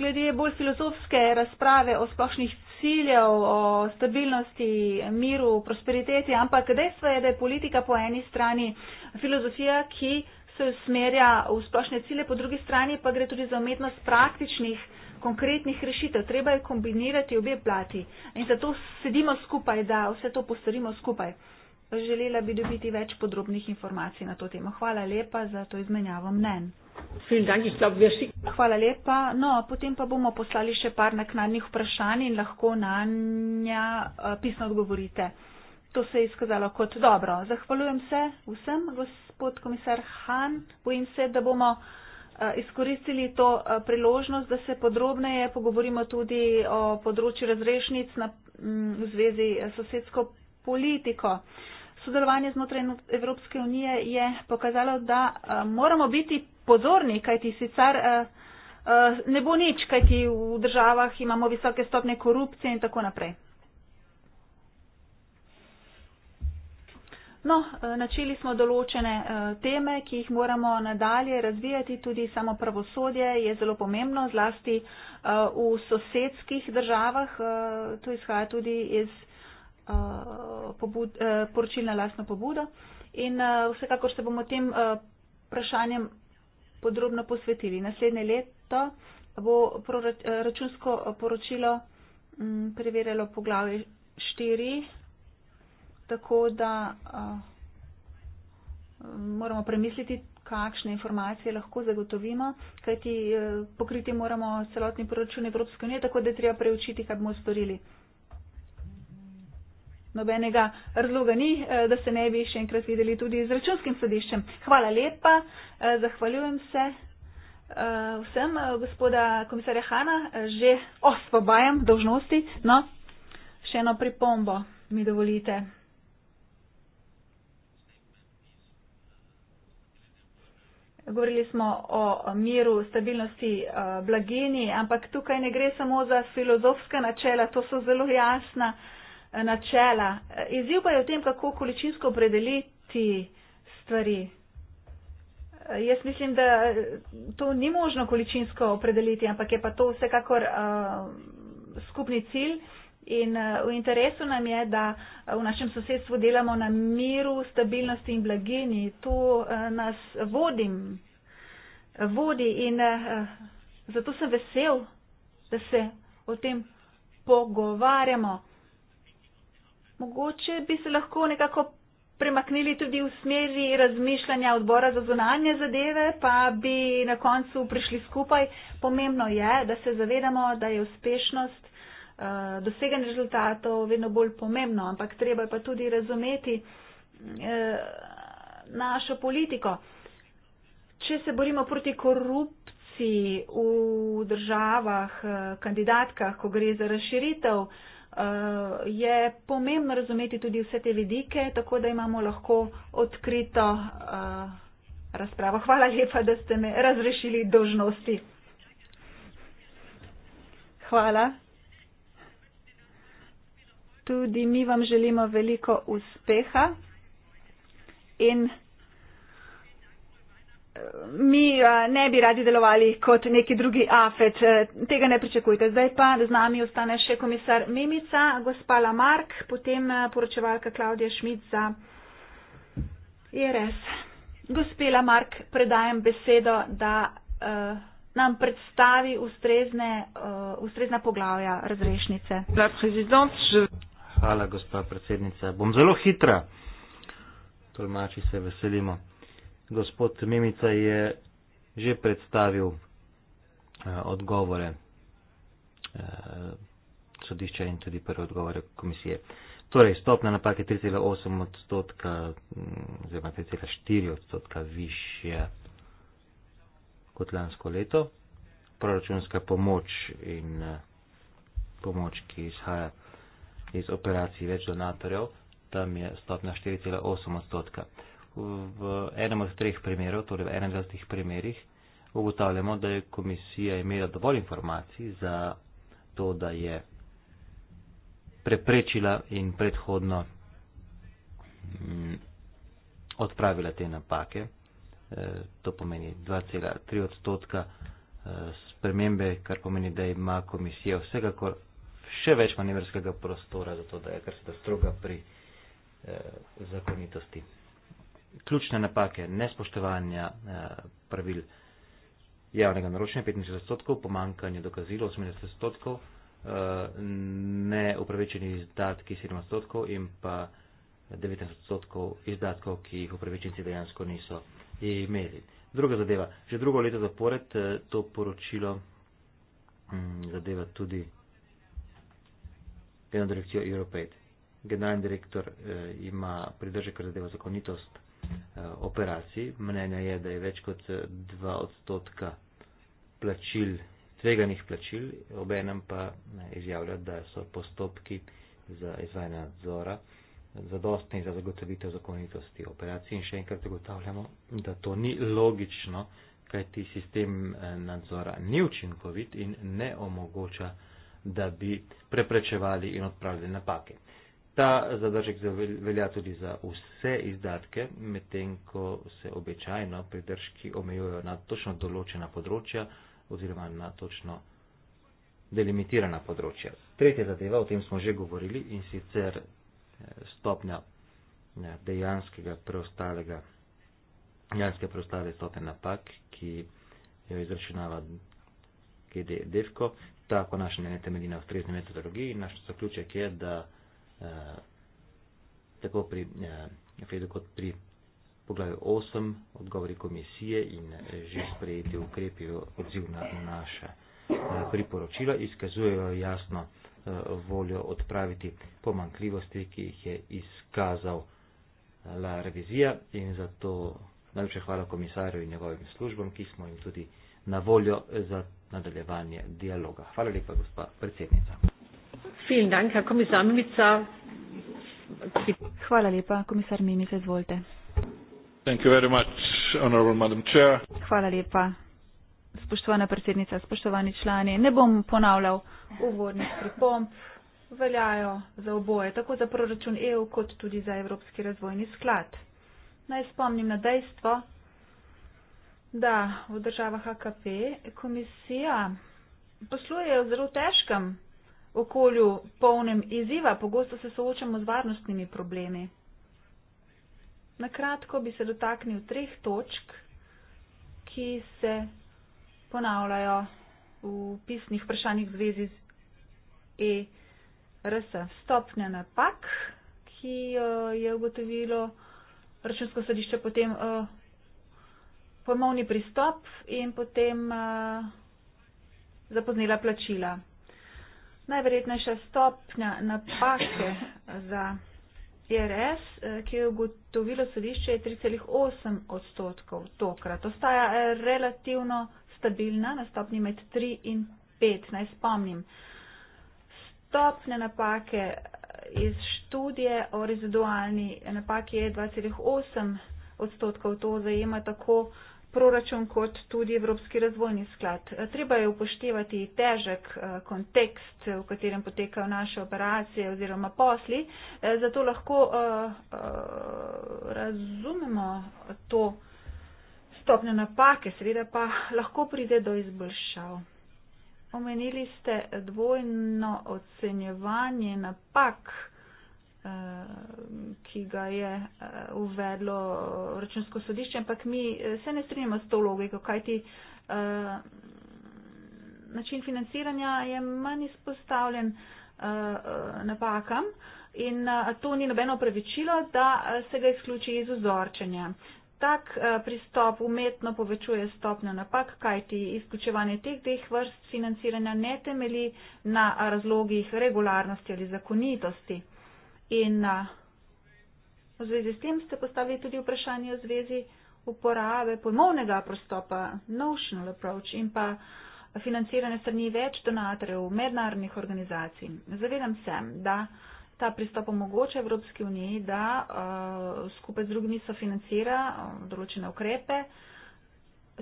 glede bolj filozofske razprave o splošnih ciljev o stabilnosti, miru, prosperiteti, ampak dejstvo je, da je politika po eni strani filozofija, ki se usmerja v splošne cilje, po drugi strani pa gre tudi za umetnost praktičnih, konkretnih rešitev. Treba je kombinirati obe plati in zato sedimo skupaj, da vse to postorimo skupaj. Želela bi dobiti več podrobnih informacij na to temo. Hvala lepa za to izmenjavo mnen.
Vielen Dank. Ich glaub, wir schicken...
Hvala lepa. No, potem pa bomo poslali še par naknadnih vprašanj in lahko na nja uh, eh, pisno odgovorite. To se je izkazalo kot dobro. Zahvaljujem se vsem, gospod komisar Han. Bojim se, da bomo eh, izkoristili to eh, priložnost, da se podrobneje pogovorimo tudi o področju razrešnic na, m, mm, v zvezi s sosedsko politiko. M, sodelovanje znotraj Evropske unije je pokazalo, da eh, moramo biti pozorni, kajti sicer eh, eh, ne bo nič, kajti v državah imamo visoke stopne korupcije in tako naprej. No, načeli smo določene teme, ki jih moramo nadalje razvijati, tudi samo pravosodje je zelo pomembno, zlasti v sosedskih državah, to izhaja tudi iz pobud, eh, poročil na lastno pobudo in eh, vsekakor se bomo tem eh, vprašanjem podrobno posvetili. Naslednje leto bo prorač, eh, računsko eh, poročilo m, mm, preverjalo poglavje 4, tako da eh, moramo premisliti kakšne informacije lahko zagotovimo, kajti eh, pokriti moramo celotni proračun Evropske unije, tako da je treba preučiti, kaj bomo storili nobenega razloga ni, eh, da se ne bi še enkrat videli tudi z računskim sodiščem. Hvala lepa, eh, zahvaljujem se eh, vsem, gospoda komisarja Hanna, že osvobajam dožnosti. No, še eno pripombo mi dovolite. Govorili smo o miru, stabilnosti, blagini, ampak tukaj ne gre samo za filozofska načela, to so zelo jasna. Eh, načela. Eh, Izjiv pa je v tem, kako količinsko predeliti stvari. Eh, jaz mislim, da to ni možno količinsko predeliti, ampak je pa to vsekakor uh, skupni cilj in uh, v interesu nam je, da v našem sosedstvu delamo na miru, stabilnosti in blagini. To uh, nas vodim, vodi in uh, zato sem vesel, da se o tem pogovarjamo mogoče bi se lahko nekako premaknili tudi v smeri razmišljanja odbora za zunanje zadeve, pa bi na koncu prišli skupaj. Pomembno je, da se zavedamo, da je uspešnost eh, doseganje rezultatov vedno bolj pomembno, ampak treba pa tudi razumeti eh, našo politiko. Če se borimo proti korupciji v državah, eh, kandidatkah, ko gre za razširitev, Eh, je pomembno razumeti tudi vse te vidike, tako da imamo lahko odkrito eh, razpravo. Hvala lepa, da ste me razrešili dožnosti. Hvala. Tudi mi vam želimo veliko uspeha in mi eh, ne bi radi delovali kot neki drugi afet, eh, tega ne pričakujte. Zdaj pa z nami ostane še komisar Mimica, gospa Lamark, potem eh, poročevalka Klaudija Šmit za IRS. Gospela Mark, predajem besedo, da uh, nam predstavi ustrezne, uh, ustrezna poglavja razrešnice.
Hvala, gospa predsednica. Bom zelo hitra. Tolmači se veselimo gospod Mimica je že predstavil eh, odgovore eh, sodišča in tudi prve odgovore komisije. Torej, stopna napak je 3,8 odstotka, mm, oziroma 3,4 odstotka višja kot lansko leto. Proračunska pomoč in eh, pomoč, ki izhaja iz operacij več donatorjev, tam je stopna 4,8 odstotka v enem od treh primerov, torej v 21 primerih, ugotavljamo, da je komisija imela dovolj informacij za to, da je preprečila in predhodno mm, odpravila te napake. E, to pomeni 2,3 odstotka e, spremembe, kar pomeni, da ima komisija vsekakor še več manevrskega prostora za to, da je kar se da stroga pri eh, zakonitosti ključne napake, nespoštovanja eh, pravil javnega naročanja 15 odstotkov, pomankanje dokazilo 18 odstotkov, eh, neupravičeni izdatki 7 odstotkov in pa 19 odstotkov izdatkov, ki jih upravičenci dejansko niso imeli. Druga zadeva, že drugo leto zapored eh, to poročilo mm, zadeva tudi generalno direkcijo Europaid. Generalni direktor ima pridržek, kar zadeva zakonitost Eh, operacij. Mnenja je, da je več kot 2 eh, odstotka plačil, tveganih plačil, obenem pa eh, izjavlja, da so postopki za izvajanje nadzora zadostni za zagotovitev zakonitosti operacij in še enkrat zagotavljamo, da to ni logično, kajti sistem nadzora ni učinkovit in ne omogoča, da bi preprečevali in odpravili napake. Ta zadržek velja tudi za vse izdatke, medtem ko se običajno pridržki omejujejo na točno določena področja oziroma na točno delimitirana področja. Tretja zadeva, o tem smo že govorili in sicer eh, stopnja eh, dejanskega preostalega, dejanske preostale stopnje napak, ki jo izračunava GD-DEFKO, ta po našem mnenju temelji na ustrezni metodologiji in naš zaključek je, da Eh, tako pri uh, Fedu kot pri poglavju 8 odgovori komisije in eh, že sprejeti ukrepi odziv na naše priporočila izkazujejo jasno uh, voljo odpraviti pomankljivosti, ki jih je izkazal la revizija in zato najlepše hvala komisarju in njegovim službam, ki smo jim tudi na voljo za nadaljevanje dialoga. Hvala lepa, gospa predsednica.
Hvala lepa. Komisar Mimica, izvolite.
Hvala lepa. Spoštovana predsednica, spoštovani člani, ne bom ponavljal uvodnih pripomb, veljajo za oboje, tako za proračun EU, kot tudi za Evropski razvojni sklad. Naj spomnim na dejstvo, da v državah AKP komisija posluje v zelo težkem okolju polnem izziva, pogosto se soočamo z varnostnimi problemi. Na kratko bi se dotaknil treh točk, ki se ponavljajo v pisnih vprašanjih v zvezi z ERS. Stopnja napak, ki jo je ugotovilo računsko sodišče, potem eh, pomovni pristop in potem eh, zapoznela plačila. Najverjetnejša stopnja napake za IRS, eh, ki je ugotovilo sodišče, je 3,8 odstotkov tokrat. Ostaja eh, relativno stabilna na stopnji med 3 in 5. Naj spomnim, stopnja napake eh, iz študije o rezidualni napaki je 2,8 odstotkov. To zajema tako uh, proračun kot tudi Evropski razvojni sklad. Treba je upoštevati težek eh, kontekst, v katerem potekajo naše operacije oziroma posli, eh, zato lahko eh, razumemo to stopnjo napake, seveda pa lahko pride do izboljšav. Omenili ste dvojno ocenjevanje napak. Eh, ki ga je eh, uvedlo računsko sodišče, ampak mi eh, se ne strinjamo s to logiko, kajti način financiranja je manj izpostavljen napakam in to ni nobeno pravičilo, da se ga izključi iz ozorčenja. Tak pristop umetno povečuje stopnjo napak, kajti izključevanje teh dveh vrst financiranja ne temeli na razlogih regularnosti ali zakonitosti. In a, v zvezi s tem ste postavili tudi vprašanje v zvezi uporabe ponovnega prostopa, notional approach in pa financiranje strani več donatorjev, mednarodnih organizacij. Zavedam se, da ta pristop omogoča Evropski uniji, da a, skupaj z drugimi sofinancira a, določene ukrepe,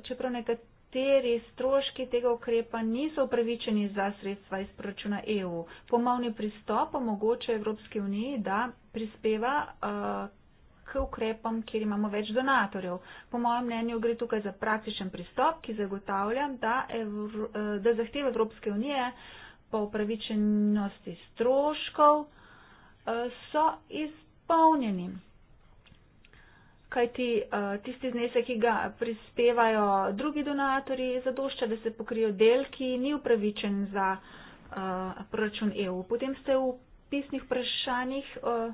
čeprav nekaj Te res stroški tega ukrepa niso upravičeni za sredstva iz proračuna EU. Pomovni pristop omogoča Evropski uniji, da prispeva uh, k ukrepom, kjer imamo več donatorjev. Po mojem mnenju gre tukaj za praktičen pristop, ki zagotavlja, da, uh, da zahtev Evropske unije po upravičenosti stroškov uh, so izpolnjeni kajti eh, tisti znesek, ki ga prispevajo drugi donatori, zadošča, da se pokrijo del, ki ni upravičen za eh, proračun EU. Potem ste v pisnih vprašanjih. Eh,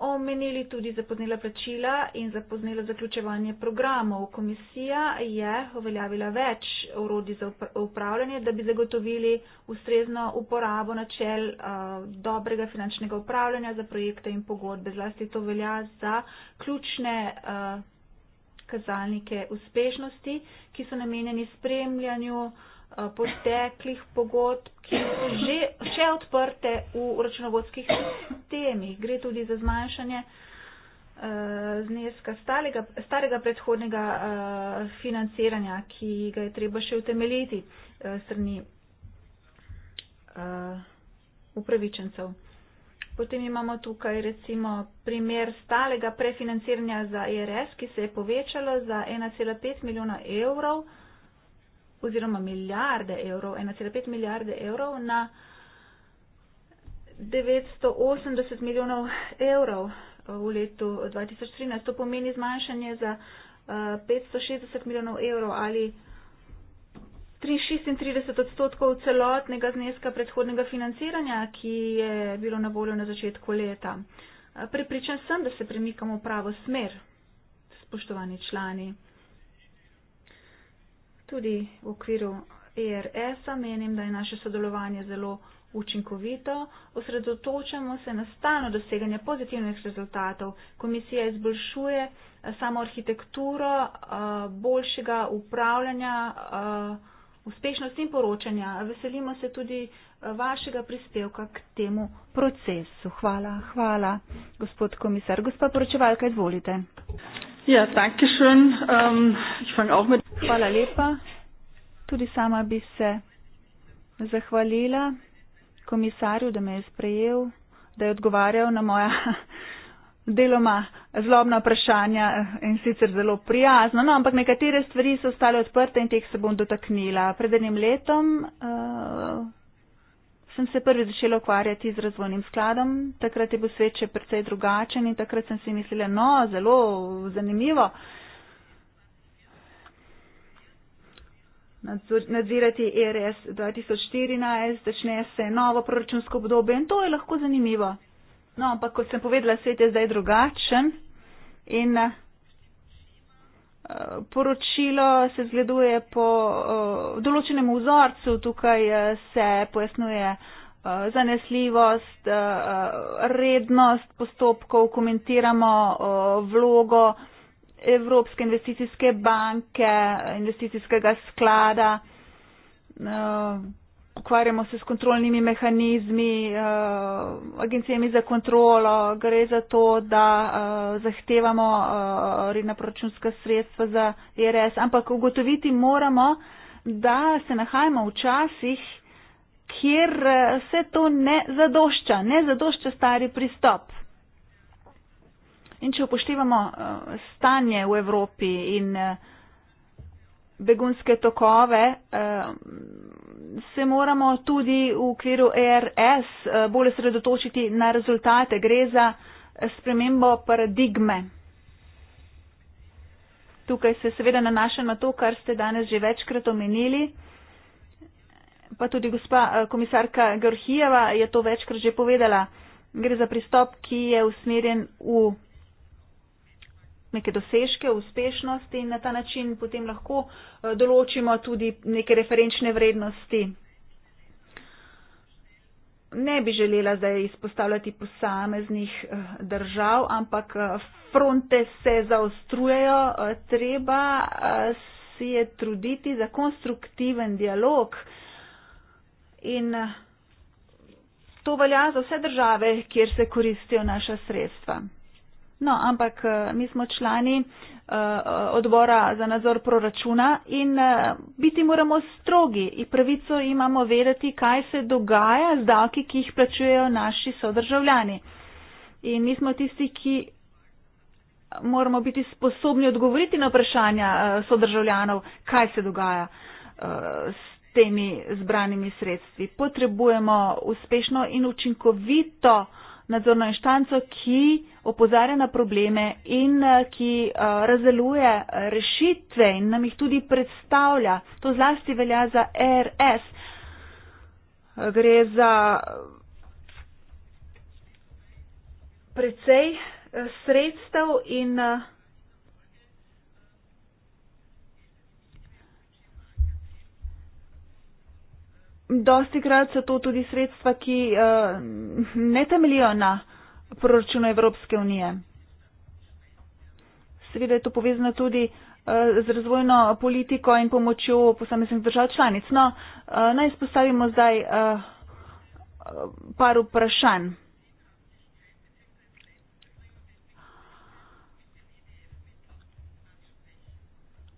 omenili tudi zapoznila plačila in zapoznila zaključevanje programov. Komisija je uveljavila več urodi za upravljanje, da bi zagotovili ustrezno uporabo načel uh, dobrega finančnega upravljanja za projekte in pogodbe. Zlasti to velja za ključne uh, kazalnike uspešnosti, ki so namenjeni spremljanju uh, Eh, poteklih pogodb, ki so že še odprte v računovodskih sistemih. Gre tudi za zmanjšanje eh, zneska starega, starega predhodnega eh, financiranja, ki ga je treba še utemeljiti strani upravičencev. Potem imamo tukaj recimo primer stalega prefinanciranja za IRS, e ki se je povečalo za 1,5 milijona evrov oziroma milijarde evrov, 1,5 milijarde evrov na 980 milijonov evrov eh, v letu 2013. To pomeni zmanjšanje za 560 eh, milijonov evrov ali 36 odstotkov celotnega zneska predhodnega financiranja, ki je bilo na voljo na začetku leta. Eh, Pripričan sem, da se premikamo v pravo smer, spoštovani člani tudi v okviru ERS-a menim, da je naše sodelovanje zelo učinkovito. Osredotočamo se na stano doseganje pozitivnih rezultatov. Komisija izboljšuje eh, samo arhitekturo eh, boljšega upravljanja, eh, uspešnosti in poročanja. Veselimo se tudi vašega prispevka k temu procesu. Hvala, hvala, gospod komisar. Gospa poročevalka, izvolite.
Ja, danke schön. Um, ich fange auch mit. Hvala lepa.
Tudi sama bi se zahvalila komisarju, da me je sprejel, da je odgovarjal na moja deloma zlobna vprašanja in sicer zelo prijazno. No, ampak nekatere stvari so ostale odprte in teh se bom dotaknila. Pred enim letom uh, sem se prvi začela ukvarjati z razvojnim skladom. Takrat je bil svet še precej drugačen in takrat sem si mislila, no, zelo zanimivo. Uh, nadzirati ERS 2014, začne se novo proračunsko obdobje in to je lahko zanimivo. No, ampak kot sem povedala, svet je zdaj drugačen in eh, poročilo se zgleduje po eh, določenem vzorcu, tukaj eh, se pojasnuje zanesljivost, rednost postopkov, komentiramo vlogo, Evropske investicijske banke, investicijskega sklada, eh, ukvarjamo se s kontrolnimi mehanizmi, eh, agencijami za kontrolo, gre za to, da eh, zahtevamo redna proračunska sredstva za IRS, e ampak ugotoviti moramo, da se nahajamo v časih, kjer se to ne zadošča, ne zadošča stari pristop. In če upoštevamo eh, stanje v Evropi in eh, begunske tokove, eh, se moramo tudi v okviru ERS bolj sredotočiti na rezultate. Gre za spremembo paradigme. Tukaj se seveda nanaša na to, kar ste danes že večkrat omenili, pa tudi gospa komisarka Gorhijeva je to večkrat že povedala. Gre za pristop, ki je usmerjen v neke dosežke, uspešnosti in na ta način potem lahko eh, določimo tudi neke referenčne vrednosti. Ne bi želela zdaj izpostavljati posameznih eh, držav, ampak eh, fronte se zaostrujejo, treba si je truditi za konstruktiven dialog in to velja za vse države, kjer se koristijo naša sredstva. No, ampak eh, mi smo člani eh, eh, odbora za nadzor proračuna in biti moramo strogi in pravico imamo vedeti, kaj se dogaja z davki, ki jih plačujejo naši sodržavljani. In mi smo tisti, ki moramo biti sposobni odgovoriti na vprašanja sodržavljanov, kaj se dogaja s temi zbranimi sredstvi. Potrebujemo uspešno in učinkovito nadzorno inštanco, ki opozarja na probleme in eh, ki eh, razdeluje eh, rešitve in nam jih tudi predstavlja. To zlasti velja za RS. Gre za precej sredstev in. Uh, dosti krat so to tudi sredstva, ki uh, ne temeljijo na proračunu Evropske unije. Seveda je to povezano tudi eh, z razvojno politiko in pomočjo posameznih držav članic. No, eh, naj izpostavimo zdaj par vprašanj.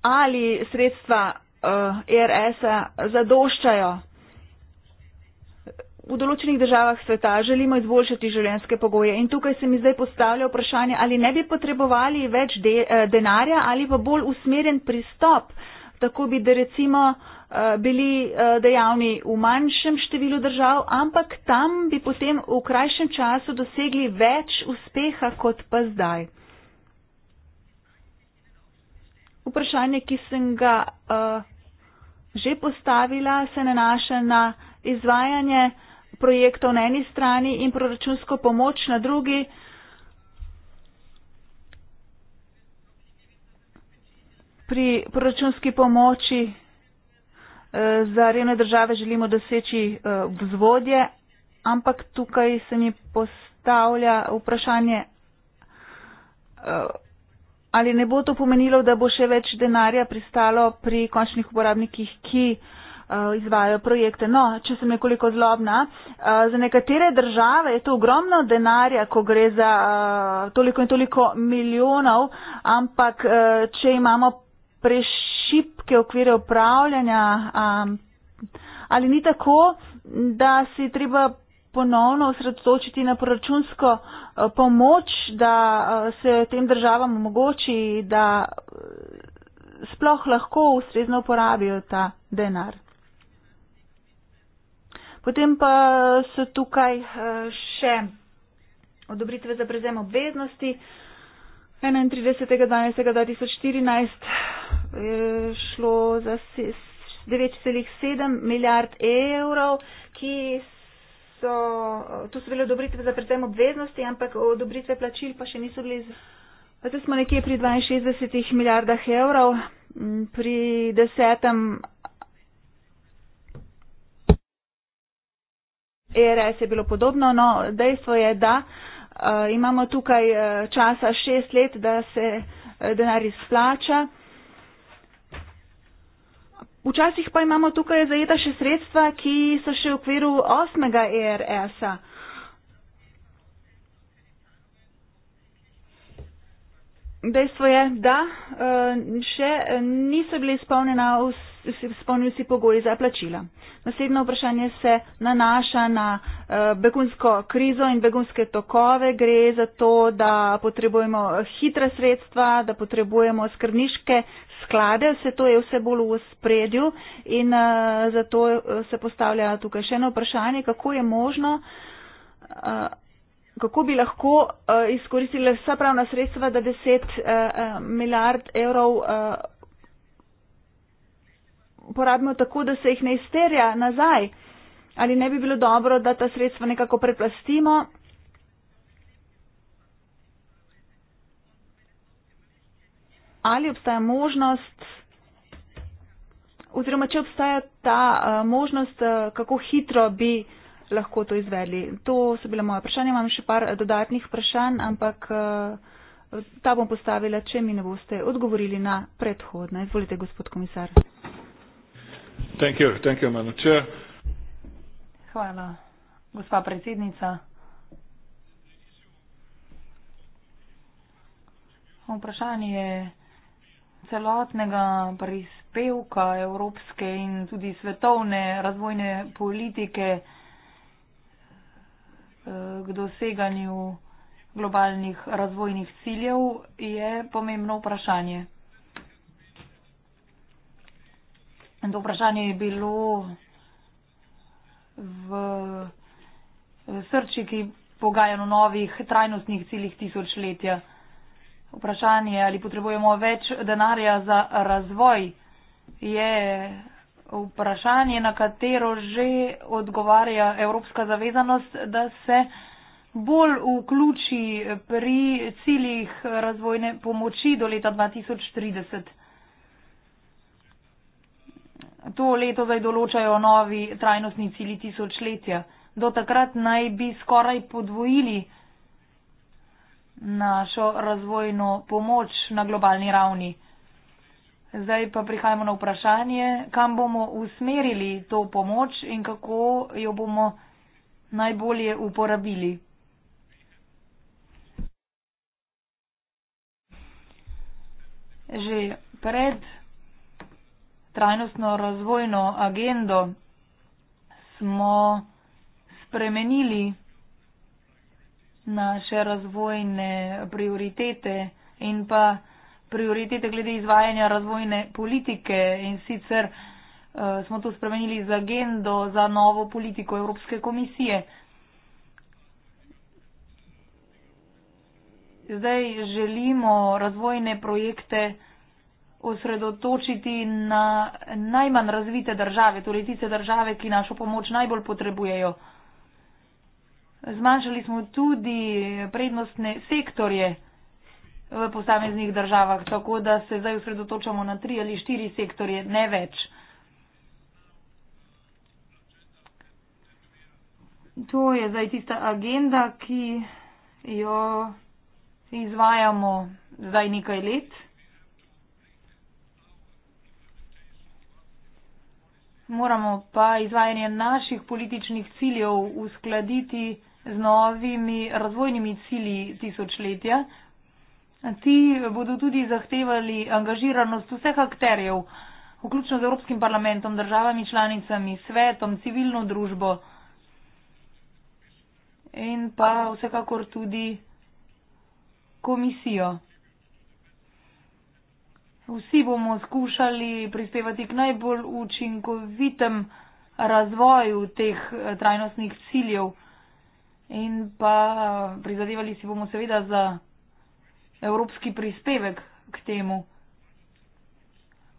Ali sredstva ERS-a e zadoščajo? v določenih državah sveta želimo izboljšati življenjske pogoje in tukaj se mi zdaj postavlja vprašanje, ali ne bi potrebovali več de, eh, denarja ali pa bolj usmeren pristop, tako bi, da recimo eh, bili eh, dejavni v manjšem številu držav, ampak tam bi potem v krajšem času dosegli več uspeha kot pa zdaj. Vprašanje, ki sem ga uh, že postavila, se nanaša na izvajanje projektov na eni strani in proračunsko pomoč na drugi. Pri proračunski pomoči eh, za revne države želimo doseči eh, vzvodje, ampak tukaj se mi postavlja vprašanje, eh, ali ne bo to pomenilo, da bo še več denarja pristalo pri končnih uporabnikih, ki Eh, izvajajo projekte. No, če sem nekoliko zlobna, eh, za nekatere države je to ogromno denarja, ko gre za eh, toliko in toliko milijonov, ampak če imamo prešipke okvire upravljanja, ali ni tako, da si treba ponovno osredotočiti na proračunsko pomoč, da se tem državam omogoči, da sploh lahko ustrezno uporabijo ta denar. Potem pa so tukaj eh, še odobritve za prezem obveznosti 31.12.2014 je eh, šlo za 9,7 milijard evrov, ki so, tu so bile odobritve za prezem obveznosti, ampak odobritve plačil pa še niso bili. Zdaj smo nekje pri 62 milijardah evrov, mm, pri desetem ERS je bilo podobno, no dejstvo je, da uh, imamo tukaj eh, časa šest let, da se eh, denar izplača. Včasih pa imamo tukaj zajeta še sredstva, ki so še v okviru osmega ERS-a. Dejstvo je, da še niso bile izpolnjena vse izpolnili vsi pogoji za plačila. Naslednje vprašanje se nanaša na uh, begunsko krizo in begunske tokove. Gre za to, da potrebujemo eh, hitre sredstva, da potrebujemo skrbniške sklade. Vse to je vse bolj v spredju in uh, zato se postavlja tukaj še eno vprašanje, kako je možno. Uh, Kako bi lahko uh, izkoristili vsa pravna sredstva, da 10 uh, uh, milijard evrov uh, porabimo tako, da se jih ne izterja nazaj. Ali ne bi bilo dobro, da ta sredstva nekako preplastimo? Ali obstaja možnost, oziroma če obstaja ta uh, možnost, uh, kako hitro bi lahko to izvedli? To so bile moje vprašanje. Imam še par dodatnih vprašanj, ampak uh, ta bom postavila, če mi ne boste
odgovorili na predhodna. Izvolite, gospod komisar.
Thank you. Thank you,
Hvala, gospa predsednica. Vprašanje celotnega prispevka evropske in tudi svetovne razvojne politike eh, k doseganju globalnih razvojnih ciljev je pomembno vprašanje. In to vprašanje je bilo v, v srči, ki pogajajo novih trajnostnih ciljih tisočletja. Vprašanje, ali potrebujemo več denarja za razvoj, je vprašanje, na katero že odgovarja evropska zavezanost, da se bolj vključi pri ciljih razvojne pomoči do leta 2030. To leto zdaj določajo novi trajnostni cilji tisočletja. Do takrat naj bi skoraj podvojili našo razvojno pomoč na globalni ravni. Zdaj pa prihajamo na vprašanje, kam bomo usmerili to pomoč in kako jo bomo najbolje uporabili. Že pred trajnostno razvojno agendo smo spremenili naše razvojne prioritete in pa prioritete glede izvajanja razvojne politike in sicer uh, smo to spremenili z agendo za novo politiko Evropske komisije. Zdaj želimo razvojne projekte osredotočiti na najmanj razvite države, torej tiste države, ki našo pomoč najbolj potrebujejo. Zmanjšali smo tudi prednostne sektorje v posameznih državah, tako da se zdaj osredotočamo na tri ali štiri sektorje, ne več. To je zdaj tista agenda, ki jo izvajamo zdaj nekaj let. moramo pa izvajanje naših političnih ciljev uskladiti z novimi razvojnimi cilji tisočletja. Ti bodo tudi zahtevali angažiranost vseh akterjev, vključno z Evropskim parlamentom, državami članicami, svetom, civilno družbo in pa vsekakor tudi komisijo. Vsi bomo skušali prispevati k najbolj učinkovitem razvoju teh eh, trajnostnih ciljev in pa eh, prizadevali si bomo seveda za evropski prispevek k temu.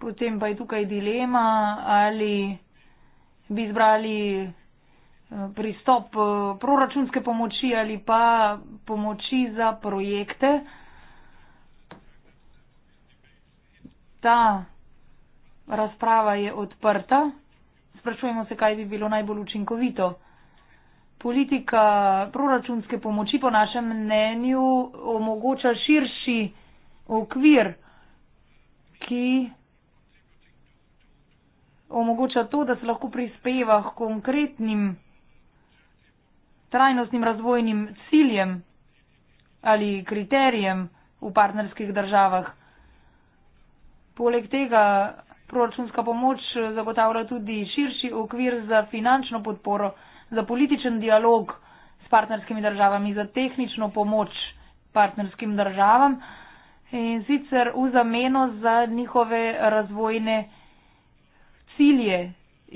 Potem pa je tukaj dilema, ali bi izbrali eh, pristop proračunske pomoči ali pa pomoči za projekte. ta razprava je odprta, sprašujemo se, kaj bi bilo najbolj učinkovito. Politika proračunske pomoči po našem mnenju omogoča širši okvir, ki omogoča to, da se lahko prispeva k konkretnim trajnostnim razvojnim ciljem ali kriterijem v partnerskih državah. Poleg tega proračunska pomoč zagotavlja tudi širši okvir za finančno podporo, za političen dialog s partnerskimi državami, za tehnično pomoč partnerskim državam in sicer v zameno za njihove razvojne cilje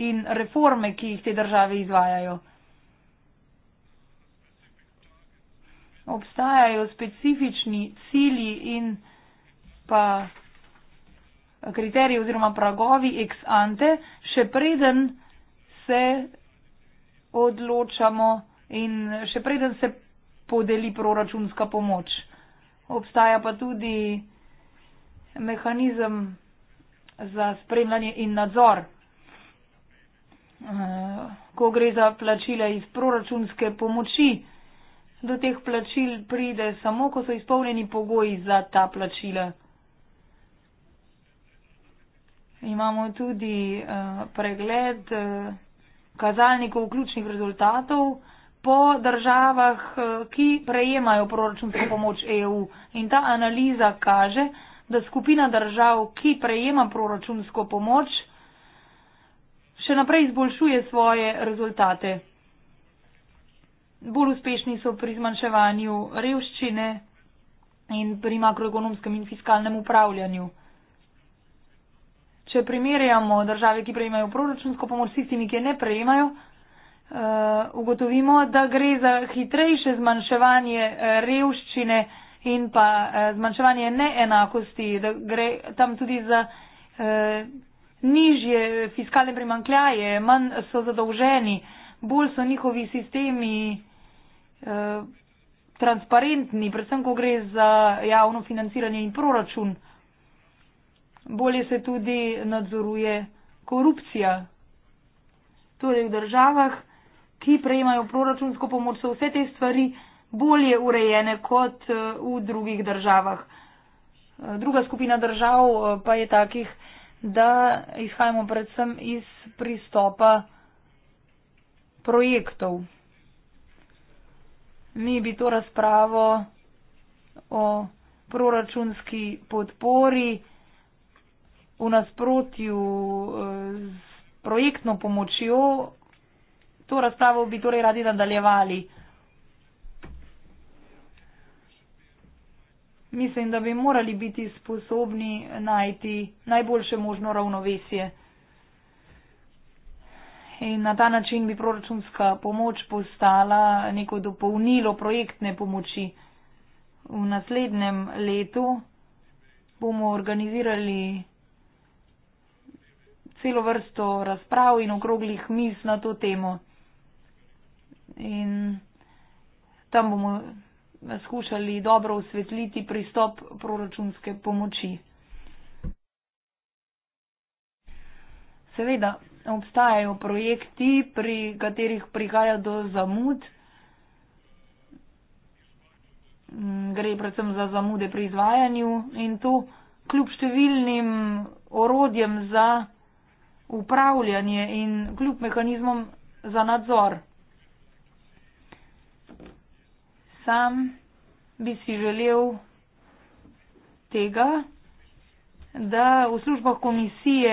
in reforme, ki jih te države izvajajo. Obstajajo specifični cilji in pa kriteriji oziroma pragovi ex ante, še preden se odločamo in še preden se podeli proračunska pomoč. Obstaja pa tudi mehanizem za spremljanje in nadzor. Eh, ko gre za plačila iz proračunske pomoči, do teh plačil pride samo, ko so izpolnjeni pogoji za ta plačila. Imamo tudi uh, pregled uh, kazalnikov ključnih rezultatov po državah, uh, ki prejemajo proračunsko pomoč EU. In ta analiza kaže, da skupina držav, ki prejema proračunsko pomoč, še naprej izboljšuje svoje rezultate. Bolj uspešni so pri zmanjševanju revščine in pri makroekonomskem in fiskalnem upravljanju če primerjamo države, ki prejmajo proračunsko pomoč s tistimi, ki ne prejmajo, eh, ugotovimo, da gre za hitrejše zmanjševanje eh, revščine in pa eh, zmanjševanje neenakosti, da gre tam tudi za nižje fiskalne primankljaje, manj so zadolženi, bolj so njihovi sistemi transparentni, predvsem ko gre za javno financiranje in proračun bolje se tudi nadzoruje korupcija. Torej v državah, ki prejemajo proračunsko pomoč, so vse te stvari bolje urejene kot eh, v drugih državah. Eh, druga skupina držav eh, pa je takih, da izhajamo predvsem iz pristopa projektov. Mi bi to razpravo o proračunski podpori v nasprotju z eh, projektno pomočjo, to razstavo bi torej radi nadaljevali. Mislim, da bi morali biti sposobni najti najboljše možno ravnovesje. In na ta način bi proračunska pomoč postala neko dopolnilo projektne pomoči. V naslednjem letu bomo organizirali celo vrsto razprav in okroglih mis na to temo. In tam bomo skušali dobro osvetliti pristop proračunske pomoči. Seveda, obstajajo projekti, pri katerih prihaja do zamud. Gre predvsem za zamude pri izvajanju in to kljub številnim orodjem za upravljanje in kljub mehanizmom za nadzor. Sam bi si želel tega, da v službah komisije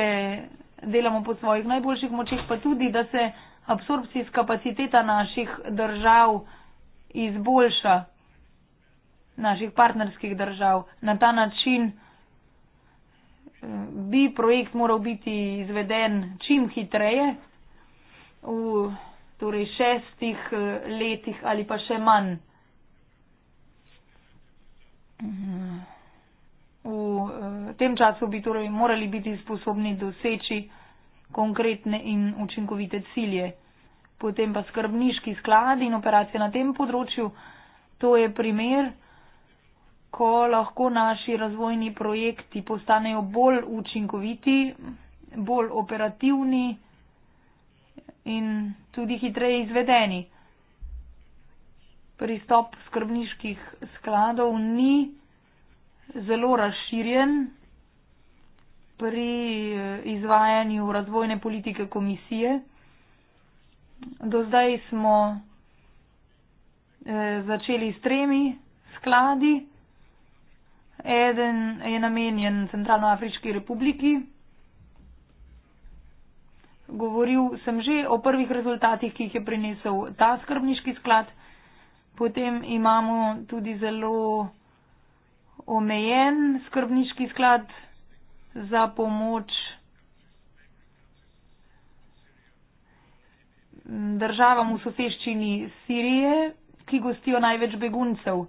delamo po svojih najboljših močeh, pa tudi, da se absorpcijska kapaciteta naših držav izboljša, naših partnerskih držav. Na ta način bi projekt moral biti izveden čim hitreje, v torej šestih eh, letih ali pa še manj. V eh, tem času bi torej morali biti sposobni doseči konkretne in učinkovite cilje. Potem pa skrbniški sklad in operacije na tem področju. To je primer ko lahko naši razvojni projekti postanejo bolj učinkoviti, bolj operativni in tudi hitreje izvedeni. Pristop skrbniških skladov ni zelo razširjen pri eh, izvajanju razvojne politike komisije. Do zdaj smo eh, začeli s tremi skladi. Eden je namenjen Centralnoafriški republiki. Govoril sem že o prvih rezultatih, ki jih je prinesel ta skrbniški sklad. Potem imamo tudi zelo omejen skrbniški sklad za pomoč državam v soseščini Sirije, ki gostijo največ beguncev.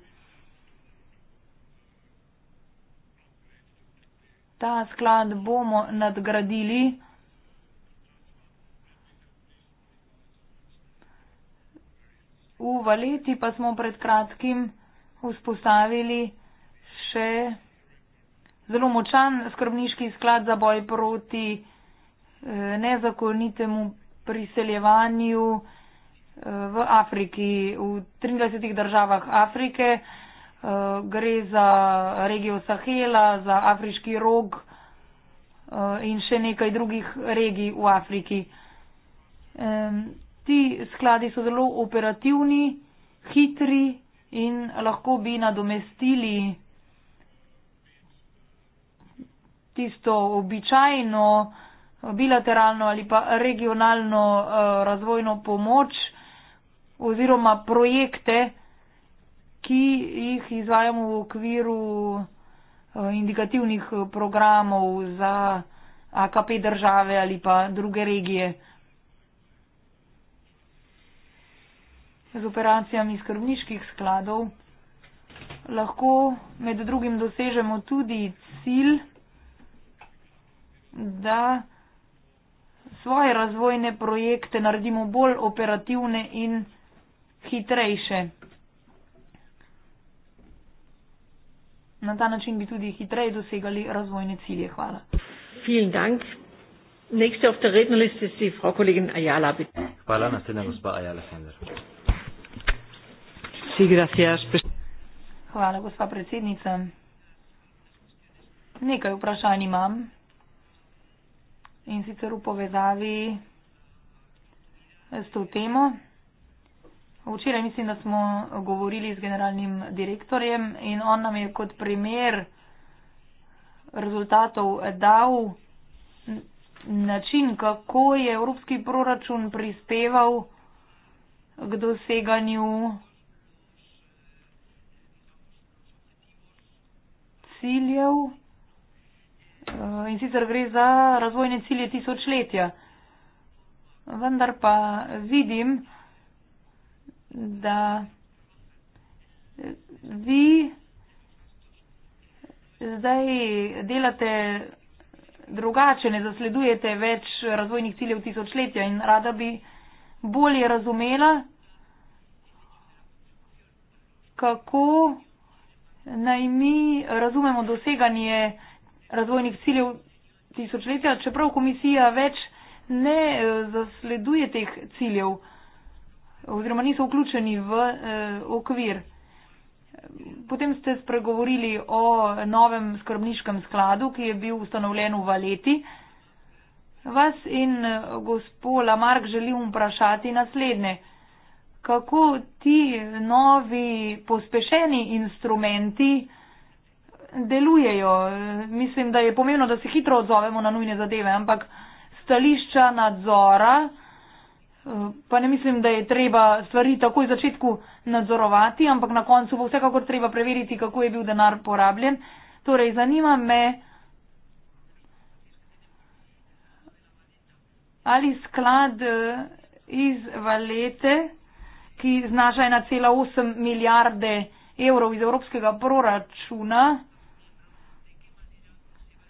ta sklad bomo nadgradili. V Valeti pa smo pred kratkim vzpostavili še zelo močan skrbniški sklad za boj proti eh, nezakonitemu priseljevanju eh, v Afriki, v 23 državah Afrike. Eh, gre za regijo Sahela, za afriški rog eh, in še nekaj drugih regij v Afriki. Ti skladi so zelo operativni, hitri in lahko bi nadomestili tisto običajno bilateralno ali pa regionalno eh, razvojno pomoč oziroma projekte, ki jih izvajamo v okviru eh, indikativnih eh, programov za AKP države ali pa druge regije. Z operacijami skrbniških skladov lahko med drugim dosežemo tudi cilj, da svoje razvojne projekte naredimo bolj operativne in hitrejše. Na ta način bi tudi hitreje dosegali razvojne
cilje. Hvala. Hvala, naslednja
gospa Ajala Hender.
Hvala, gospa predsednica. Nekaj vprašanj imam in sicer v povezavi s to temo. Včeraj mislim, da smo govorili z generalnim direktorjem in on nam je kot primer rezultatov dal način, kako je evropski proračun prispeval k doseganju ciljev. Eh, in sicer gre za razvojne cilje tisočletja. Vendar pa vidim, da vi zdaj delate drugače, ne zasledujete več razvojnih ciljev tisočletja in rada bi bolje razumela, kako naj mi razumemo doseganje razvojnih ciljev tisočletja, čeprav komisija več ne zasleduje teh ciljev oziroma niso vključeni v eh, okvir. Potem ste spregovorili o novem skrbniškem skladu, ki je bil ustanovljen v Valeti. Vas in eh, gospod Lamark želim vprašati naslednje. Kako ti novi pospešeni instrumenti delujejo? Mislim, da je pomembno, da se hitro odzovemo na nujne zadeve, ampak stališča nadzora pa ne mislim, da je treba stvari takoj v začetku nadzorovati, ampak na koncu bo vsekakor treba preveriti, kako je bil denar porabljen. Torej, zanima me, ali sklad eh, iz Valete, ki znaša 1,8 milijarde evrov iz evropskega proračuna,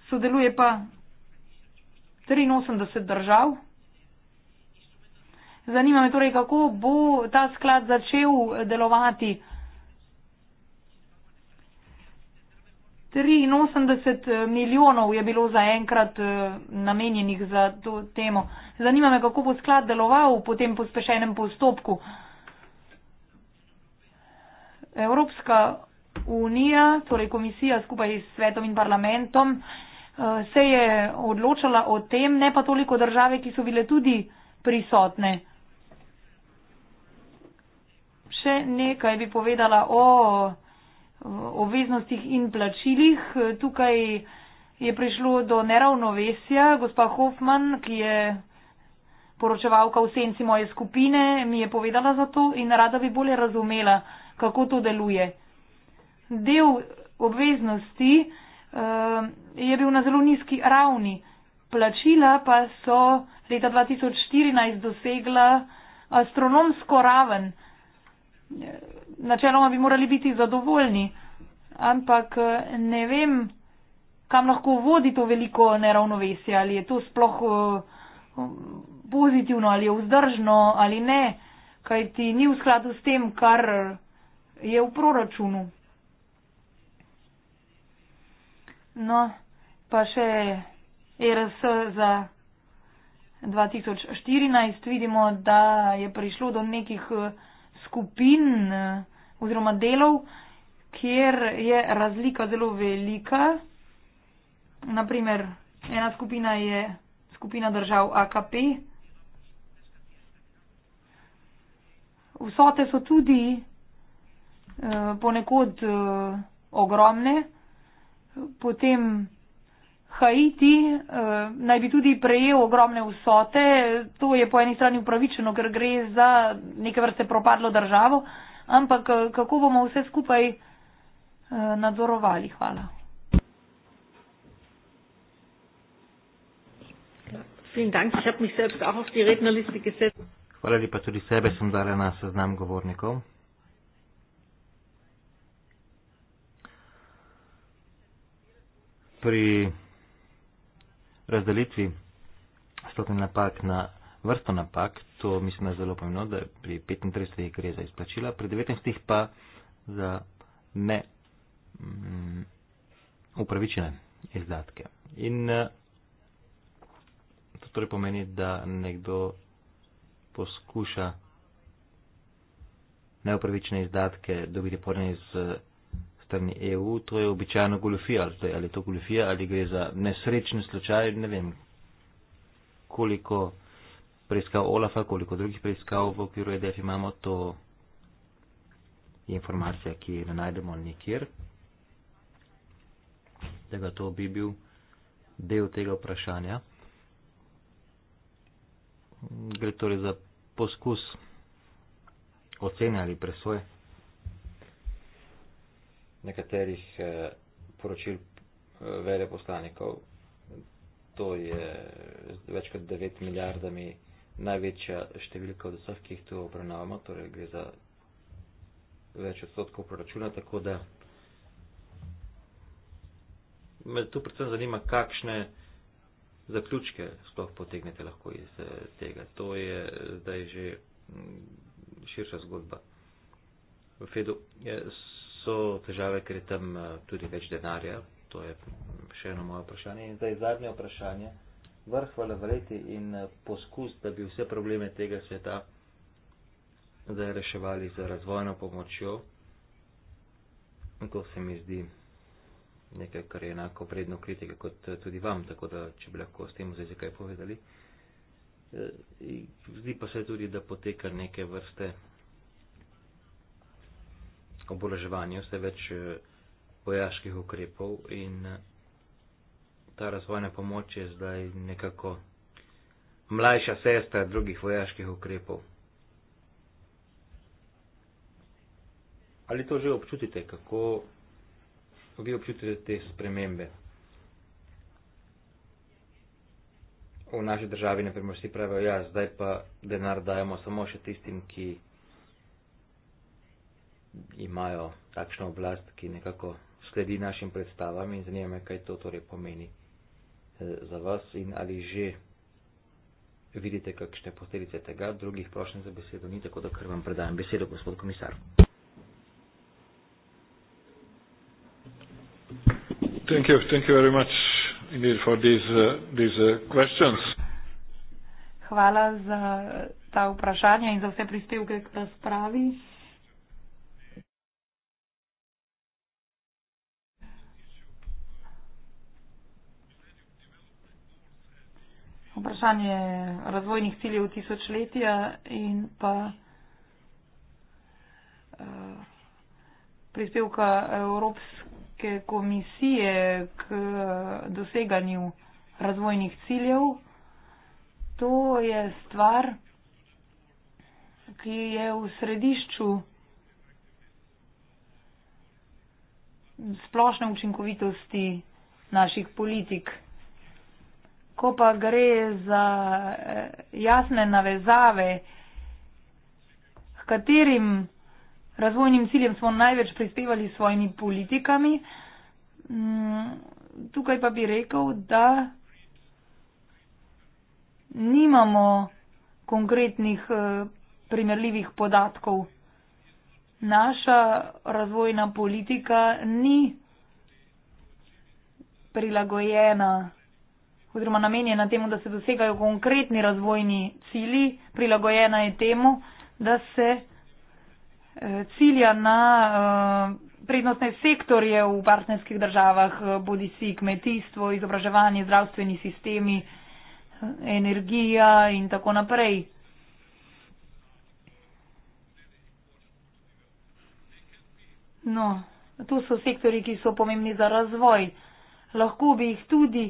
sodeluje pa 83 držav. Zanima me torej, kako bo ta sklad začel delovati. 83 eh, milijonov je bilo zaenkrat eh, namenjenih za to temo. Zanima me, kako bo sklad deloval po tem pospešenem postopku. Evropska unija, torej komisija skupaj s svetom in parlamentom, eh, se je odločala o tem, ne pa toliko države, ki so bile tudi prisotne še nekaj bi povedala o obveznostih in plačilih. Tukaj je prišlo do neravnovesja. Gospa Hoffman, ki je poročevalka v senci moje skupine, mi je povedala za to in rada bi bolje razumela, kako to deluje. Del obveznosti uh, je bil na zelo nizki ravni. Plačila pa so leta 2014 dosegla astronomsko raven načeloma bi morali biti zadovoljni, ampak eh, ne vem, kam lahko vodi to veliko neravnovesje, ali je to sploh eh, pozitivno, ali je vzdržno, ali ne, kaj ti ni v skladu s tem, kar je v proračunu. No, pa še e RS za 2014 vidimo, da je prišlo do nekih eh, skupin eh, oziroma delov, kjer je razlika zelo velika. Naprimer, ena skupina je skupina držav AKP. Vsote so tudi eh, ponekod eh, ogromne. Potem Haiti eh, naj bi tudi prejel ogromne vsote, to je po eni strani upravičeno, ker gre za neke vrste propadlo državo, ampak eh, kako bomo vse
skupaj eh, nadzorovali? Hvala.
Hvala lepa, tudi sebe sem dala na seznam govornikov. Pri razdelitvi stopnih napak na vrsto napak, to mislim, da je zelo pomembno, da pri 35 gre za izplačila, pri 19 pa za ne mm, upravičene izdatke. In eh, to torej pomeni, da nekdo poskuša neupravičene izdatke dobiti porne iz eh, strani EU, to je običajno goljofija. Ali je to goljofija ali gre za nesrečen slučaj, ne vem, koliko preiskav Olafa, koliko drugih preiskav v okviru EDF imamo, to je informacija, ki ne najdemo nikjer. Tega to bi bil del tega vprašanja. Gre torej za poskus ocene ali presoje nekaterih eh, poročil eh, veleposlanikov. To je več kot 9 milijardami največja številka od vseh, ki jih tu obravnavamo, torej gre za več odstotkov proračuna, tako da me tu predvsem zanima, kakšne zaključke sploh potegnete lahko iz eh, tega. To je zdaj že mm, širša zgodba. V Fedu so težave, ker je tam eh, tudi več denarja. To je še eno moje vprašanje. In zdaj zadnje vprašanje. Vrh hvala vreti in eh, poskus, da bi vse probleme tega sveta zdaj reševali z razvojno pomočjo. To se mi zdi nekaj, kar je enako vredno kritike kot eh, tudi vam, tako da če bi lahko s tem zdaj kaj povedali. Zdi pa se tudi, da poteka neke vrste oboroževanje vse več eh, vojaških ukrepov in eh, ta razvojna pomoč je zdaj nekako mlajša sestra drugih vojaških ukrepov. Ali to že občutite, kako vi občutite te spremembe? V naši državi, na primer, vsi pravijo, ja, zdaj pa denar dajemo samo še tistim, ki imajo takšno oblast, ki nekako sledi našim predstavam in zanima, kaj to torej pomeni eh, za vas in ali že vidite kakšne posledice tega. Drugih prošen za besedo ni, tako da kar vam predajam besedo, gospod komisar.
Thank you, thank you very much indeed for these, uh, these uh, questions.
Hvala za ta vprašanja in za vse prispevke k razpravi. vprašanje razvojnih ciljev tisočletja in pa eh, prispevka Evropske komisije k doseganju razvojnih ciljev. To je stvar, ki je v središču splošne učinkovitosti naših politik ko pa gre za eh, jasne navezave, h katerim razvojnim ciljem smo največ prispevali s svojimi politikami, mm, tukaj pa bi rekel, da nimamo konkretnih eh, primerljivih podatkov. Naša razvojna politika ni prilagojena oziroma namenjena temu, da se dosegajo konkretni razvojni cilji, prilagojena je temu, da se eh, cilja na eh, prednostne sektorje v partnerskih državah, eh, bodi si kmetijstvo, izobraževanje, zdravstveni sistemi, energija in tako naprej. No, to so sektori, ki so pomembni za razvoj. Lahko bi jih tudi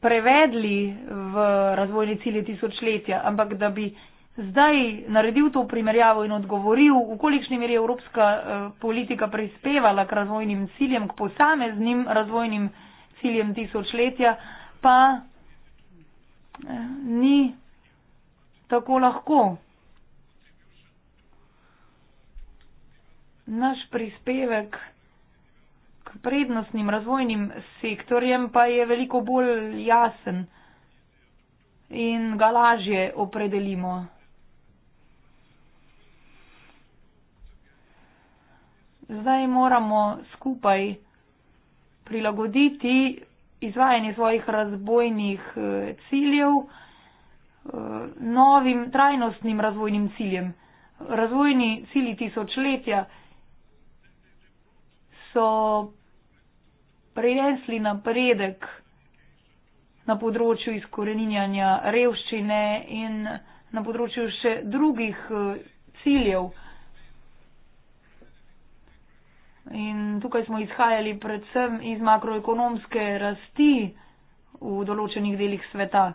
prevedli v razvojni cilje tisočletja, ampak da bi zdaj naredil to primerjavo in odgovoril, v kolikšni meri je evropska eh, politika prispevala k razvojnim ciljem, k posameznim razvojnim ciljem tisočletja, pa eh, ni tako lahko. Naš prispevek prednostnim razvojnim sektorjem pa je veliko bolj jasen in ga lažje opredelimo. Zdaj moramo skupaj prilagoditi izvajanje svojih razvojnih eh, ciljev eh, novim trajnostnim razvojnim ciljem. Razvojni cilji tisočletja so prinesli napredek na področju izkoreninjanja revščine in na področju še drugih eh, ciljev. In tukaj smo izhajali predvsem iz makroekonomske rasti v določenih delih sveta.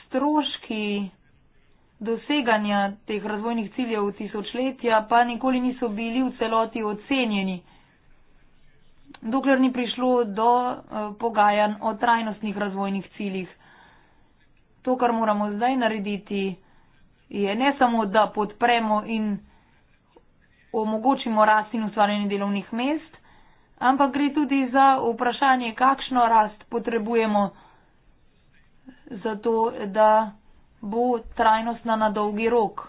Stroški doseganja teh razvojnih ciljev tisočletja pa nikoli niso bili v celoti ocenjeni, dokler ni prišlo do eh, pogajanj o trajnostnih razvojnih ciljih. To, kar moramo zdaj narediti, je ne samo, da podpremo in omogočimo rast in ustvarjanje delovnih mest, ampak gre tudi za vprašanje, kakšno rast potrebujemo za to, da bo trajnostna na dolgi rok.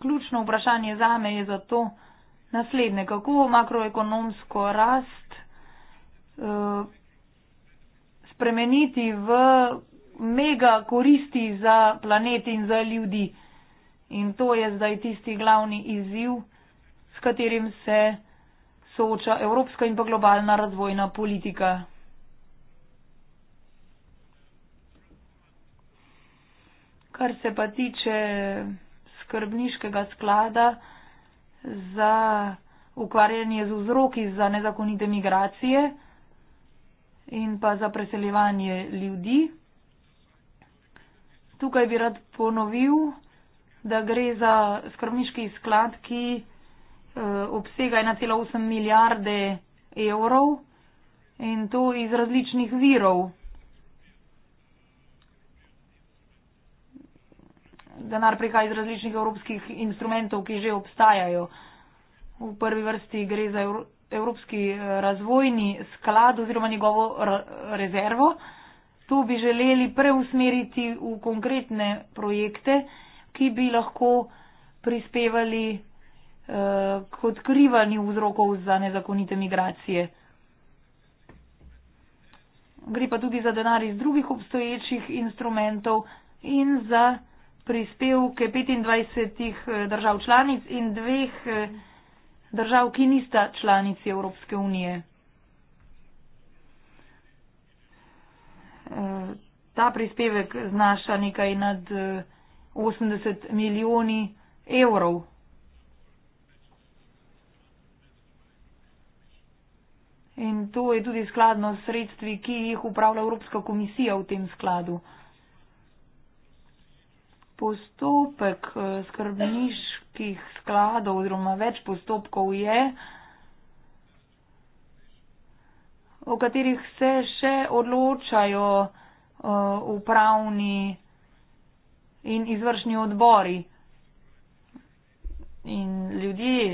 Ključno vprašanje zame je zato naslednje, kako makroekonomsko rast uh, spremeniti v mega koristi za planet in za ljudi. In to je zdaj tisti glavni izziv, s katerim se sooča evropska in pa globalna razvojna politika. Kar se pa tiče skrbniškega sklada za ukvarjanje z vzroki za nezakonite migracije in pa za preseljevanje ljudi. Tukaj bi rad ponovil, da gre za skrbniški sklad, ki eh, obsega 1,8 milijarde evrov in to iz različnih virov. denar prihaja iz različnih evropskih instrumentov, ki že obstajajo. V prvi vrsti gre za Evropski eh, razvojni sklad oziroma njegovo rezervo. To bi želeli preusmeriti v konkretne projekte, ki bi lahko prispevali eh, k odkrivanju vzrokov za nezakonite migracije. Gre pa tudi za denar iz drugih obstoječih instrumentov in za prispevke 25 eh, držav članic in dveh eh, držav, ki nista članici Evropske unije. Eh, ta prispevek znaša nekaj nad 80 milijoni evrov. In to je tudi skladno s sredstvi, ki jih upravlja Evropska komisija v tem skladu postopek eh, skrbniških skladov oziroma več postopkov je, o katerih se še odločajo eh, upravni in izvršni odbori in ljudje,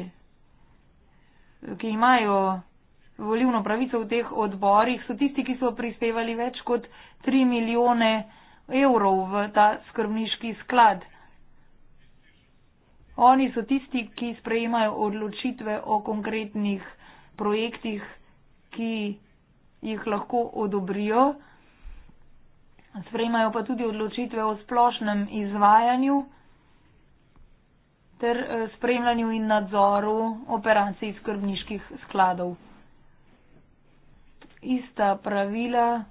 ki imajo volivno pravico v teh odborih, so tisti, ki so prispevali več kot 3 milijone evrov evrov v ta skrbniški sklad. Oni so tisti, ki sprejemajo odločitve o konkretnih projektih, ki jih lahko odobrijo. Sprejemajo pa tudi odločitve o splošnem izvajanju ter eh, spremljanju in nadzoru operacij skrbniških skladov. Ista pravila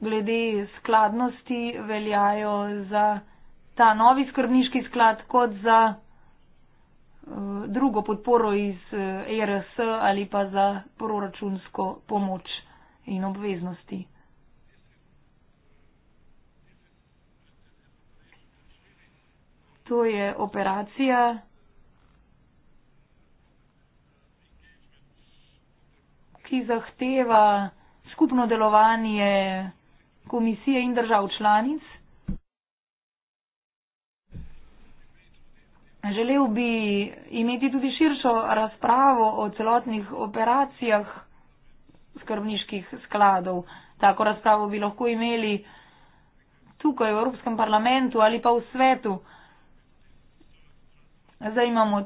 glede skladnosti veljajo za ta novi skrbniški sklad kot za eh, drugo podporo iz ERS eh, e ali pa za proračunsko pomoč in obveznosti. To je operacija. Ki zahteva skupno delovanje komisije in držav članic. Želel bi imeti tudi širšo razpravo o celotnih operacijah skrbniških skladov. Tako razpravo bi lahko imeli tukaj v Evropskem parlamentu ali pa v svetu. Zdaj imamo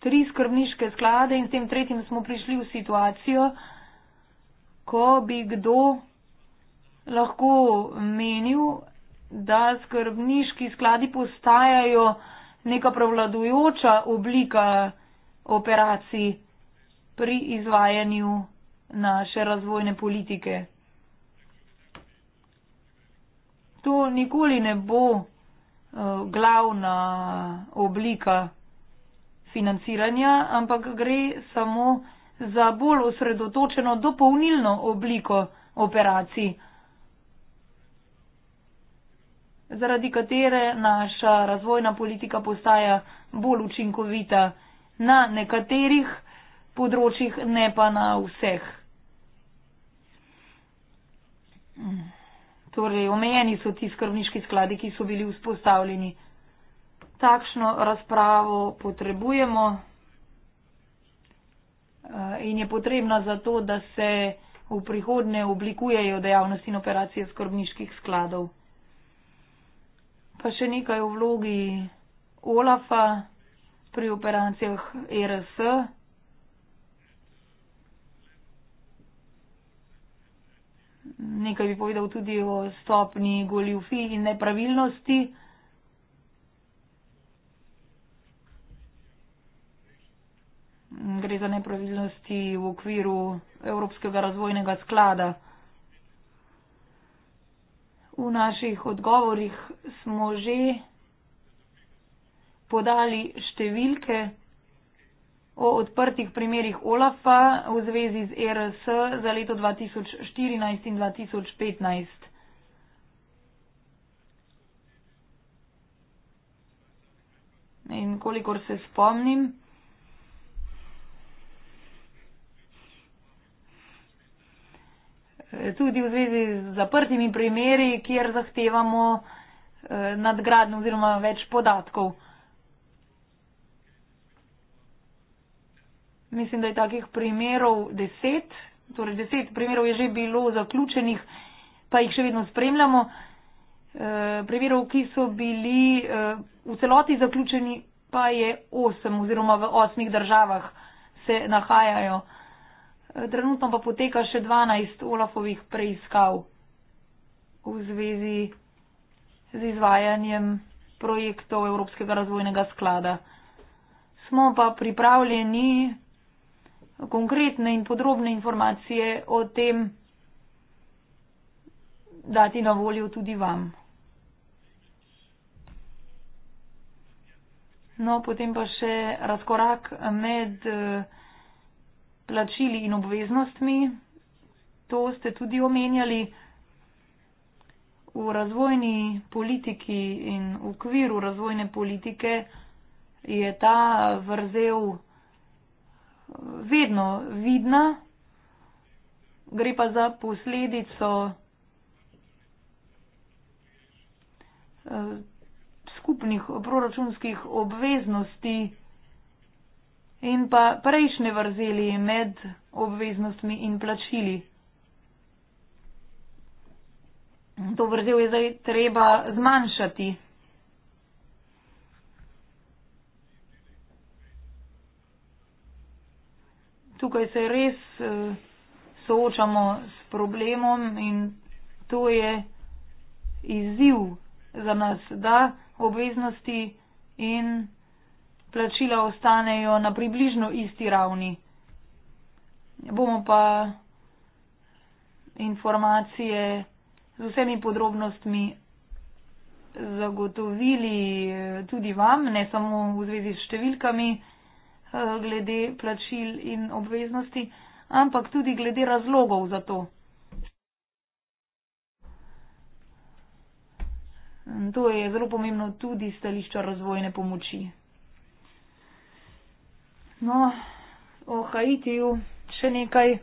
tri skrbniške sklade in s tem tretjim smo prišli v situacijo, ko bi kdo lahko menil, da skrbniški skladi postajajo neka prevladujoča oblika operacij pri izvajanju naše razvojne politike. To nikoli ne bo eh, glavna oblika financiranja, ampak gre samo za bolj osredotočeno dopolnilno obliko operacij zaradi katere naša razvojna politika postaja bolj učinkovita na nekaterih področjih, ne pa na vseh. Torej, omejeni so ti skrbniški skladi, ki so bili vzpostavljeni. Takšno razpravo potrebujemo eh, in je potrebna zato, da se v prihodne oblikujejo dejavnosti in operacije skrbniških skladov pa še nekaj v vlogi Olafa pri operacijah e RS. Nekaj bi povedal tudi o stopni goljufi in nepravilnosti. Gre za nepravilnosti v okviru Evropskega razvojnega sklada v naših odgovorih smo že podali številke o odprtih primerjih OLAF-a v zvezi z ERS za leto 2014 in 2015. In kolikor se spomnim, tudi v zvezi z zaprtimi primeri, kjer zahtevamo eh, nadgradno oziroma več podatkov. Mislim, da je takih primerov deset, torej deset primerov je že bilo zaključenih, pa jih še vedno spremljamo. E, primerov, ki so bili e, v celoti zaključeni, pa je osem oziroma v osmih državah se nahajajo. Eh, trenutno pa poteka še 12 Olafovih preiskav v zvezi z izvajanjem projektov Evropskega razvojnega sklada. Smo pa pripravljeni konkretne in podrobne informacije o tem dati na voljo tudi vam. No, potem pa še razkorak med. Uh, plačili in obveznostmi. To ste tudi omenjali. V razvojni politiki in v okviru razvojne politike je ta vrzel vedno vidna. Gre pa za posledico eh, skupnih proračunskih obveznosti in pa prejšnje vrzeli med obveznostmi in plačili. To vrzel je zdaj treba zmanjšati. Tukaj se res eh, soočamo s problemom in to je izziv za nas, da obveznosti in plačila ostanejo na približno isti ravni. Bomo pa informacije z vsemi podrobnostmi zagotovili tudi vam, ne samo v zvezi s številkami eh, glede plačil in obveznosti, ampak tudi glede razlogov za to. To je zelo pomembno tudi stališča razvojne pomoči. No, o Haitiju še nekaj.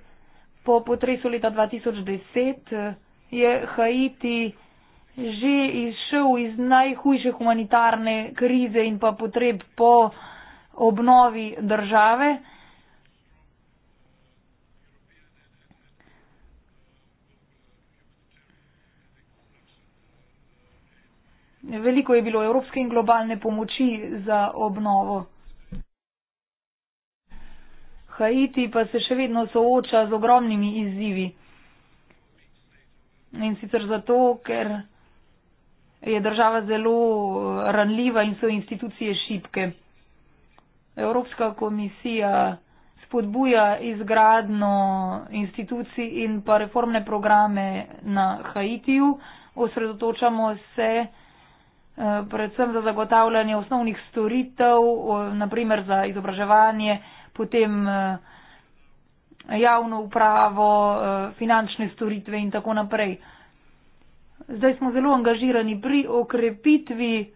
Po potresu leta 2010 eh, je Haiti že izšel iz najhujše humanitarne krize in pa potreb po obnovi države. Veliko je bilo evropske in globalne pomoči za obnovo. Haiti pa se še vedno sooča z ogromnimi izzivi. In sicer zato, ker je država zelo eh, ranljiva in so institucije šibke. Evropska komisija spodbuja izgradno institucij in pa reformne programe na Haitiju. Osredotočamo se eh, predvsem za zagotavljanje osnovnih storitev, eh, naprimer za izobraževanje, potem eh, javno upravo, eh, finančne storitve in tako naprej. Zdaj smo zelo angažirani pri okrepitvi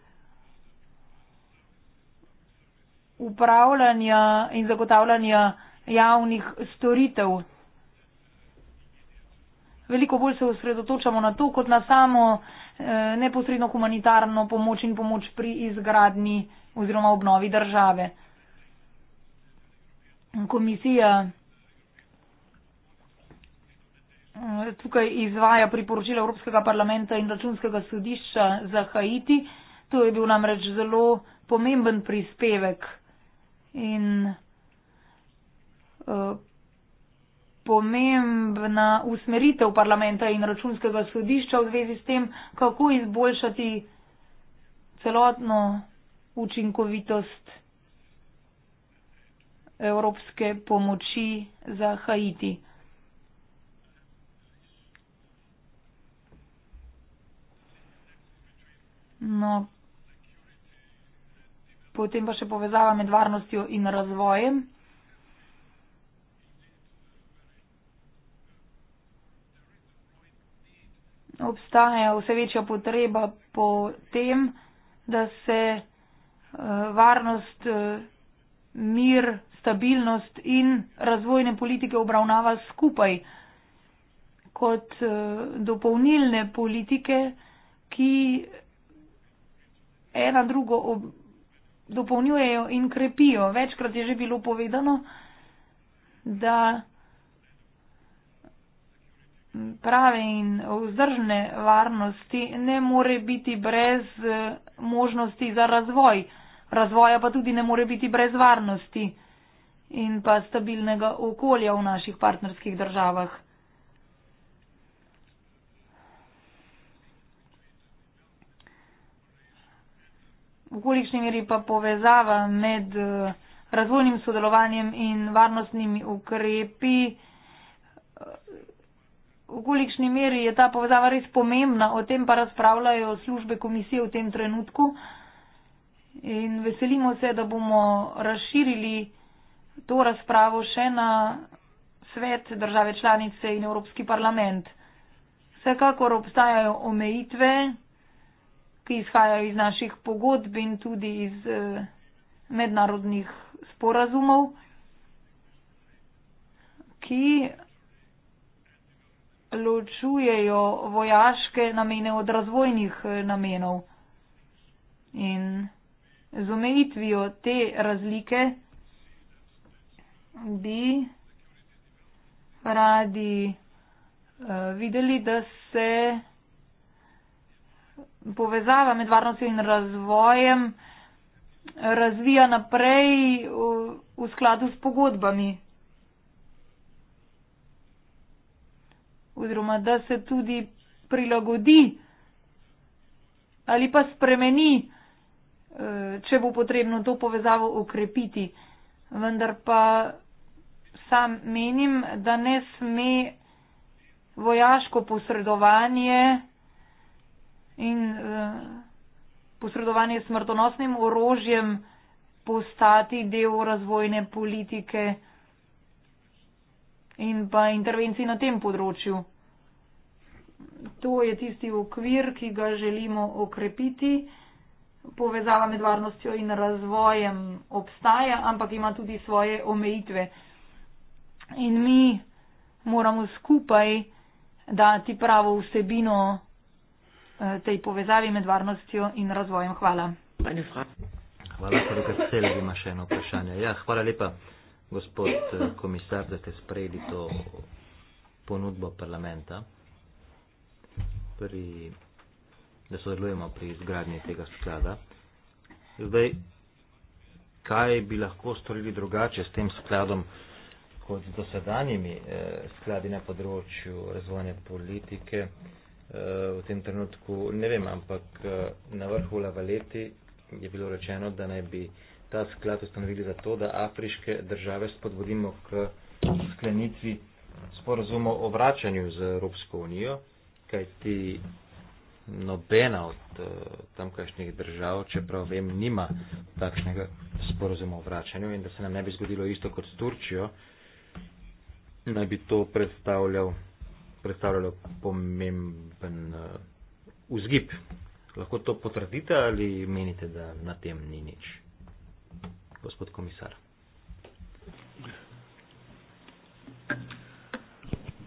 upravljanja in zagotavljanja javnih storitev. Veliko bolj se osredotočamo na to, kot na samo eh, neposredno humanitarno pomoč in pomoč pri izgradni oziroma obnovi države komisija eh, tukaj izvaja priporočila Evropskega parlamenta in računskega sodišča za Haiti. To je bil namreč zelo pomemben prispevek in eh, pomembna usmeritev parlamenta in računskega sodišča v zvezi s tem, kako izboljšati celotno učinkovitost evropske pomoči za Haiti. No, potem pa še povezava med varnostjo in razvojem. Obstaja vse večja potreba po tem, da se eh, varnost, eh, mir, stabilnost in razvojne politike obravnava skupaj kot eh, dopolnilne politike, ki ena drugo dopolnjujejo in krepijo. Večkrat je že bilo povedano, da prave in vzdržne varnosti ne more biti brez eh, možnosti za razvoj. Razvoja pa tudi ne more biti brez varnosti in pa stabilnega okolja v naših partnerskih državah. V kolikšni meri pa povezava med eh, razvojnim sodelovanjem in varnostnimi ukrepi, eh, v kolikšni meri je ta povezava res pomembna, o tem pa razpravljajo službe komisije v tem trenutku. In veselimo se, da bomo razširili to razpravo še na svet države članice in Evropski parlament. Vsekakor obstajajo omejitve, ki izhajajo iz naših pogodb in tudi iz eh, mednarodnih sporazumov, ki ločujejo vojaške namene od razvojnih eh, namenov. In z omejitvijo te razlike bi radi eh, videli, da se povezava med varnostjo in razvojem razvija naprej v skladu s pogodbami. Oziroma, da se tudi prilagodi ali pa spremeni, eh, če bo potrebno to povezavo okrepiti. Vendar pa sam menim, da ne sme vojaško posredovanje in eh, posredovanje smrtonosnim orožjem postati del razvojne politike in pa intervencij na tem področju. To je tisti okvir, ki ga želimo okrepiti. Povezava med varnostjo in razvojem obstaja, ampak ima tudi svoje omejitve in mi moramo skupaj dati pravo vsebino eh, tej povezavi med varnostjo in razvojem. Hvala.
Hvala,
kolega Selvi ima še eno vprašanje. Ja, hvala lepa, gospod eh, komisar, da ste sprejeli to ponudbo parlamenta, pri, da sodelujemo pri izgradnji tega sklada. Zdaj, kaj bi lahko storili drugače s tem skladom? kot z dosedanjimi eh, skladi na področju razvojne politike. Eh, v tem trenutku ne vem, ampak eh, na vrhu Lavaleti je bilo rečeno, da naj bi ta sklad ustanovili za to, da afriške države spodbudimo k sklenitvi sporazumo o vračanju z Evropsko unijo, kajti nobena od eh, tamkajšnjih držav, čeprav vem, nima takšnega sporazuma o vračanju in da se nam ne bi zgodilo isto kot s Turčijo, eh, naj bi to predstavljalo pomemben uh, vzgib. Lahko to potrdite ali menite, da na tem ni nič, gospod komisar?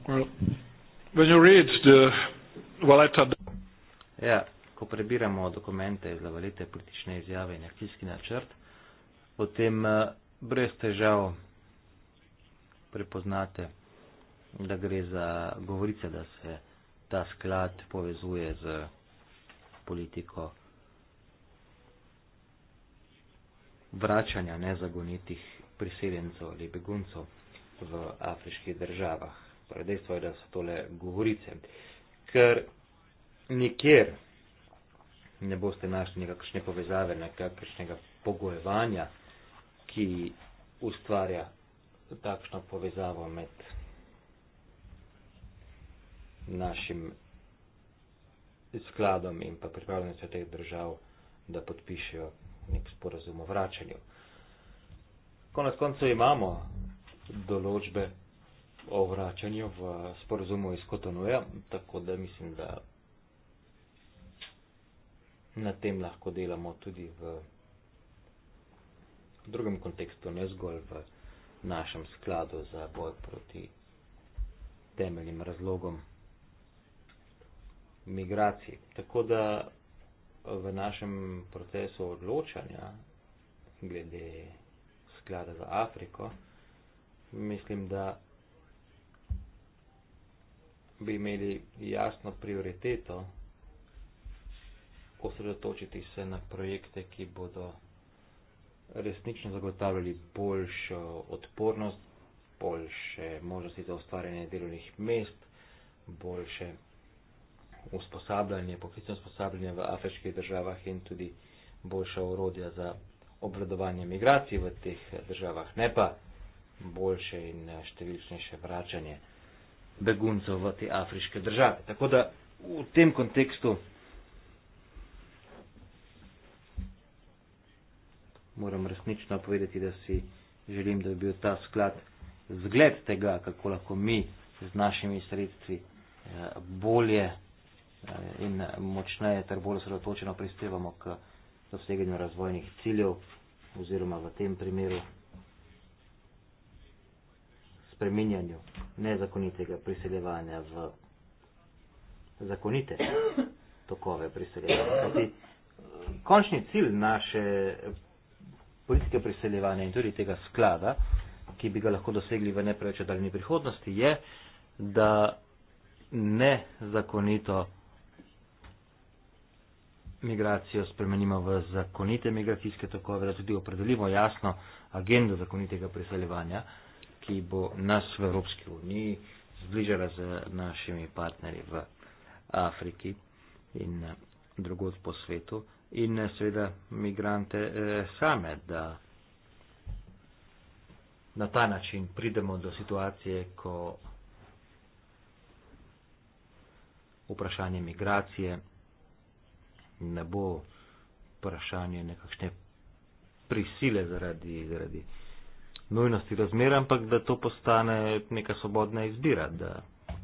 Well, ja, ko prebiramo dokumente iz Lavalete, politične izjave in akcijski načrt, potem eh, brez težav prepoznate, da gre za govorice, da se ta sklad povezuje z politiko vračanja nezagonitih priseljencev ali beguncev v afriških državah. Torej, dejstvo je, da so tole govorice. Ker nikjer ne boste našli nekakšne povezave, nekakšnega pogojevanja, ki ustvarja takšno povezavo med našim skladom in pa pripravljenostjo teh držav, da podpišejo nek sporazum o vračanju. Konec koncev imamo določbe o vračanju v sporazumu iz Kotonuja, tako da mislim, da na tem lahko delamo tudi v drugem kontekstu, ne zgolj v našem skladu za boj proti temeljnim razlogom migraciji. Tako da v našem procesu odločanja glede sklada za Afriko, mislim, da bi imeli jasno prioriteto osredotočiti se na projekte, ki bodo resnično zagotavljali boljšo odpornost, boljše možnosti za ustvarjanje delovnih mest, boljše usposabljanje, poklicno usposabljanje v afriških državah in tudi boljša urodja za obvladovanje migracij v teh državah, ne pa boljše in številčnejše vračanje beguncev v te afriške države. Tako da v tem kontekstu moram resnično povedati, da si želim, da bi bil ta sklad zgled tega, kako lahko mi z našimi sredstvi eh, bolje eh, in močneje ter bolj sredotočeno prispevamo k doseganju razvojnih ciljev oziroma v tem primeru spreminjanju nezakonitega priseljevanja v zakonite tokove priseljevanja. Eh, končni cilj naše politike priseljevanja in tudi tega sklada, ki bi ga lahko dosegli v nepreveč daljni prihodnosti, je, da nezakonito migracijo spremenimo v zakonite migracijske tokove, da tudi opredelimo jasno agendo zakonitega priseljevanja, ki bo nas v Evropski uniji zbližala z našimi partnerji v Afriki in eh, drugod po svetu in eh, seveda migrante eh, same, da na ta način pridemo do situacije, ko vprašanje migracije ne bo vprašanje nekakšne prisile zaradi, zaradi nujnosti razmer, ampak da to postane neka svobodna izbira, da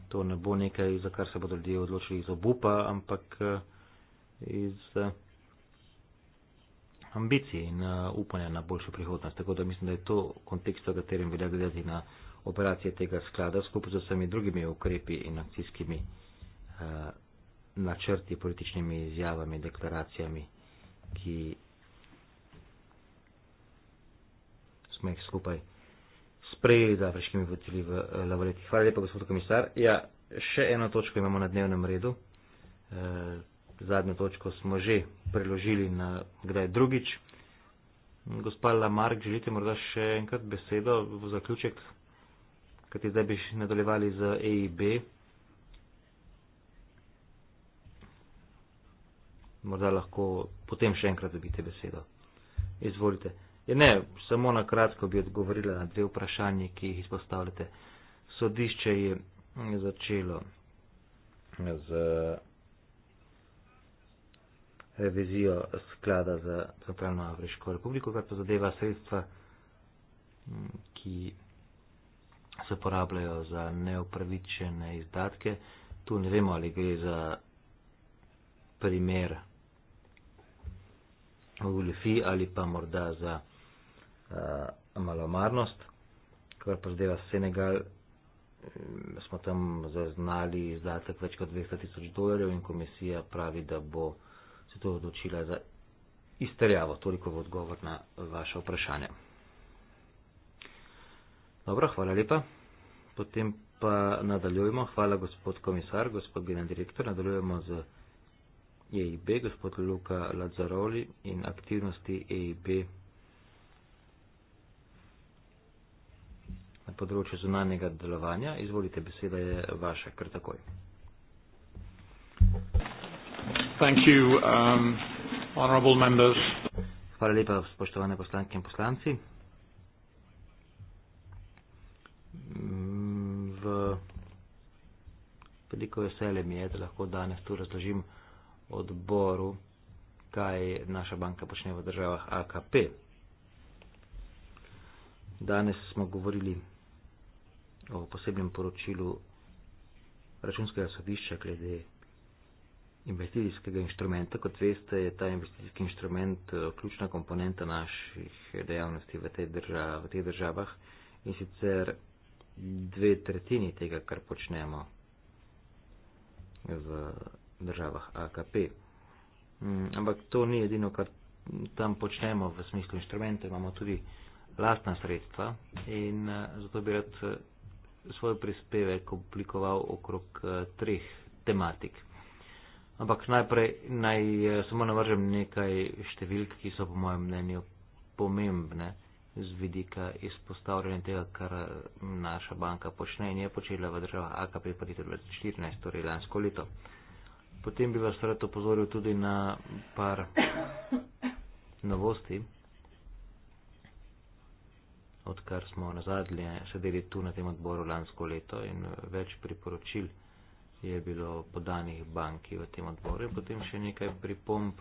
to ne bo nekaj, za kar se bodo ljudje odločili iz obupa, ampak eh, iz ambicije in uh, upanja na boljšo prihodnost. Tako da mislim, da je to kontekst, v katerem velja gledati na operacije tega sklada, skupaj z vsemi drugimi ukrepi in akcijskimi uh, načrti, političnimi izjavami, deklaracijami, ki smo jih skupaj sprejeli za afriškimi voditelji v uh, eh, Lavoreti. Hvala lepa, gospod komisar. Ja, še eno točko imamo na dnevnem redu. Uh, zadnjo točko smo že preložili na kdaj drugič. Gospa Lamark, želite morda še enkrat besedo v zaključek, kajti zdaj bi nadaljevali z EIB. Morda lahko potem še enkrat dobite besedo. Izvolite. Je ja, ne, samo na kratko bi odgovorila na dve vprašanje, ki jih izpostavljate. Sodišče je začelo z revizijo sklada za centralno Afriško republiko, kar pa zadeva sredstva, ki se porabljajo za neupravičene izdatke. Tu ne vemo, ali gre za primer v Ulifi ali pa morda za uh, malomarnost, kar pa zadeva Senegal. Smo tam zaznali izdatek več kot 200 tisoč dolarjev in komisija pravi, da bo se to odločila za izterjavo. Toliko v odgovor na vaše vprašanje. Dobro, hvala lepa. Potem pa nadaljujemo. Hvala, gospod komisar, gospod generalni direktor. Nadaljujemo z EIB, gospod Luka Lazaroli in aktivnosti EIB na področju zunanjega delovanja. Izvolite, beseda je vaša kar takoj. Thank you, um, honorable members. Hvala lepa, spoštovane poslanke in poslanci. V veliko veselje mi je, da lahko danes tu razložim odboru, kaj naša banka počne v državah AKP. Danes smo govorili o posebnem poročilu računskega sodišča glede investicijskega inštrumenta. Kot veste, je ta investicijski inštrument eh, ključna komponenta naših dejavnosti v, te držav, v teh državah in sicer dve tretjini tega, kar počnemo v državah AKP. Mm, ampak to ni edino, kar tam počnemo v smislu inštrumenta, imamo tudi lastna sredstva in eh, zato bi rad eh, svoj prispevek oblikoval okrog treh tematik ampak najprej naj eh, samo navržem nekaj številk, ki so po mojem mnenju pomembne z vidika izpostavljanja tega, kar eh, naša banka počne in je počela v državah AKP pa 2014, torej lansko leto. Potem bi vas rad opozoril tudi na par novosti, odkar smo nazadnje sedeli tu na tem odboru lansko leto in eh, več priporočil je bilo podanih banki v tem odboru. Potem še nekaj pripomp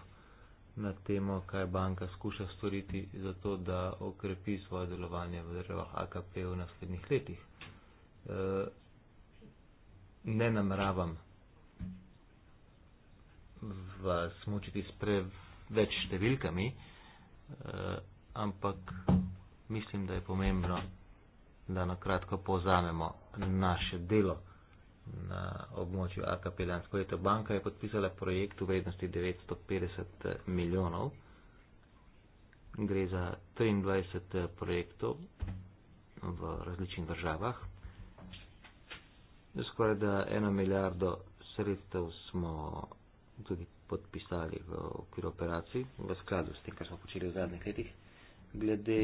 na temo, kaj banka skuša storiti za to, da okrepi svoje delovanje v državah AKP v naslednjih letih. Eh, ne nameravam vas mučiti s preveč številkami, eh, ampak mislim, da je pomembno, da na kratko povzamemo naše delo na območju Arkapelansko leto. Banka je podpisala projekt v vrednosti 950 eh, milijonov. Gre za 23 eh, projektov v različnih državah. Skoraj da eno milijardo sredstev smo tudi podpisali v okviru operacij, v skladu s tem, kar smo počeli v zadnjih letih. Glede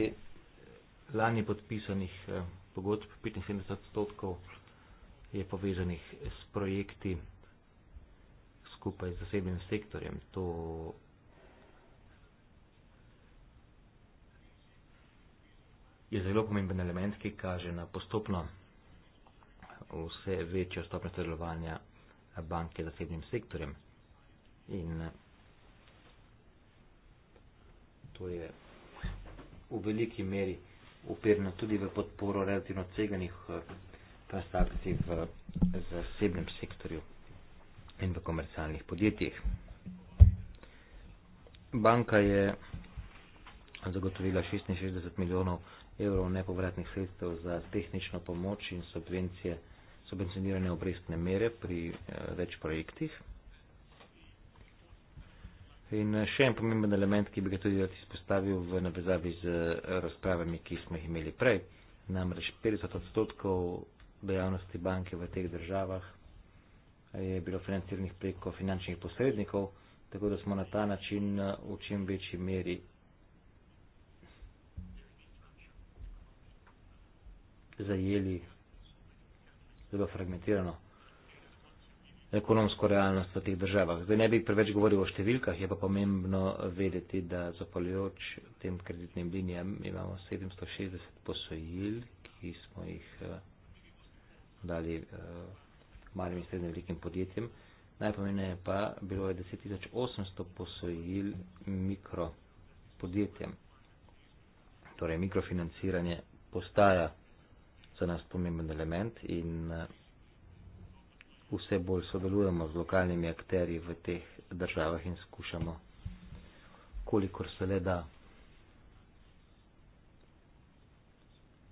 lani podpisanih eh, pogodb, 75 odstotkov je povezanih s projekti skupaj z zasebnim sektorjem. To je zelo pomemben element, ki kaže na postopno vse večjo stopnjo sodelovanja banke z zasebnim sektorjem. In eh, to je v veliki meri upirno tudi v podporo relativno ceganih eh, transakcij v zasebnem sektorju in v komercialnih podjetjih. Banka je zagotovila 66 milijonov evrov nepovratnih sredstev za tehnično pomoč in subvencije, subvencionirane obrestne mere pri eh, več projektih. In eh, še en pomemben element, ki bi ga tudi rad izpostavil v navezavi z eh, razpravami, ki smo jih imeli prej, namreč 50 odstotkov dejavnosti banke v teh državah je bilo financiranih preko finančnih posrednikov, tako da smo na ta način eh, v čim večji meri zajeli zelo fragmentirano ekonomsko realnost v teh državah. Zdaj ne bi preveč govoril o številkah, je pa pomembno vedeti, da zapaljujoč tem kreditnim linijam imamo 760 posojil, ki smo jih. Uh, dali uh, malim in srednjim velikim podjetjem. Najpomembneje pa bilo je 10.800 posojil mikropodjetjem. Torej, mikrofinanciranje postaja za nas pomemben element in eh, vse bolj sodelujemo z lokalnimi akteri v teh državah in skušamo, kolikor se le da,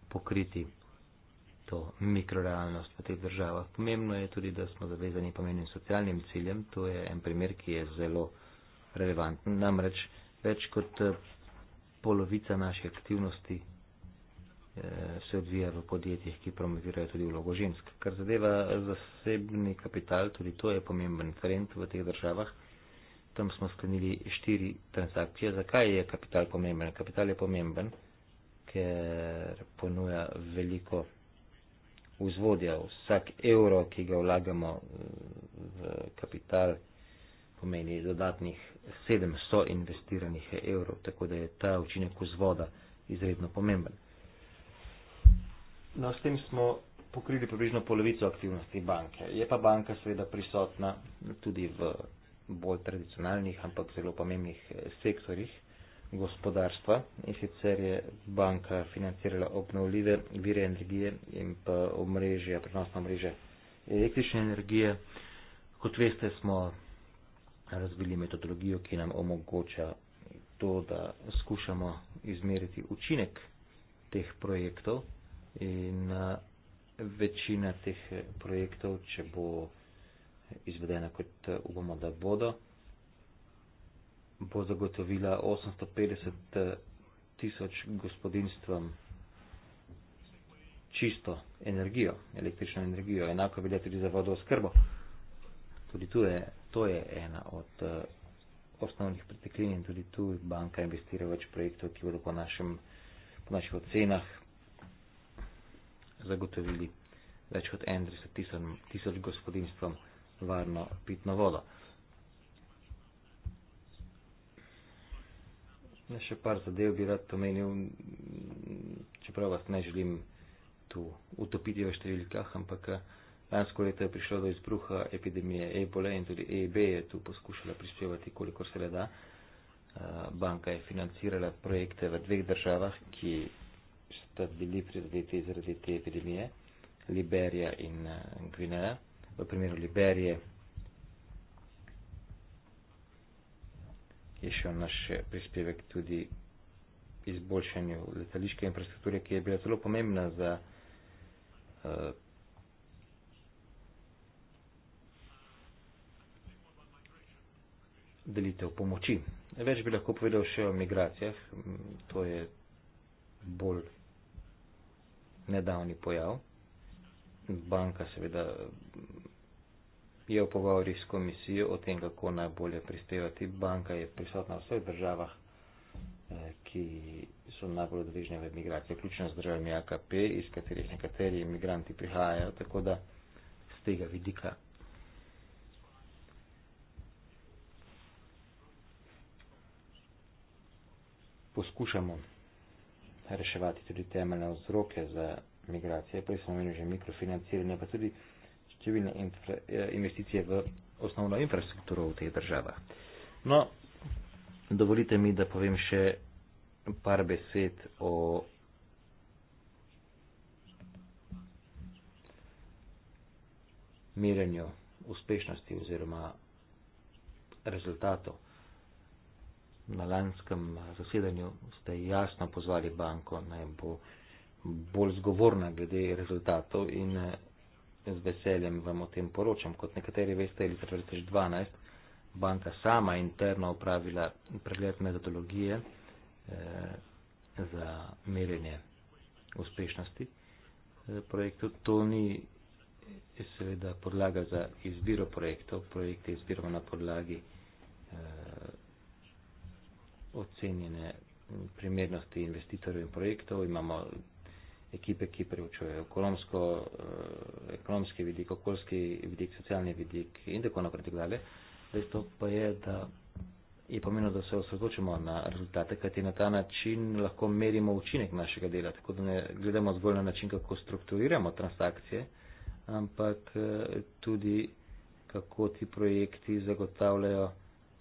pokriti to mikrorealnost v teh državah. Pomembno je tudi, da smo zavezani pomembnim socialnim ciljem. To je en primer, ki je zelo relevanten. Namreč več kot eh, polovica naše aktivnosti eh, se odvija v podjetjih, ki promovirajo tudi vlogo žensk. Kar zadeva eh, zasebni kapital, tudi to je pomemben trend v teh državah. Tam smo sklenili štiri transakcije. Zakaj je kapital pomemben? Kapital je pomemben, ker ponuja veliko vzvodja. Vsak evro, ki ga vlagamo eh, v kapital, pomeni dodatnih 700 investiranih evrov, tako da je ta učinek vzvoda izredno pomemben. No, s tem smo pokrili približno polovico aktivnosti banke. Je pa banka seveda prisotna tudi v bolj tradicionalnih, ampak zelo pomembnih eh, sektorjih gospodarstva in sicer je banka financirala obnovljive vire energije in pa omrežje, prenosno omrežje električne energije. Kot veste, smo razvili metodologijo, ki nam omogoča to, da skušamo izmeriti učinek teh projektov in večina teh projektov, če bo izvedena kot upamo, da bodo, bo zagotovila 850 eh, tisoč gospodinstvom čisto energijo, električno energijo. Enako velja tudi za vodo oskrbo. Tudi tu je, to je ena od eh, osnovnih preteklin in tudi tu banka investira več projektov, ki bodo po, našem, po naših ocenah zagotovili več kot 30 tisoč gospodinstvom varno pitno vodo. Na še par zadev bi rad omenil, čeprav vas ne želim tu utopiti v številkah, ampak eh, lansko leto je prišlo do izbruha epidemije ebole in tudi EIB je tu poskušala prispevati, kolikor se le da. Eh, banka je financirala projekte v dveh državah, ki sta bili prizadeti zaradi te epidemije, Liberija in eh, Gvineja. V primeru Liberije je šel naš eh, prispevek tudi izboljšanju letališke infrastrukture, ki je bila zelo pomembna za uh, delitev pomoči. Več bi lahko povedal še o migracijah, to je bolj nedavni pojav. Banka seveda je v pogovorih s komisijo o tem, kako najbolje prispevati. Banka je prisotna v vseh državah, eh, ki so najbolj odrežne v emigraciji, vključno z državami AKP, iz katerih nekateri emigranti prihajajo, tako da z tega vidika. Poskušamo reševati tudi temeljne vzroke za migracije, prej smo imeli že mikrofinanciranje, pa tudi številne infra, eh, investicije v osnovno infrastrukturo v teh državah. No, dovolite mi, da povem še par besed o merjenju uspešnosti oziroma rezultatov. Na lanskem zasedanju ste jasno pozvali banko, naj bo bolj zgovorna glede rezultatov in eh, z veseljem vam o tem poročam. Kot nekateri veste, je leta 2012 banka sama interno upravila pregled metodologije eh, za merjenje uspešnosti eh, projektov. To ni seveda podlaga za izbiro projektov. Projekte izbiramo na podlagi eh, ocenjene mm, primernosti investitorjev in projektov. Imamo ekipe, ki preučujejo ekonomsko, eh, ekonomski vidik, okoljski vidik, socialni vidik in tako naprej. Zdaj to pa je, da je pomeno, da se osredočimo na rezultate, kajti na ta način lahko merimo učinek našega dela, tako da ne gledamo zgolj na način, kako strukturiramo transakcije, ampak eh, tudi kako ti projekti zagotavljajo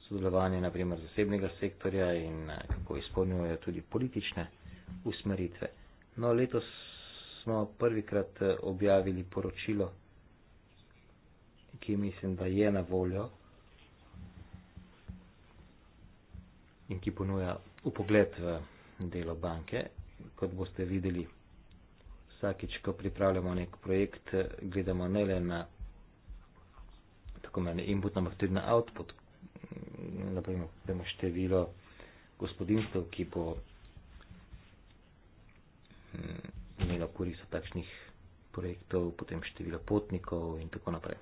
sodelovanje naprimer zasebnega sektorja in eh, kako izpolnjujejo tudi politične usmeritve. No, letos smo prvikrat eh, objavili poročilo, ki mislim, da je na voljo in ki ponuja upogled v delo banke. Kot boste videli, vsakič, ko pripravljamo nek projekt, eh, gledamo ne le na tako imenovani input, ampak tudi na output, mm, naprimer, gledamo število gospodinstv, ki bo mm, imela korist od takšnih projektov, potem števila potnikov in tako naprej.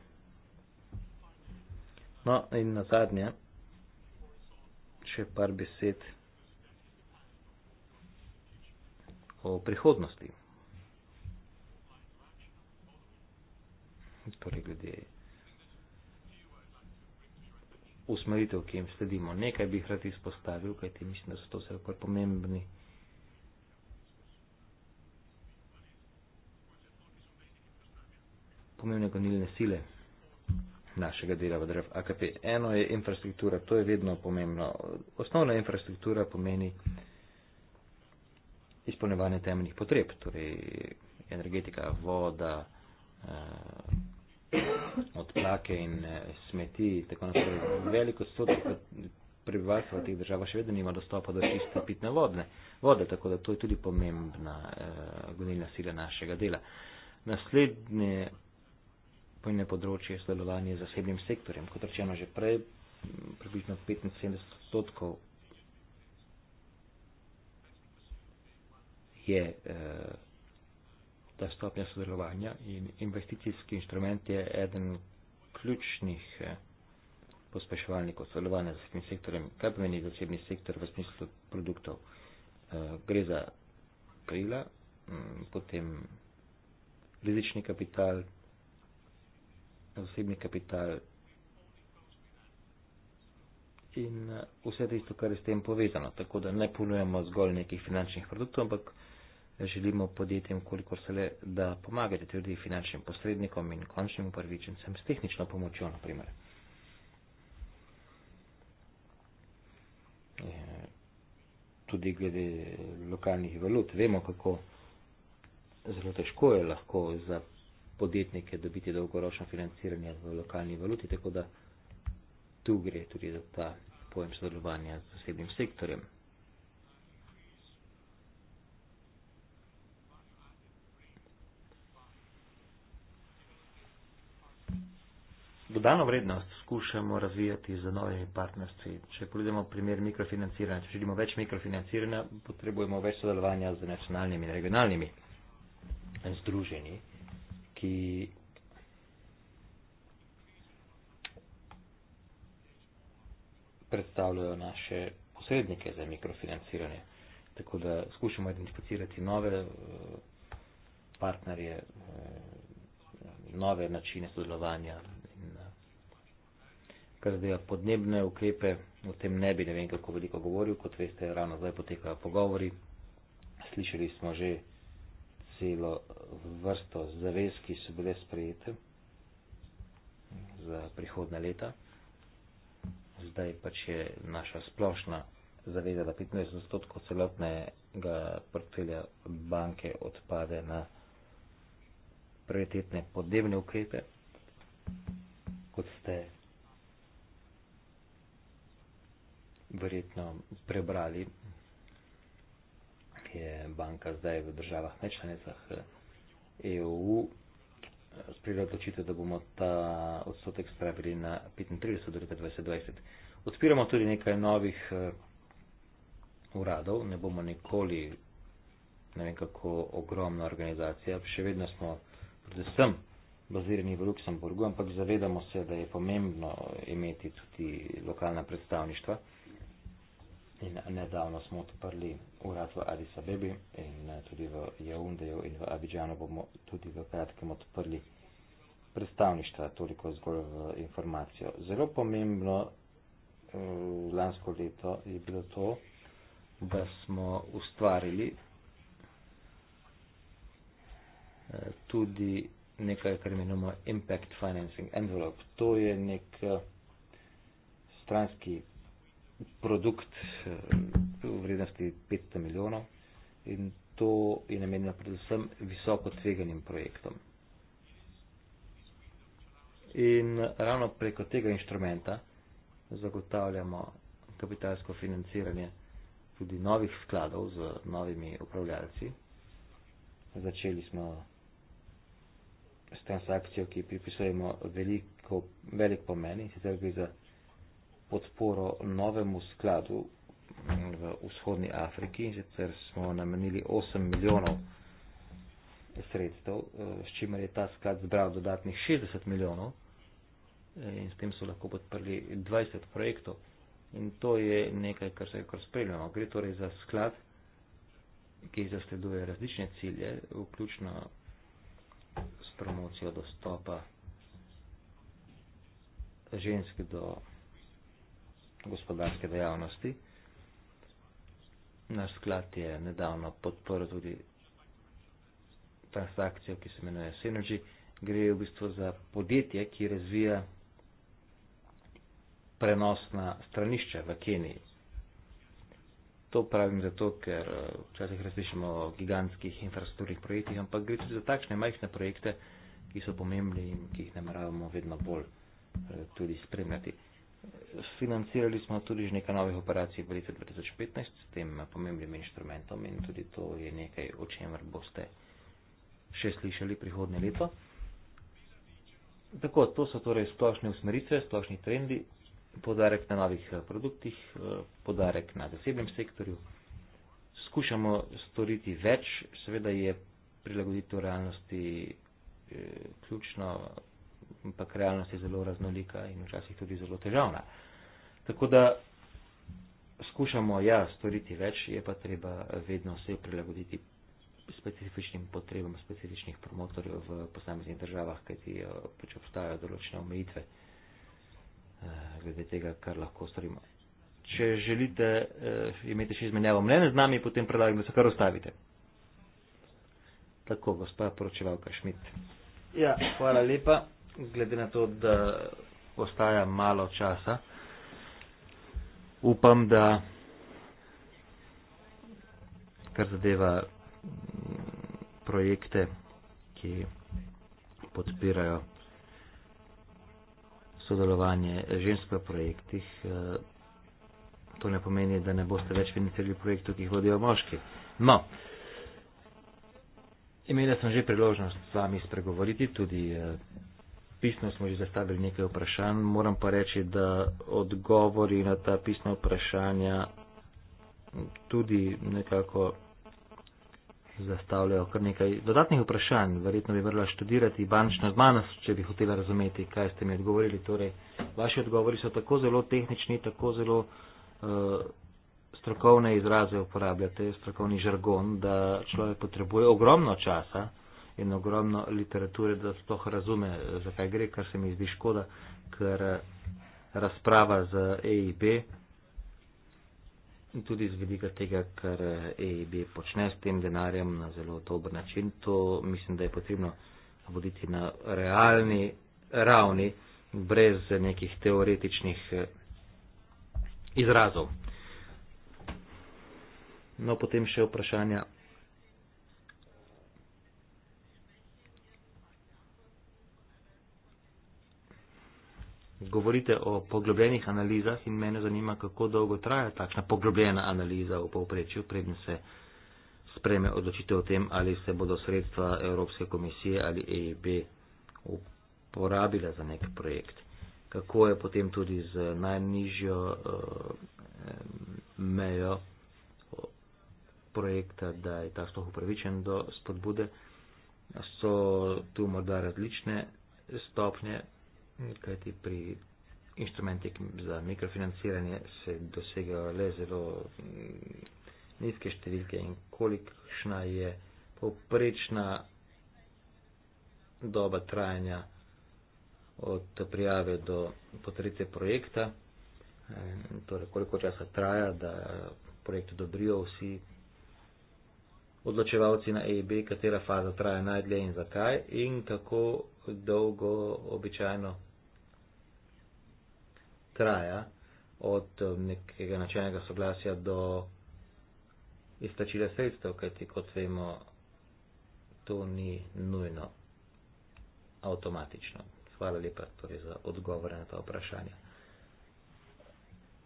No, in na zadnje, še par besed o prihodnosti. Torej, glede usmeritev, ki jim sledimo. Nekaj bi jih rad izpostavil, kajti mislim, da so to vse kar pomembni. pomembne gonilne sile našega dela v drev AKP. Eno je infrastruktura, to je vedno pomembno. Osnovna infrastruktura pomeni izpolnevanje temeljnih potreb, torej energetika, voda, eh, odplake in eh, smeti in tako naprej. Veliko stotih prebivalstva teh država še vedno nima dostopa do čiste pitne vodne, vode, tako da to je tudi pomembna eh, gonilna sila našega dela. Naslednje pomembne področje sodelovanje z zasebnim sektorjem. Kot rečeno že prej, približno 75 odstotkov je eh, ta stopnja sodelovanja in investicijski inštrument je eden ključnih eh, pospeševalnikov sodelovanja z zasebnim sektorjem. Kaj pomeni zasebni sektor v smislu produktov? Eh, gre za krila, hm, potem rizični kapital, osebni kapital in eh, vse tisto, kar je s tem povezano. Tako da ne ponujemo zgolj nekih finančnih produktov, ampak želimo podjetjem, kolikor se le da pomagati tudi finančnim posrednikom in končnim upravičencem s tehnično pomočjo, naprimer. Eh, tudi glede lokalnih valut. Vemo, kako zelo težko je lahko za podjetnike dobiti dolgoročno financiranje v lokalni valuti, tako da tu gre tudi za ta pojem sodelovanja z zasebnim sektorjem. Dodano vrednost skušamo razvijati z novimi partnerstvi. Če pogledamo primer mikrofinanciranja, če želimo več mikrofinanciranja, potrebujemo več sodelovanja z nacionalnimi in regionalnimi združenji que predstavljajo naše posrednike za mikrofinanciranje. Tako da skušamo identificirati nove eh, partnerje, eh, nove načine sodelovanja. Eh, kar zdaj podnebne ukrepe, o tem ne bi ne vem kako veliko govoril, kot veste, ravno zdaj potekajo pogovori. Slišali smo že celo vrsto zavez, ki so bile sprejete za prihodne leta. Zdaj pač je naša splošna zaveza, da 15% celotnega portfelja banke odpade na prioritetne podnebne ukrepe, kot ste verjetno prebrali je banka zdaj v državah nečlenicah EU eh, e eh, sprejela odločitev, da bomo ta odstotek spravili na 35 do leta 2020. Odpiramo tudi nekaj novih eh, uradov, ne bomo nikoli, ne vem kako, ogromna organizacija, še vedno smo predvsem bazirani v Luksemburgu, ampak zavedamo se, da je pomembno imeti tudi lokalna predstavništva. In nedavno smo odprli urad v Addis Abebi in eh, tudi v Jaundeju in v Abidžanu bomo tudi v kratkem odprli predstavništva, toliko zgolj v informacijo. Zelo pomembno eh, lansko leto je bilo to, da smo ustvarili eh, tudi nekaj, kar imenujemo Impact Financing Envelope. To je nek stranski produkt eh, v vrednosti 500 milijonov in to je namenjeno predvsem visoko tveganim projektom. In ravno preko tega inštrumenta zagotavljamo kapitalsko financiranje tudi novih skladov z novimi upravljalci. Začeli smo s transakcijo, ki pripisujemo veliko, velik pomen in sicer gre za podporo novemu skladu v vzhodni Afriki, sicer smo namenili 8 milijonov sredstev, eh, s čimer je ta sklad zbral dodatnih 60 milijonov eh, in s tem so lahko podprli 20 projektov. In to je nekaj, kar se je kar spremljamo. Gre torej za sklad, ki zasleduje različne cilje, vključno s promocijo dostopa žensk do gospodarske dejavnosti. Naš sklad je nedavno podporil tudi transakcijo, ki se imenuje Synergy. Gre v bistvu za podjetje, ki razvija prenosna stranišča v Keniji. To pravim zato, ker eh, včasih razmišljamo o gigantskih infrastrukturnih projektih, ampak gre tudi za takšne majhne projekte, ki so pomembni in ki jih nameravamo vedno bolj eh, tudi spremljati financirali smo tudi že nekaj novih operacij v letu 2015 s tem pomembnim inštrumentom in tudi to je nekaj, o čemer boste še slišali prihodne leto. Tako, to so torej splošne usmeritve, splošni trendi, podarek na novih eh, produktih, eh, podarek na zasebnem sektorju. Skušamo storiti več, seveda je prilagoditev realnosti eh, ključno, ampak realnost je zelo raznolika in včasih tudi zelo težavna. Tako da skušamo, ja, storiti več, je pa treba vedno vse prilagoditi specifičnim potrebam specifičnih promotorjev v posameznih državah, kajti eh, pač obstajajo določene omejitve eh, glede tega, kar lahko storimo. Če želite eh, imeti še izmenjavo mnenja z nami, potem predlagam, da se kar ustavite. Tako, gospa poročevalka Šmit. Ja, hvala lepa glede na to, da ostaja malo časa, upam, da kar zadeva mm, projekte, ki podpirajo sodelovanje žensk v projektih, eh, to ne pomeni, da ne boste več financirali projektov, ki jih vodijo moški. No, imela sem že priložnost z vami spregovoriti, tudi eh, pisno smo že zastavili nekaj vprašanj, moram pa reči, da odgovori na ta pisna vprašanja tudi nekako zastavljajo kar nekaj dodatnih vprašanj. Verjetno bi morala študirati bančno znanost, če bi hotela razumeti, kaj ste mi odgovorili. Torej, vaši odgovori so tako zelo tehnični, tako zelo uh, strokovne izraze uporabljate, strokovni žargon, da človek potrebuje ogromno časa in ogromno literature, da se to razume, zakaj gre, kar se mi zdi škoda, ker eh, razprava z EIB in tudi z vidika tega, kar EIB eh, e počne s tem denarjem na zelo dober način, to mislim, da je potrebno voditi na realni ravni, brez nekih teoretičnih eh, izrazov. No, potem še vprašanja. Govorite o poglobljenih analizah in mene zanima, kako dolgo traja takšna poglobljena analiza v povprečju, predn se spreme odločitev o tem, ali se bodo sredstva Evropske komisije ali EIB uporabila za nek projekt. Kako je potem tudi z najnižjo uh, mejo projekta, da je ta sploh upravičen do spodbude. So tu morda različne stopnje kajti pri inštrumentih za mikrofinanciranje se dosegajo le zelo mm, nizke številke in kolikšna je povprečna doba trajanja od prijave do potrebe projekta, torej koliko časa traja, da projekt odobrijo vsi odločevalci na EIB, katera faza traja najdlje in zakaj in kako dolgo običajno traja od um, nekega načelnega soglasja do izplačila sredstev, kajti kot vemo, to ni nujno avtomatično. Hvala lepa torej za odgovore na ta vprašanja.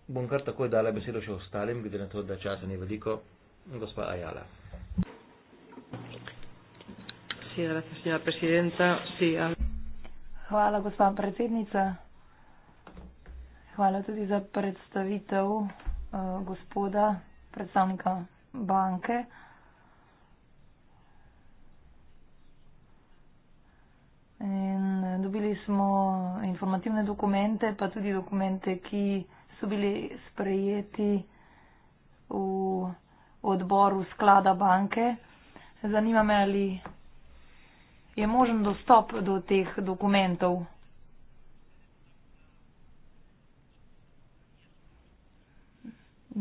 Bom kar takoj dala besedo še ostalim, glede na to, da časa ni veliko. Gospa Ajala.
Hvala, gospod predsednica. Hvala tudi za predstavitev uh, gospoda predstavnika banke. In eh, dobili smo informativne dokumente, pa tudi dokumente, ki so bili sprejeti v odboru sklada banke. Zanima me, ali je možen dostop do teh dokumentov?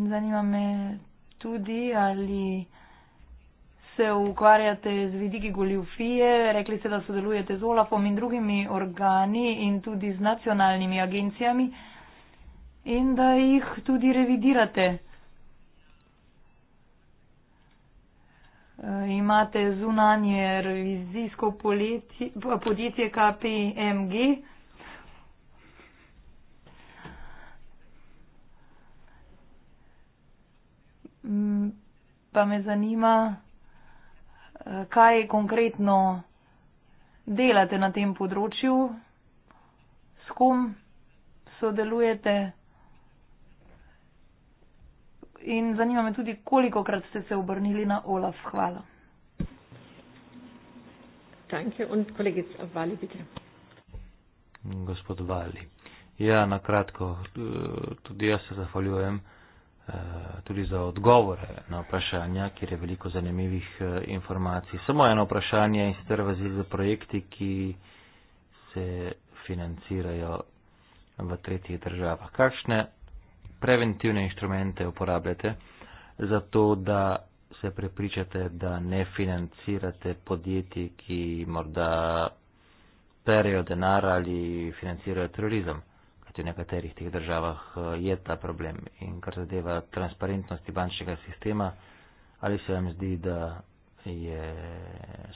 Zanima me tudi, ali se ukvarjate z vidiki goljufije. Rekli ste, da sodelujete z OLAFom in drugimi organi in tudi z nacionalnimi agencijami in da jih tudi revidirate. Eh, imate zunanje revizijsko podjetje KPMG. Mm, pa me zanima, eh, kaj konkretno delate na tem področju, s kom sodelujete in zanima me tudi, koliko krat ste se obrnili na Olaf.
Hvala. Danke und kolegic Vali, bitte.
Gospod Vali. Ja, na kratko, eh, tudi jaz se zahvaljujem eh, tudi za odgovore na vprašanja, kjer je veliko zanimivih eh, informacij. Samo eno vprašanje in sicer v zvezi z projekti, ki se financirajo v tretjih državah. Kakšne preventivne inštrumente uporabljate, zato da se prepričate, da ne financirate podjetij, ki morda perejo denar ali financirajo terorizem. Kajti v nekaterih teh državah eh, je ta problem. In kar zadeva transparentnosti bančnega sistema, ali se vam zdi, da je,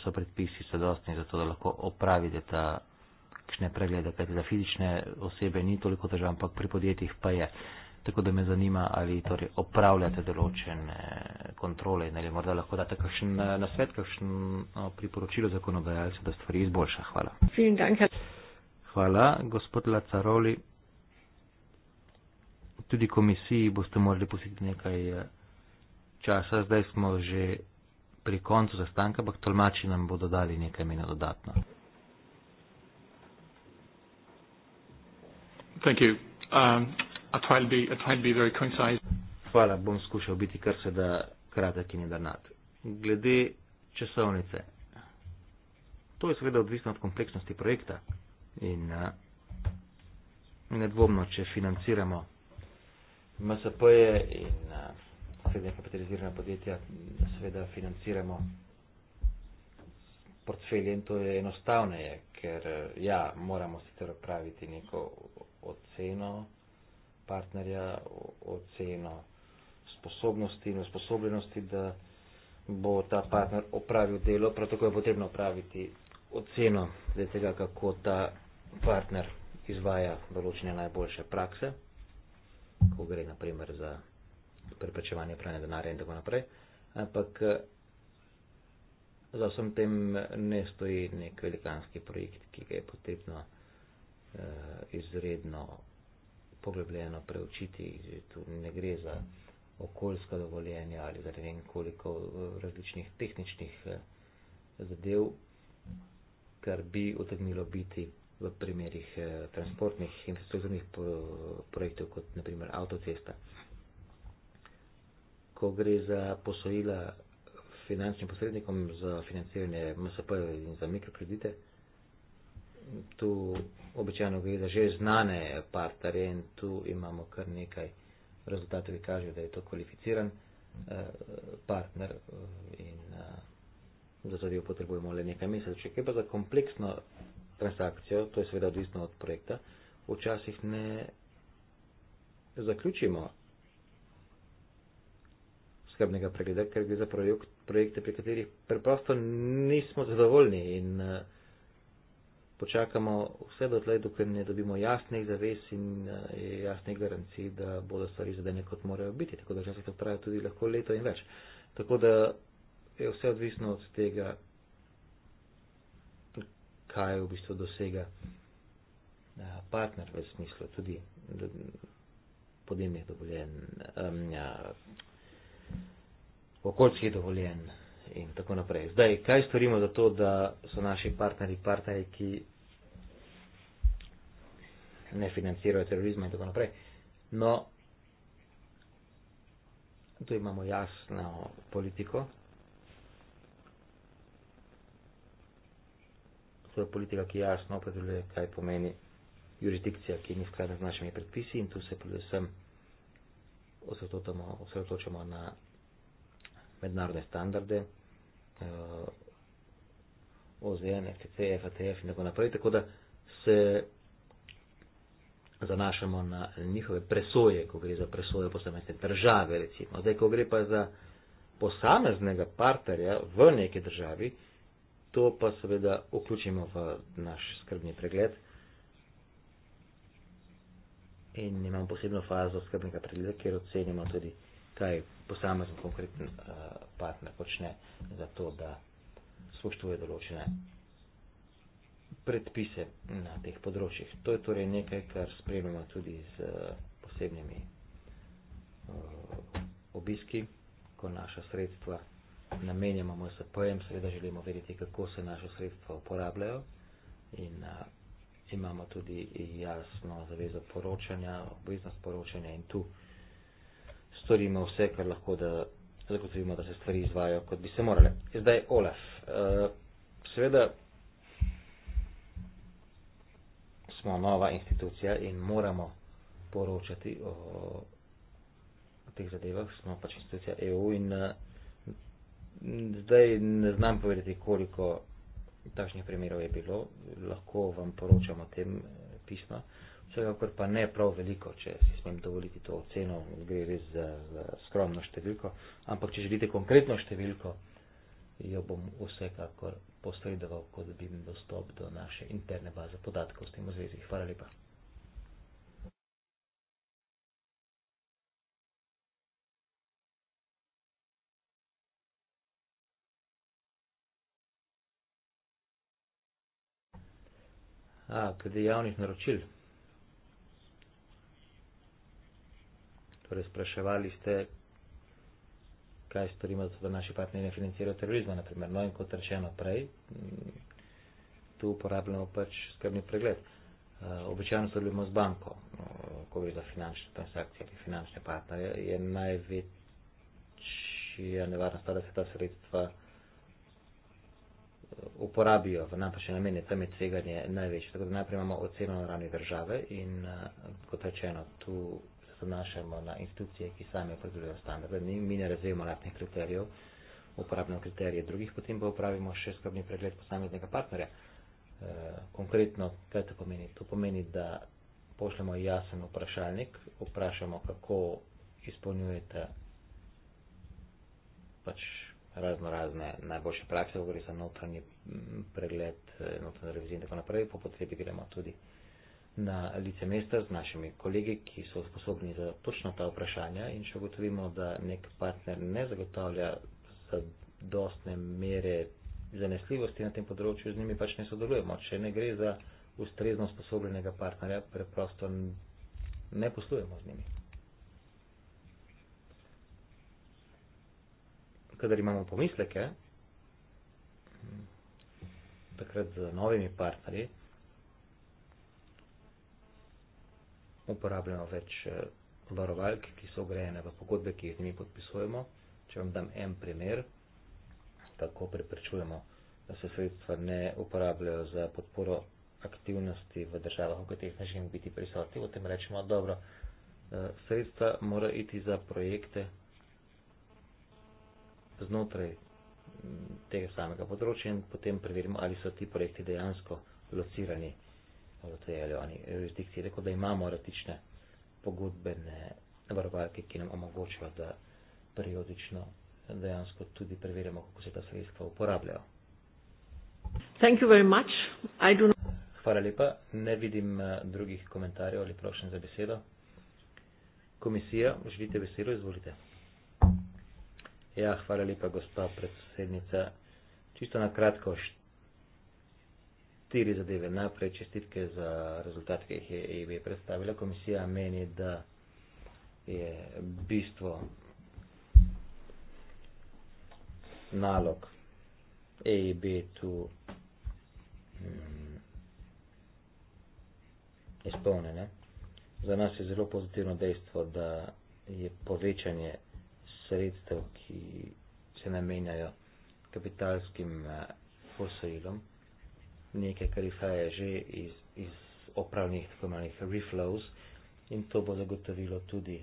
so predpisi zadostni za to, da lahko opravite ta. Preglede, kajti za fizične osebe ni toliko težav, ampak pri podjetjih pa je. Uh, Tako da me zanima, ali torej opravljate določene kontrole in ali morda lahko date kakšen eh, nasvet, kakšen eh, priporočilo zakonodajalcu, da stvari izboljša. Hvala. Hvala, gospod Lacaroli. Tudi komisiji boste morali pustiti nekaj eh, časa. Zdaj smo že pri koncu zastanka, ampak tolmači nam bodo dali nekaj minut dodatno.
Thank you. Um, Atval bi, atval bi very concise.
Hvala, bom skušal biti kar se da kratek in jedrnat. Glede časovnice, to je seveda odvisno od kompleksnosti projekta in nedvomno, če financiramo MSP-je in srednje kapitalizirane podjetja, seveda financiramo portfelje in to je enostavneje, ker ja, moramo sicer opraviti neko oceno, partnerja oceno sposobnosti in usposobljenosti, da bo ta partner opravil delo, prav tako je potrebno opraviti oceno tega, kako ta partner izvaja določene najboljše prakse, ko gre naprimer za preprečevanje pranja denarja in tako naprej. Ampak za vsem tem ne stoji nek velikanski projekt, ki ga je potrebno eh, izredno poglobljeno preučiti. Tu ne gre za okoljsko dovoljenje ali za ne vem koliko eh, različnih tehničnih eh, zadev, kar bi otegnilo biti v primerih eh, transportnih infrastrukturnih projektov, kot naprimer avtocesta. Ko gre za posojila finančnim posrednikom za financiranje MSP in za mikrokredite, tu običajno gre za že znane partnerje in tu imamo kar nekaj rezultatov, ki kažejo, da je to kvalificiran eh, partner eh, in eh, zato jo potrebujemo le nekaj mesecev. Če je pa za kompleksno transakcijo, to je seveda odvisno od projekta, včasih ne zaključimo skrbnega pregleda, ker gre za projekte, pri katerih preprosto nismo zadovoljni in uh, počakamo vse do tle, dokler ne dobimo jasnih zavez in eh, jasnih garancij, da bodo stvari zadene kot morajo biti. Tako da včasih to pravijo tudi lahko leto in več. Tako da je vse odvisno od tega, kaj v bistvu dosega eh, partner v smislu tudi podnebnih dovoljen, um, eh, ja, okoljskih dovoljen in tako naprej. Zdaj, kaj storimo za to, da so naši partnerji partnerji, ki ne financirajo terorizma in tako naprej. No, tu imamo jasno politiko. To je politika, ki jasno opredeljuje, kaj pomeni jurisdikcija, ki ni skladna z našimi predpisi in tu se predvsem osredotočamo na mednarodne standarde, Eh, ozene, CCF, ATF in tako naprej, tako da se zanašamo na njihove presoje, ko gre za presoje posamezne države, recimo. Zdaj, ko gre pa za posameznega partnerja v neki državi, to pa seveda vključimo v naš skrbni pregled in imam posebno fazo skrbnega pregleda, kjer ocenimo tudi kaj posamezen konkreten uh, partner počne za to, da spoštuje določene predpise na teh področjih. To je torej nekaj, kar spremljamo tudi z uh, posebnimi uh, obiski, ko naša sredstva namenjamo MSP-jem, seveda želimo vedeti, kako se naše sredstva uporabljajo in uh, imamo tudi jasno zavezo poročanja, obveznost poročanja in tu storimo vse, kar lahko, da zagotovimo, da se stvari izvajo, kot bi se morale. Zdaj, Olaf, eh, seveda smo nova institucija in moramo poročati o teh zadevah, smo pač institucija EU in eh, zdaj ne znam povedati, koliko takšnih primerov je bilo, lahko vam poročamo tem eh, pisma. Uh, Vsekakor pa ne prav veliko, če si smem dovoliti to oceno, gre res za, za skromno številko, ampak če želite konkretno številko, jo bom vsekakor posredoval, kot da bi imel dostop do naše interne baze podatkov s tem v zvezi. Hvala lepa. A, glede javnih naročil. Torej, spraševali ste, kaj storimo, da naši partneri ne financirajo terorizma, naprimer. No, in kot rečeno prej, tu uporabljamo pač skrbni pregled. Eh, običajno sodelujemo z banko, no, ko gre za finančne transakcije ali finančne partnerje. Je največja nevarnost ta, da se ta sredstva eh, uporabijo v napačne namene, tam je tveganje največje. Tako da najprej imamo oceno na ravni države in eh, kot rečeno, tu nanašamo na institucije, ki same predvidejo standarde. Mi, mi ne razvijemo lastnih kriterijev, uporabljamo kriterije drugih, potem pa upravimo še skrbni pregled posameznega partnerja. E, konkretno, kaj to pomeni? To pomeni, da pošljemo jasen vprašalnik, vprašamo, kako izpolnjujete pač razno razne najboljše prakse, govori se notranji pregled, eh, notranja revizija in tako naprej, po potrebi gremo tudi na lice mesta z našimi kolegi, ki so sposobni za točno ta vprašanja in če ugotovimo, da nek partner ne zagotavlja za dostne mere zanesljivosti na tem področju, z njimi pač ne sodelujemo. Če ne gre za ustrezno sposobljenega partnerja, preprosto ne poslujemo z njimi. Kadar imamo pomisleke, takrat z novimi partnerji, uporabljamo več eh, varovalk, ki so grejene v pogodbe, ki jih z njimi podpisujemo. Če vam dam en primer, tako preprečujemo, da se sredstva ne uporabljajo za podporo aktivnosti v državah, v katerih ne želim biti prisotni. V tem rečemo, dobro, eh, sredstva mora iti za projekte znotraj mm, tega samega področja in potem preverimo, ali so ti projekti dejansko locirani odrejali oni jurisdikcije, tako da imamo ratične pogodbene varovalke, ki nam omogočajo, da periodično dejansko tudi preverjamo, kako se ta sredstva uporabljajo.
Thank you very much. I do not...
Hvala lepa. Ne vidim eh, drugih komentarjev ali prošen za besedo. Komisija, želite besedo, izvolite. Ja, hvala lepa, gospa predsednica. Čisto na kratko, št- štiri zadeve. Najprej čestitke za rezultat, ki jih je EIB predstavila. Komisija meni, da je bistvo nalog EIB tu hm, izpolnjene. Za nas je zelo pozitivno dejstvo, da je povečanje sredstev, ki se namenjajo kapitalskim eh, posojilom. Eh, nekaj, kar izhaja že iz, iz opravnih tako imenih reflows in to bo zagotovilo tudi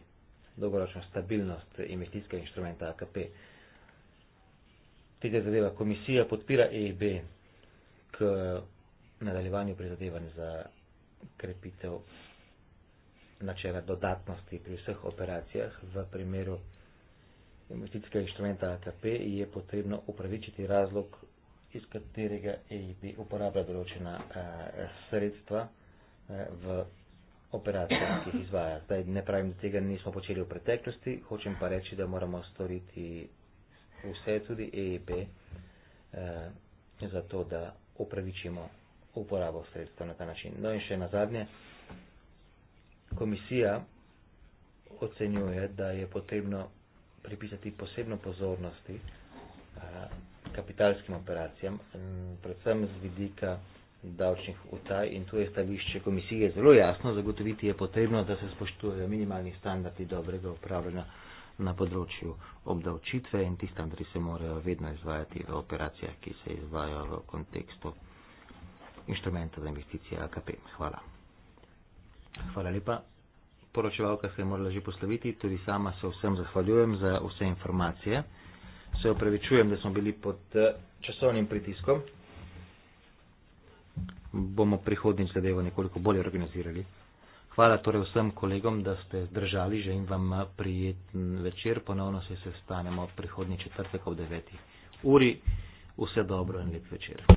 dolgoročno stabilnost investicijskega inštrumenta AKP. Tega zadeva komisija podpira EIB e k nadaljevanju prizadevanj za krepitev načela dodatnosti pri vseh operacijah v primeru investicijskega inštrumenta AKP je potrebno upravičiti razlog iz katerega EIB uporablja določena uh, sredstva uh, v operacijah, ki jih izvaja. Zdaj ne pravim, da tega nismo počeli v preteklosti, hočem pa reči, da moramo storiti vse, tudi EIB, uh, eh, za to, da upravičimo uporabo sredstva na ta način. No in še na zadnje, komisija ocenjuje, da je potrebno pripisati posebno pozornosti uh, kapitalskim operacijam, predvsem z vidika davčnih utaj in tu je stališče komisije zelo jasno, zagotoviti je potrebno, da se spoštujejo minimalni standardi dobrega upravljanja na področju obdavčitve in ti standardi se morajo vedno izvajati v operacijah, ki se izvajo v kontekstu inštrumentov za investicije AKP. Hvala. Hvala lepa. Poročevalka se je morala že posloviti, tudi sama se vsem zahvaljujem za vse informacije se opravičujem, da smo bili pod eh, časovnim pritiskom. Bomo prihodnjič zadevo nekoliko bolje organizirali. Hvala torej vsem kolegom, da ste zdržali. Želim vam eh, prijeten večer. Ponovno se sestanemo prihodnji četrtek ob 9. uri. Vse dobro in lep večer.